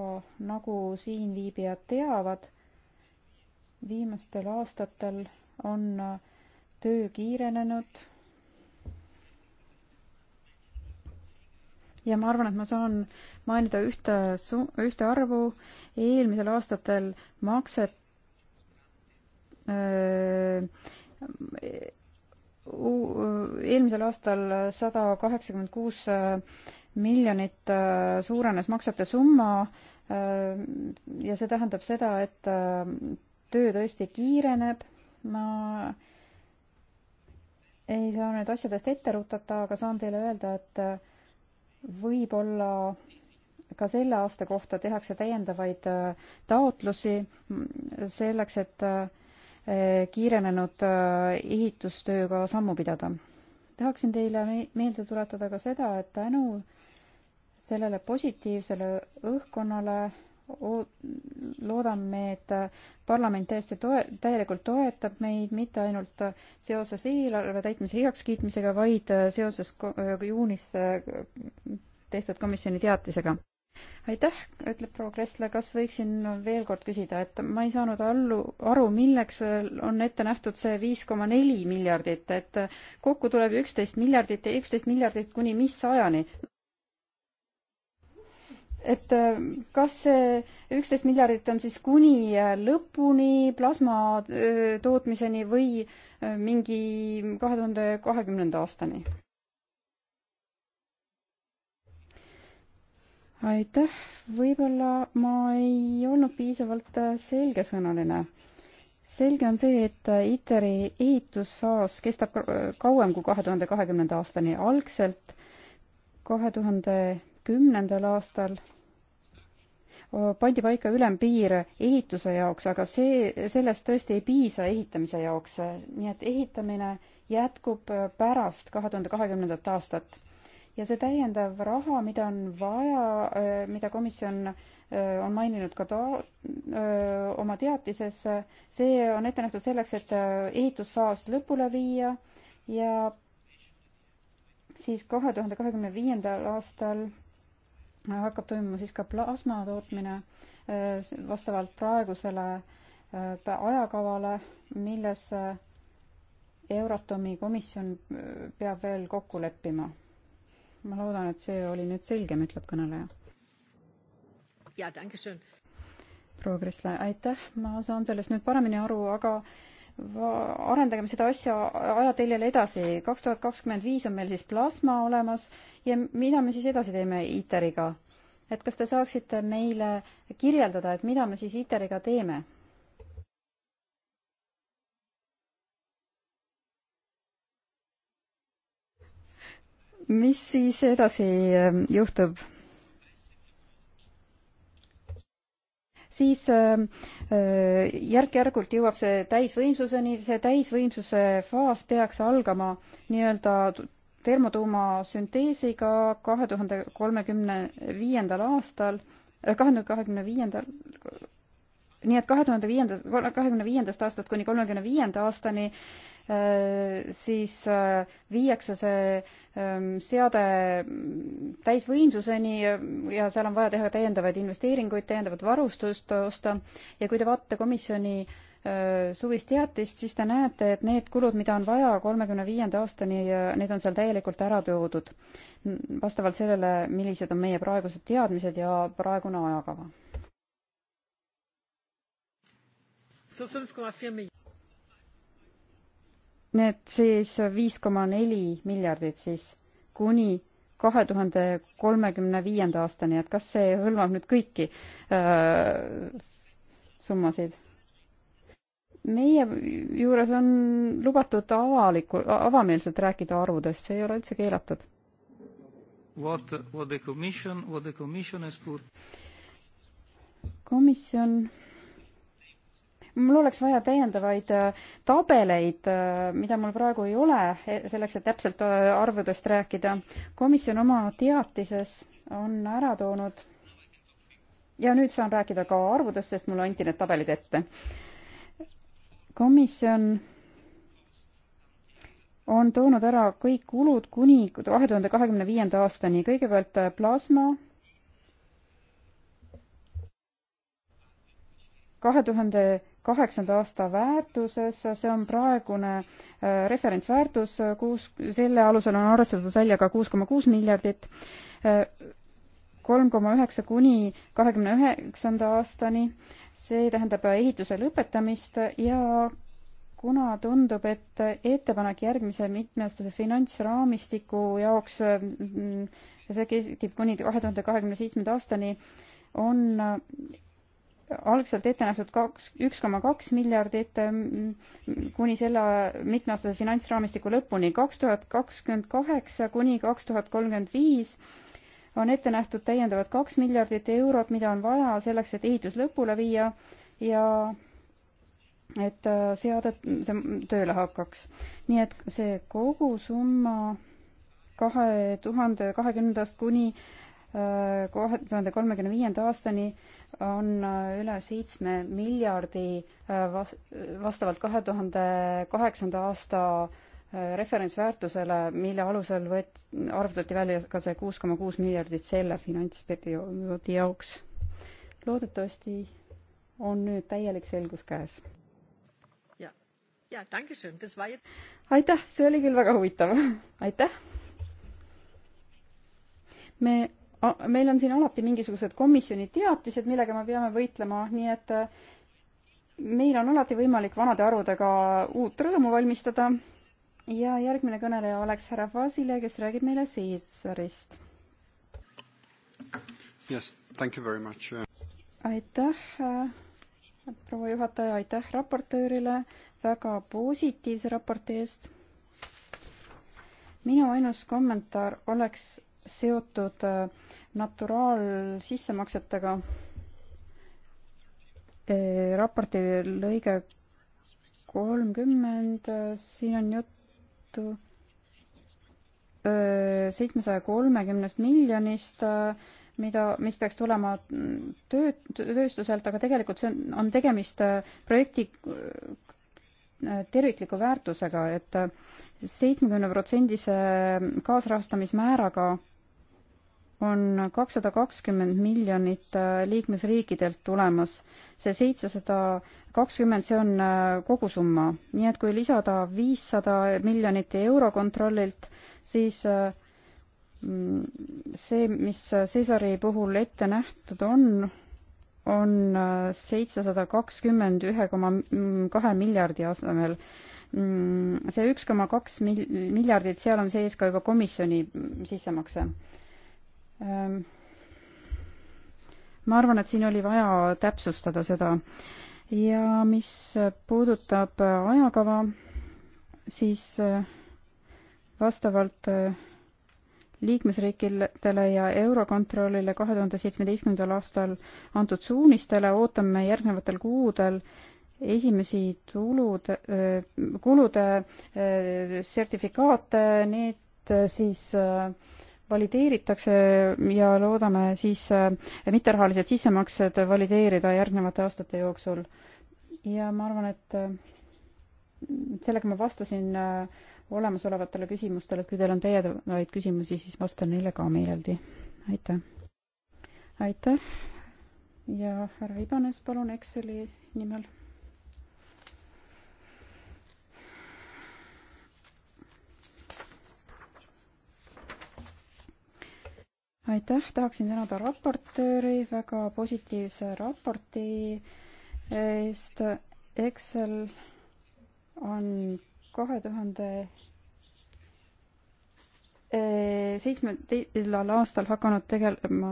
nagu siinviibijad teavad, viimastel aastatel on töö kiirenenud. ja ma arvan, et ma saan mainida ühte su-, ühte arvu, eelmisel aastatel makset öö, eelmisel aastal sada kaheksakümmend kuus äh, miljonit äh, suurenes maksete summa äh, ja see tähendab seda, et töö tõesti kiireneb. ma ei saa nüüd asjadest ette rutata, aga saan teile öelda, et võib-olla ka selle aasta kohta tehakse täiendavaid taotlusi selleks, et Eh, kiirenenud eh, ehitustööga sammu pidada. tahaksin teile meelde tuletada ka seda, et tänu sellele positiivsele õhkkonnale loodame, et parlament täiesti toe-, täielikult toetab meid mitte ainult seoses eelarve täitmise heakskiitmisega, vaid seoses juunis eh, tehtud komisjoni teatisega aitäh, ütleb proua Kressle, kas võiksin veel kord küsida, et ma ei saanud allu, aru, milleks on ette nähtud see viis koma neli miljardit, et kokku tuleb ju üksteist miljardit ja üksteist miljardit kuni mis ajani? et äh, kas see üksteist miljardit on siis kuni lõpuni plasma äh, tootmiseni või äh, mingi kahe tuhande kahekümnenda aastani? aitäh, võib-olla ma ei olnud piisavalt äh, selgesõnaline. selge on see, et äh, ITER-i ehitusfaas kestab äh, kauem kui kahe tuhande kahekümnenda aastani. algselt kahe tuhande kümnendal aastal pandi paika ülempiir ehituse jaoks, aga see, sellest tõesti ei piisa ehitamise jaoks, nii et ehitamine jätkub pärast kahe tuhande kahekümnendat aastat ja see täiendav raha, mida on vaja, äh, mida komisjon äh, on maininud ka ta-, äh, oma teatises, see on ette nähtud selleks, et ehitusfaas lõpule viia ja siis kahe tuhande kahekümne viiendal aastal hakkab toimuma siis ka plasma tootmine vastavalt praegusele ajakavale, milles Euratomi komisjon peab veel kokku leppima ma loodan, et see oli nüüd selgem, ütleb kõneleja. jaa, tänan. proua Krisle, aitäh, ma saan sellest nüüd paremini aru, aga arendagem seda asja ajateljel edasi. kaks tuhat kakskümmend viis on meil siis plasma olemas ja mida me siis edasi teeme ITER-iga? et kas te saaksite meile kirjeldada, et mida me siis ITER-iga teeme? mis siis edasi ähm, juhtub? siis ähm, äh, järk-järgult jõuab see täisvõimsuseni, see täisvõimsuse faas peaks algama nii-öelda termotuuma sünteesiga kahe tuhande kolmekümne viiendal aastal, äh, kahe tuhande kahekümne viiendal nii et kahe tuhande viiendas, kahekümne viiendast aastast kuni kolmekümne viienda aastani Äh, siis äh, viiakse see ähm, seade mm, täisvõimsuseni äh, ja seal on vaja teha täiendavaid investeeringuid, täiendavat varustust osta ja kui te vaatate komisjoni suvist teatist, siis te näete, et need kulud, mida on vaja kolmekümne viienda aastani, need on seal täielikult ära toodud. vastavalt sellele, millised on meie praegused teadmised ja praegune ajakava nii et siis viis koma neli miljardit siis kuni kahe tuhande kolmekümne viienda aastani, et kas see hõlmab nüüd kõiki äh, summasid? meie juures on lubatud avalikku, avameelselt rääkida arvudest, see ei ole üldse keelatud. What, what the commission, what the commission has put? komisjon mul oleks vaja täiendavaid äh, tabeleid, äh, mida mul praegu ei ole, e, selleks et täpselt äh, arvudest rääkida. komisjon oma teatises on ära toonud ja nüüd saan rääkida ka arvudest, sest mulle anti need tabelid ette. komisjon on toonud ära kõik kulud kuni kahe tuhande kahekümne viienda aastani. kõigepealt plasma. kahe tuhande kaheksanda aasta väärtuses, see on praegune äh, referentsväärtus, äh, kuus, selle alusel on arvestatud välja ka kuus koma kuus miljardit, äh, kolm koma üheksa kuni kahekümne üheksanda aastani, see tähendab ehituse lõpetamist ja kuna tundub, et ettepanek järgmise mitmeaastase finantsraamistiku jaoks ja see kehtib kuni kahe tuhande kahekümne seitsmenda aastani, on algselt ette nähtud kaks, üks koma kaks miljardit mm, kuni selle mitmeaastase finantsraamistiku lõpuni, kaks tuhat kakskümmend kaheksa kuni kaks tuhat kolmkümmend viis on ette nähtud täiendavad kaks miljardit eurot, mida on vaja selleks, et ehitus lõpule viia ja et äh, seade see tööle hakkaks. nii et see kogusumma kahe tuhande kahekümnendast kuni kahe tuhande kolmekümne viienda aastani on äh, üle seitsme miljardi äh, vas-, vastavalt kahe tuhande kaheksanda aasta äh, referentsväärtusele, mille alusel võet-, arvutati välja ka see kuus koma kuus miljardit selle finantsperioodi jaoks. loodetavasti on nüüd täielik selgus käes. aitäh, see oli küll väga huvitav. aitäh! me meil on siin alati mingisugused komisjoni teatised, millega me peame võitlema, nii et äh, meil on alati võimalik vanade arvudega uut rõõmu valmistada. ja järgmine kõneleja oleks härra Vasile, kes räägib meile Seesarist. Yes, thank you very much. Uh. aitäh, äh, proua juhataja, aitäh raportöörile väga positiivse raporti eest. minu ainus kommentaar oleks seotud äh, naturaalsissemaksetega. Äh, raporti lõige kolmkümmend, äh, siin on juttu seitsmesaja kolmekümnest miljonist, mida, mis peaks tulema töö, tööstuselt, aga tegelikult see on, on tegemist projekti tervikliku väärtusega et, et seitsmekümne protsendise kaasrahastamismääraga on kakssada kakskümmend miljonit äh, liikmesriikidelt tulemas. see seitsesada kakskümmend, see on äh, kogusumma. nii et kui lisada viissada miljonit Eurokontrollilt, siis äh, mm, see, mis Cesari puhul ette nähtud on, on äh, seitsesada kakskümmend ühe koma mm, kahe miljardi asemel. Mm, see üks koma kaks mil-, miljardit, seal on sees ka juba komisjoni mm, sissemakse. Ähm, ma arvan, et siin oli vaja täpsustada seda. ja mis puudutab äh, ajakava, siis äh, vastavalt äh, liikmesriikidele ja Eurokontrollile kahe tuhande seitsmeteistkümnendal aastal antud suunistele ootame järgnevatel kuudel esimesi tulud, äh, kulude äh, sertifikaate, need äh, siis valideeritakse ja loodame siis mitterahalised sissemaksed valideerida järgnevate aastate jooksul. ja ma arvan, et sellega ma vastasin olemasolevatele küsimustele, et kui teil on täiendavaid küsimusi, siis vastan neile ka meeleldi. aitäh! aitäh ja härra Ibanes, palun Exceli nimel. aitäh, tahaksin tänada raportööri väga positiivse raporti eest. Excel on kahe tuhande eh, seitsmendal aastal hakanud tegelema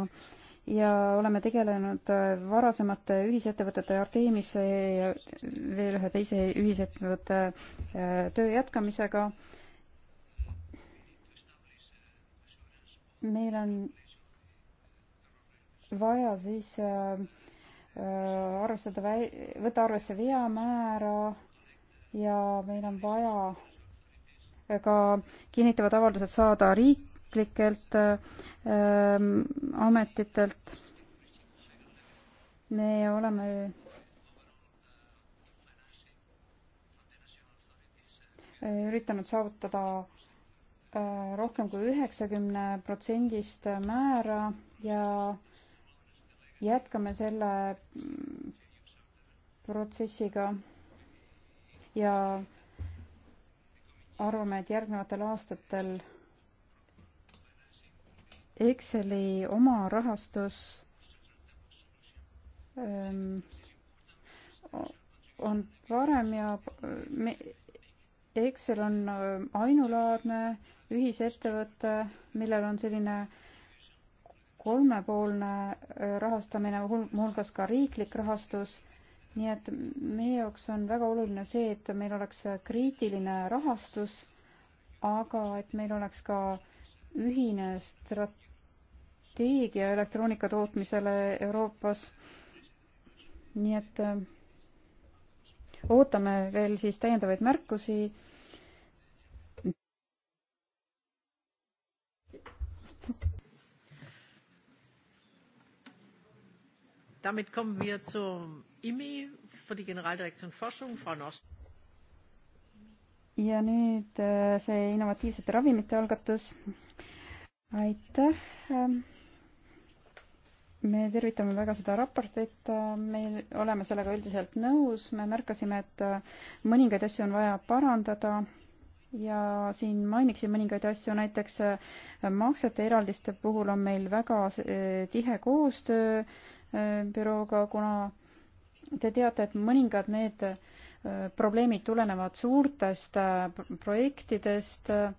ja oleme tegelenud eh, varasemate ühisettevõtete Artemise ja veel ühe teise ühisettevõtte eh, töö jätkamisega. meil on vaja siis arvestada, võtta arvesse veamäära ja meil on vaja ka kinnitavad avaldused saada riiklikelt ähm, ametitelt. me oleme üritanud saavutada äh, rohkem kui üheksakümne protsendist määra ja jätkame selle mm, protsessiga ja arvame, et järgnevatel aastatel Exceli oma rahastus ähm, on parem ja äh, me, Excel on äh, ainulaadne ühisettevõte, millel on selline kolmepoolne äh, rahastamine, muuhulgas ka riiklik rahastus nii et meie jaoks on väga oluline see, et meil oleks kriitiline rahastus, aga et meil oleks ka ühine strateegia elektroonika tootmisele Euroopas. nii et äh, ootame veel siis täiendavaid märkusi damit kommen wir zum IMI e, für die Generaldirektion Forschung, Frau Nost. ja nüüd äh, see innovatiivsete ravimite algatus. aitäh. Ähm, me tervitame väga seda raportit, äh, meil oleme sellega üldiselt nõus, me märkasime, et äh, mõningaid asju on vaja parandada ja siin mainiksin mõningaid asju, näiteks maksete eraldiste puhul on meil väga tihe koostöö bürooga, kuna Te teate, et mõningad need äh, probleemid tulenevad suurtest äh, projektidest. Äh,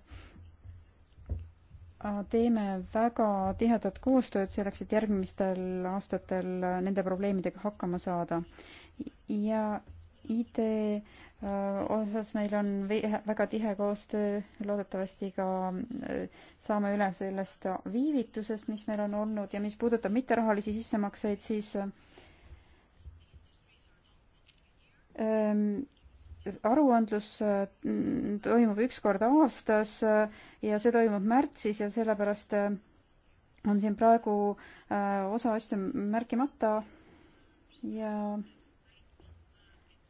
teeme väga tihedat koostööd selleks, et järgmistel aastatel nende probleemidega hakkama saada. ja IT osas meil on väga tihe koostöö, loodetavasti ka saame üle sellest viivitusest, mis meil on olnud ja mis puudutab mitterahalisi sissemakseid, siis Ehm, aruandlus mm, toimub üks kord aastas eh, ja see toimub märtsis ja sellepärast eh, on siin praegu eh, osa asju märkimata ja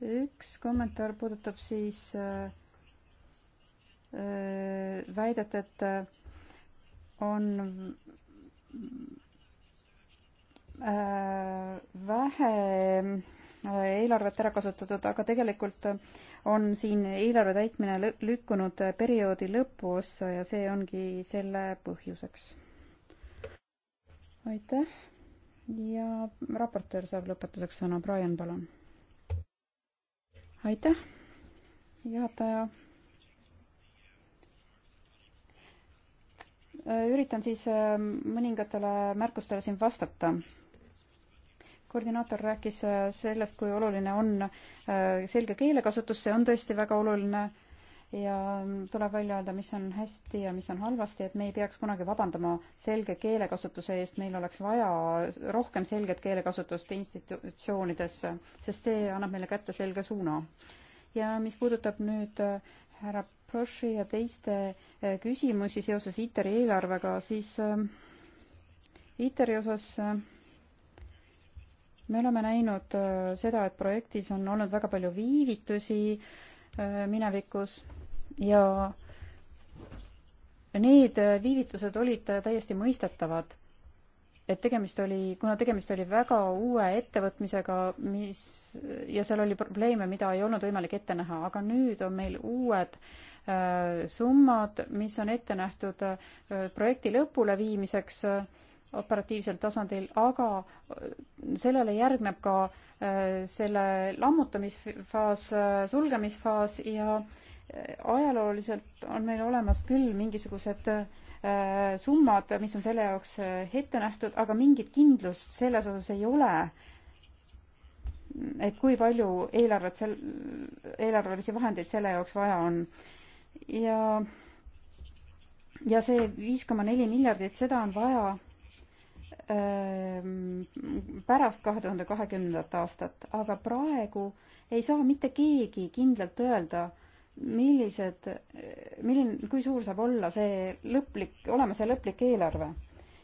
üks kommentaar puudutab siis väidet, et on vähe eelarvet ära kasutatud, aga tegelikult on siin eelarve täitmine lükkunud perioodi lõpuossa ja see ongi selle põhjuseks. aitäh ja raportöör saab lõpetuseks sõna, Brian, palun. aitäh, juhataja. üritan siis äh, mõningatele märkustele siin vastata koordinaator rääkis äh, sellest, kui oluline on äh, selge keelekasutus, see on tõesti väga oluline ja mm, tuleb välja öelda, mis on hästi ja mis on halvasti, et me ei peaks kunagi vabandama selge keelekasutuse eest, meil oleks vaja rohkem selget keelekasutust institutsioonides, sest see annab meile kätte selge suuna. ja mis puudutab nüüd äh, härra Pöschi ja teiste küsimusi seoses ITER-i eelarvega, siis ITER-i osas me oleme näinud äh, seda, et projektis on olnud väga palju viivitusi äh, minevikus ja need äh, viivitused olid täiesti mõistetavad. et tegemist oli, kuna tegemist oli väga uue ettevõtmisega, mis ja seal oli probleeme, mida ei olnud võimalik ette näha, aga nüüd on meil uued äh, summad, mis on ette nähtud äh, projekti lõpuleviimiseks äh, operatiivsel tasandil, aga äh, sellele järgneb ka äh, selle lammutamisfaas, äh, sulgemisfaas ja ajalooliselt on meil olemas küll mingisugused summad, mis on selle jaoks ette nähtud, aga mingit kindlust selles osas ei ole, et kui palju eelarvet sel, eelarvelisi vahendeid selle jaoks vaja on. ja, ja see viis koma neli miljardit, seda on vaja Ehm, pärast kahe tuhande kahekümnendat aastat, aga praegu ei saa mitte keegi kindlalt öelda, millised, milline, kui suur saab olla see lõplik, olema see lõplik eelarve.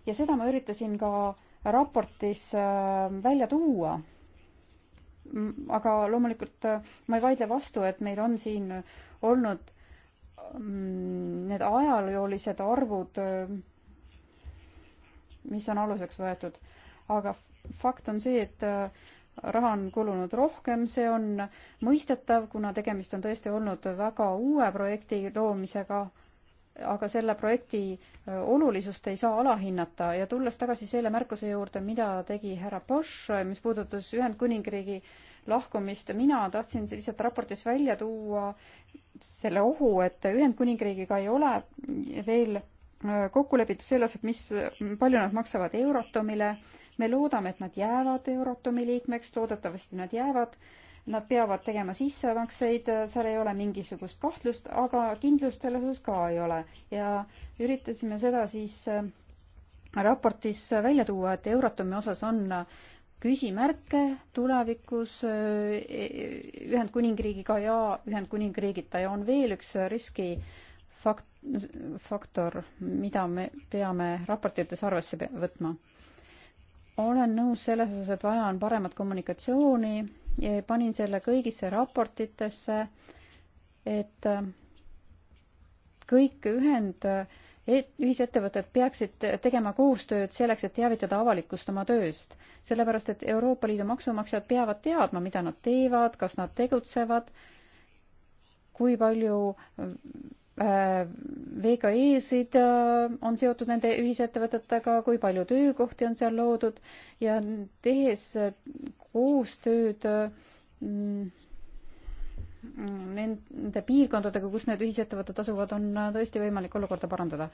ja seda ma üritasin ka raportis ehm, välja tuua. aga loomulikult äh, ma ei vaidle vastu, et meil on siin olnud mm, need ajaloolised arvud äh, mis on aluseks võetud. aga fakt on see, et äh, raha on kulunud rohkem, see on mõistetav, kuna tegemist on tõesti olnud väga uue projekti loomisega, aga selle projekti äh, olulisust ei saa alahinnata ja tulles tagasi selle märkuse juurde, mida tegi härra Bosch, äh, mis puudutas Ühendkuningriigi lahkumist, mina tahtsin lihtsalt raportis välja tuua selle ohu, et Ühendkuningriigiga ei ole veel kokku lepitud selles, et mis, palju nad maksavad Euratomile. me loodame, et nad jäävad Euratomi liikmeks, loodetavasti nad jäävad. Nad peavad tegema sissemakseid, seal ei ole mingisugust kahtlust, aga kindlust selles osas ka ei ole ja üritasime seda siis äh, raportis välja tuua, et Euratomi osas on äh, küsimärke tulevikus äh, e-, Ühendkuningriigiga ja Ühendkuningriigita ja on veel üks riski äh, fakt-, faktor, mida me peame raportites arvesse võtma. olen nõus selles osas, et vaja on paremat kommunikatsiooni, panin selle kõigisse raportitesse, et äh, kõik ühend, e-, ühisettevõtted peaksid tegema koostööd selleks, et teavitada avalikkust oma tööst. sellepärast, et Euroopa Liidu maksumaksjad peavad teadma, mida nad teevad, kas nad tegutsevad, kui palju Äh, VKE-sid äh, on seotud nende ühisettevõtetega, kui palju töökohti on seal loodud ja tehes äh, koostööd mm, nende piirkondadega, kus need ühisettevõtted asuvad, on tõesti võimalik olukorda parandada.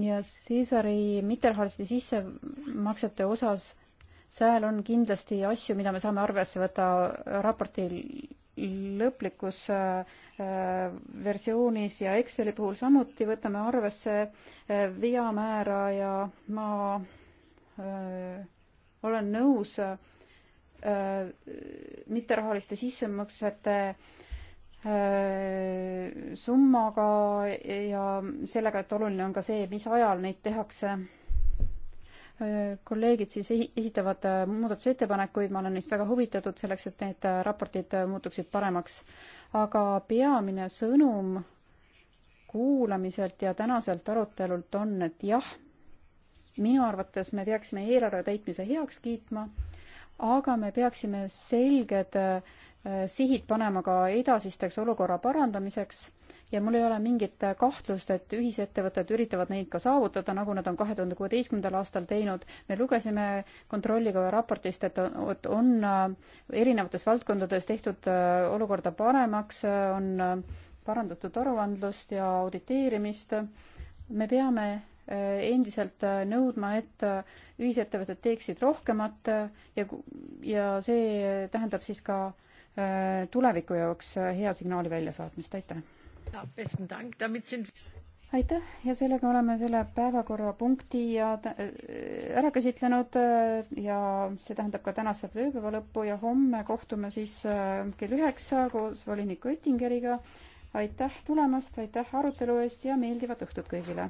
ja Cesari Mitterhalsi sissemaksete osas seal on kindlasti asju, mida me saame arvesse võtta raporti lõplikus äh, versioonis ja Exceli puhul samuti võtame arvesse äh, veamäära ja ma äh, olen nõus mitterahaliste sissemaksete summaga ja sellega, et oluline on ka see, mis ajal neid tehakse Äh, kolleegid siis esitavad äh, muudatusettepanekuid, ma olen neist väga huvitatud selleks, et need äh, raportid muutuksid paremaks. aga peamine sõnum kuulamiselt ja tänaselt arutelult on, et jah, minu arvates me peaksime eelarve täitmise heaks kiitma, aga me peaksime selged sihid panema ka edasisteks olukorra parandamiseks ja mul ei ole mingit kahtlust, et ühisettevõtted üritavad neid ka saavutada, nagu nad on kahe tuhande kuueteistkümnendal aastal teinud. me lugesime kontrollikoja raportist, et on äh, erinevates valdkondades tehtud äh, olukorda paremaks, äh, on parandatud aruandlust ja auditeerimist. me peame endiselt nõudma, et ühisettevõtted teeksid rohkemat ja, ja see tähendab siis ka tuleviku jaoks hea signaali väljasaatmist, aitäh! aitäh ja sellega oleme selle päevakorrapunkti ja äh, ära käsitlenud äh, ja see tähendab ka tänase tööpäeva lõppu ja homme kohtume siis äh, kell üheksa koos volinik Oettingeriga. aitäh tulemast, aitäh arutelu eest ja meeldivat õhtut kõigile!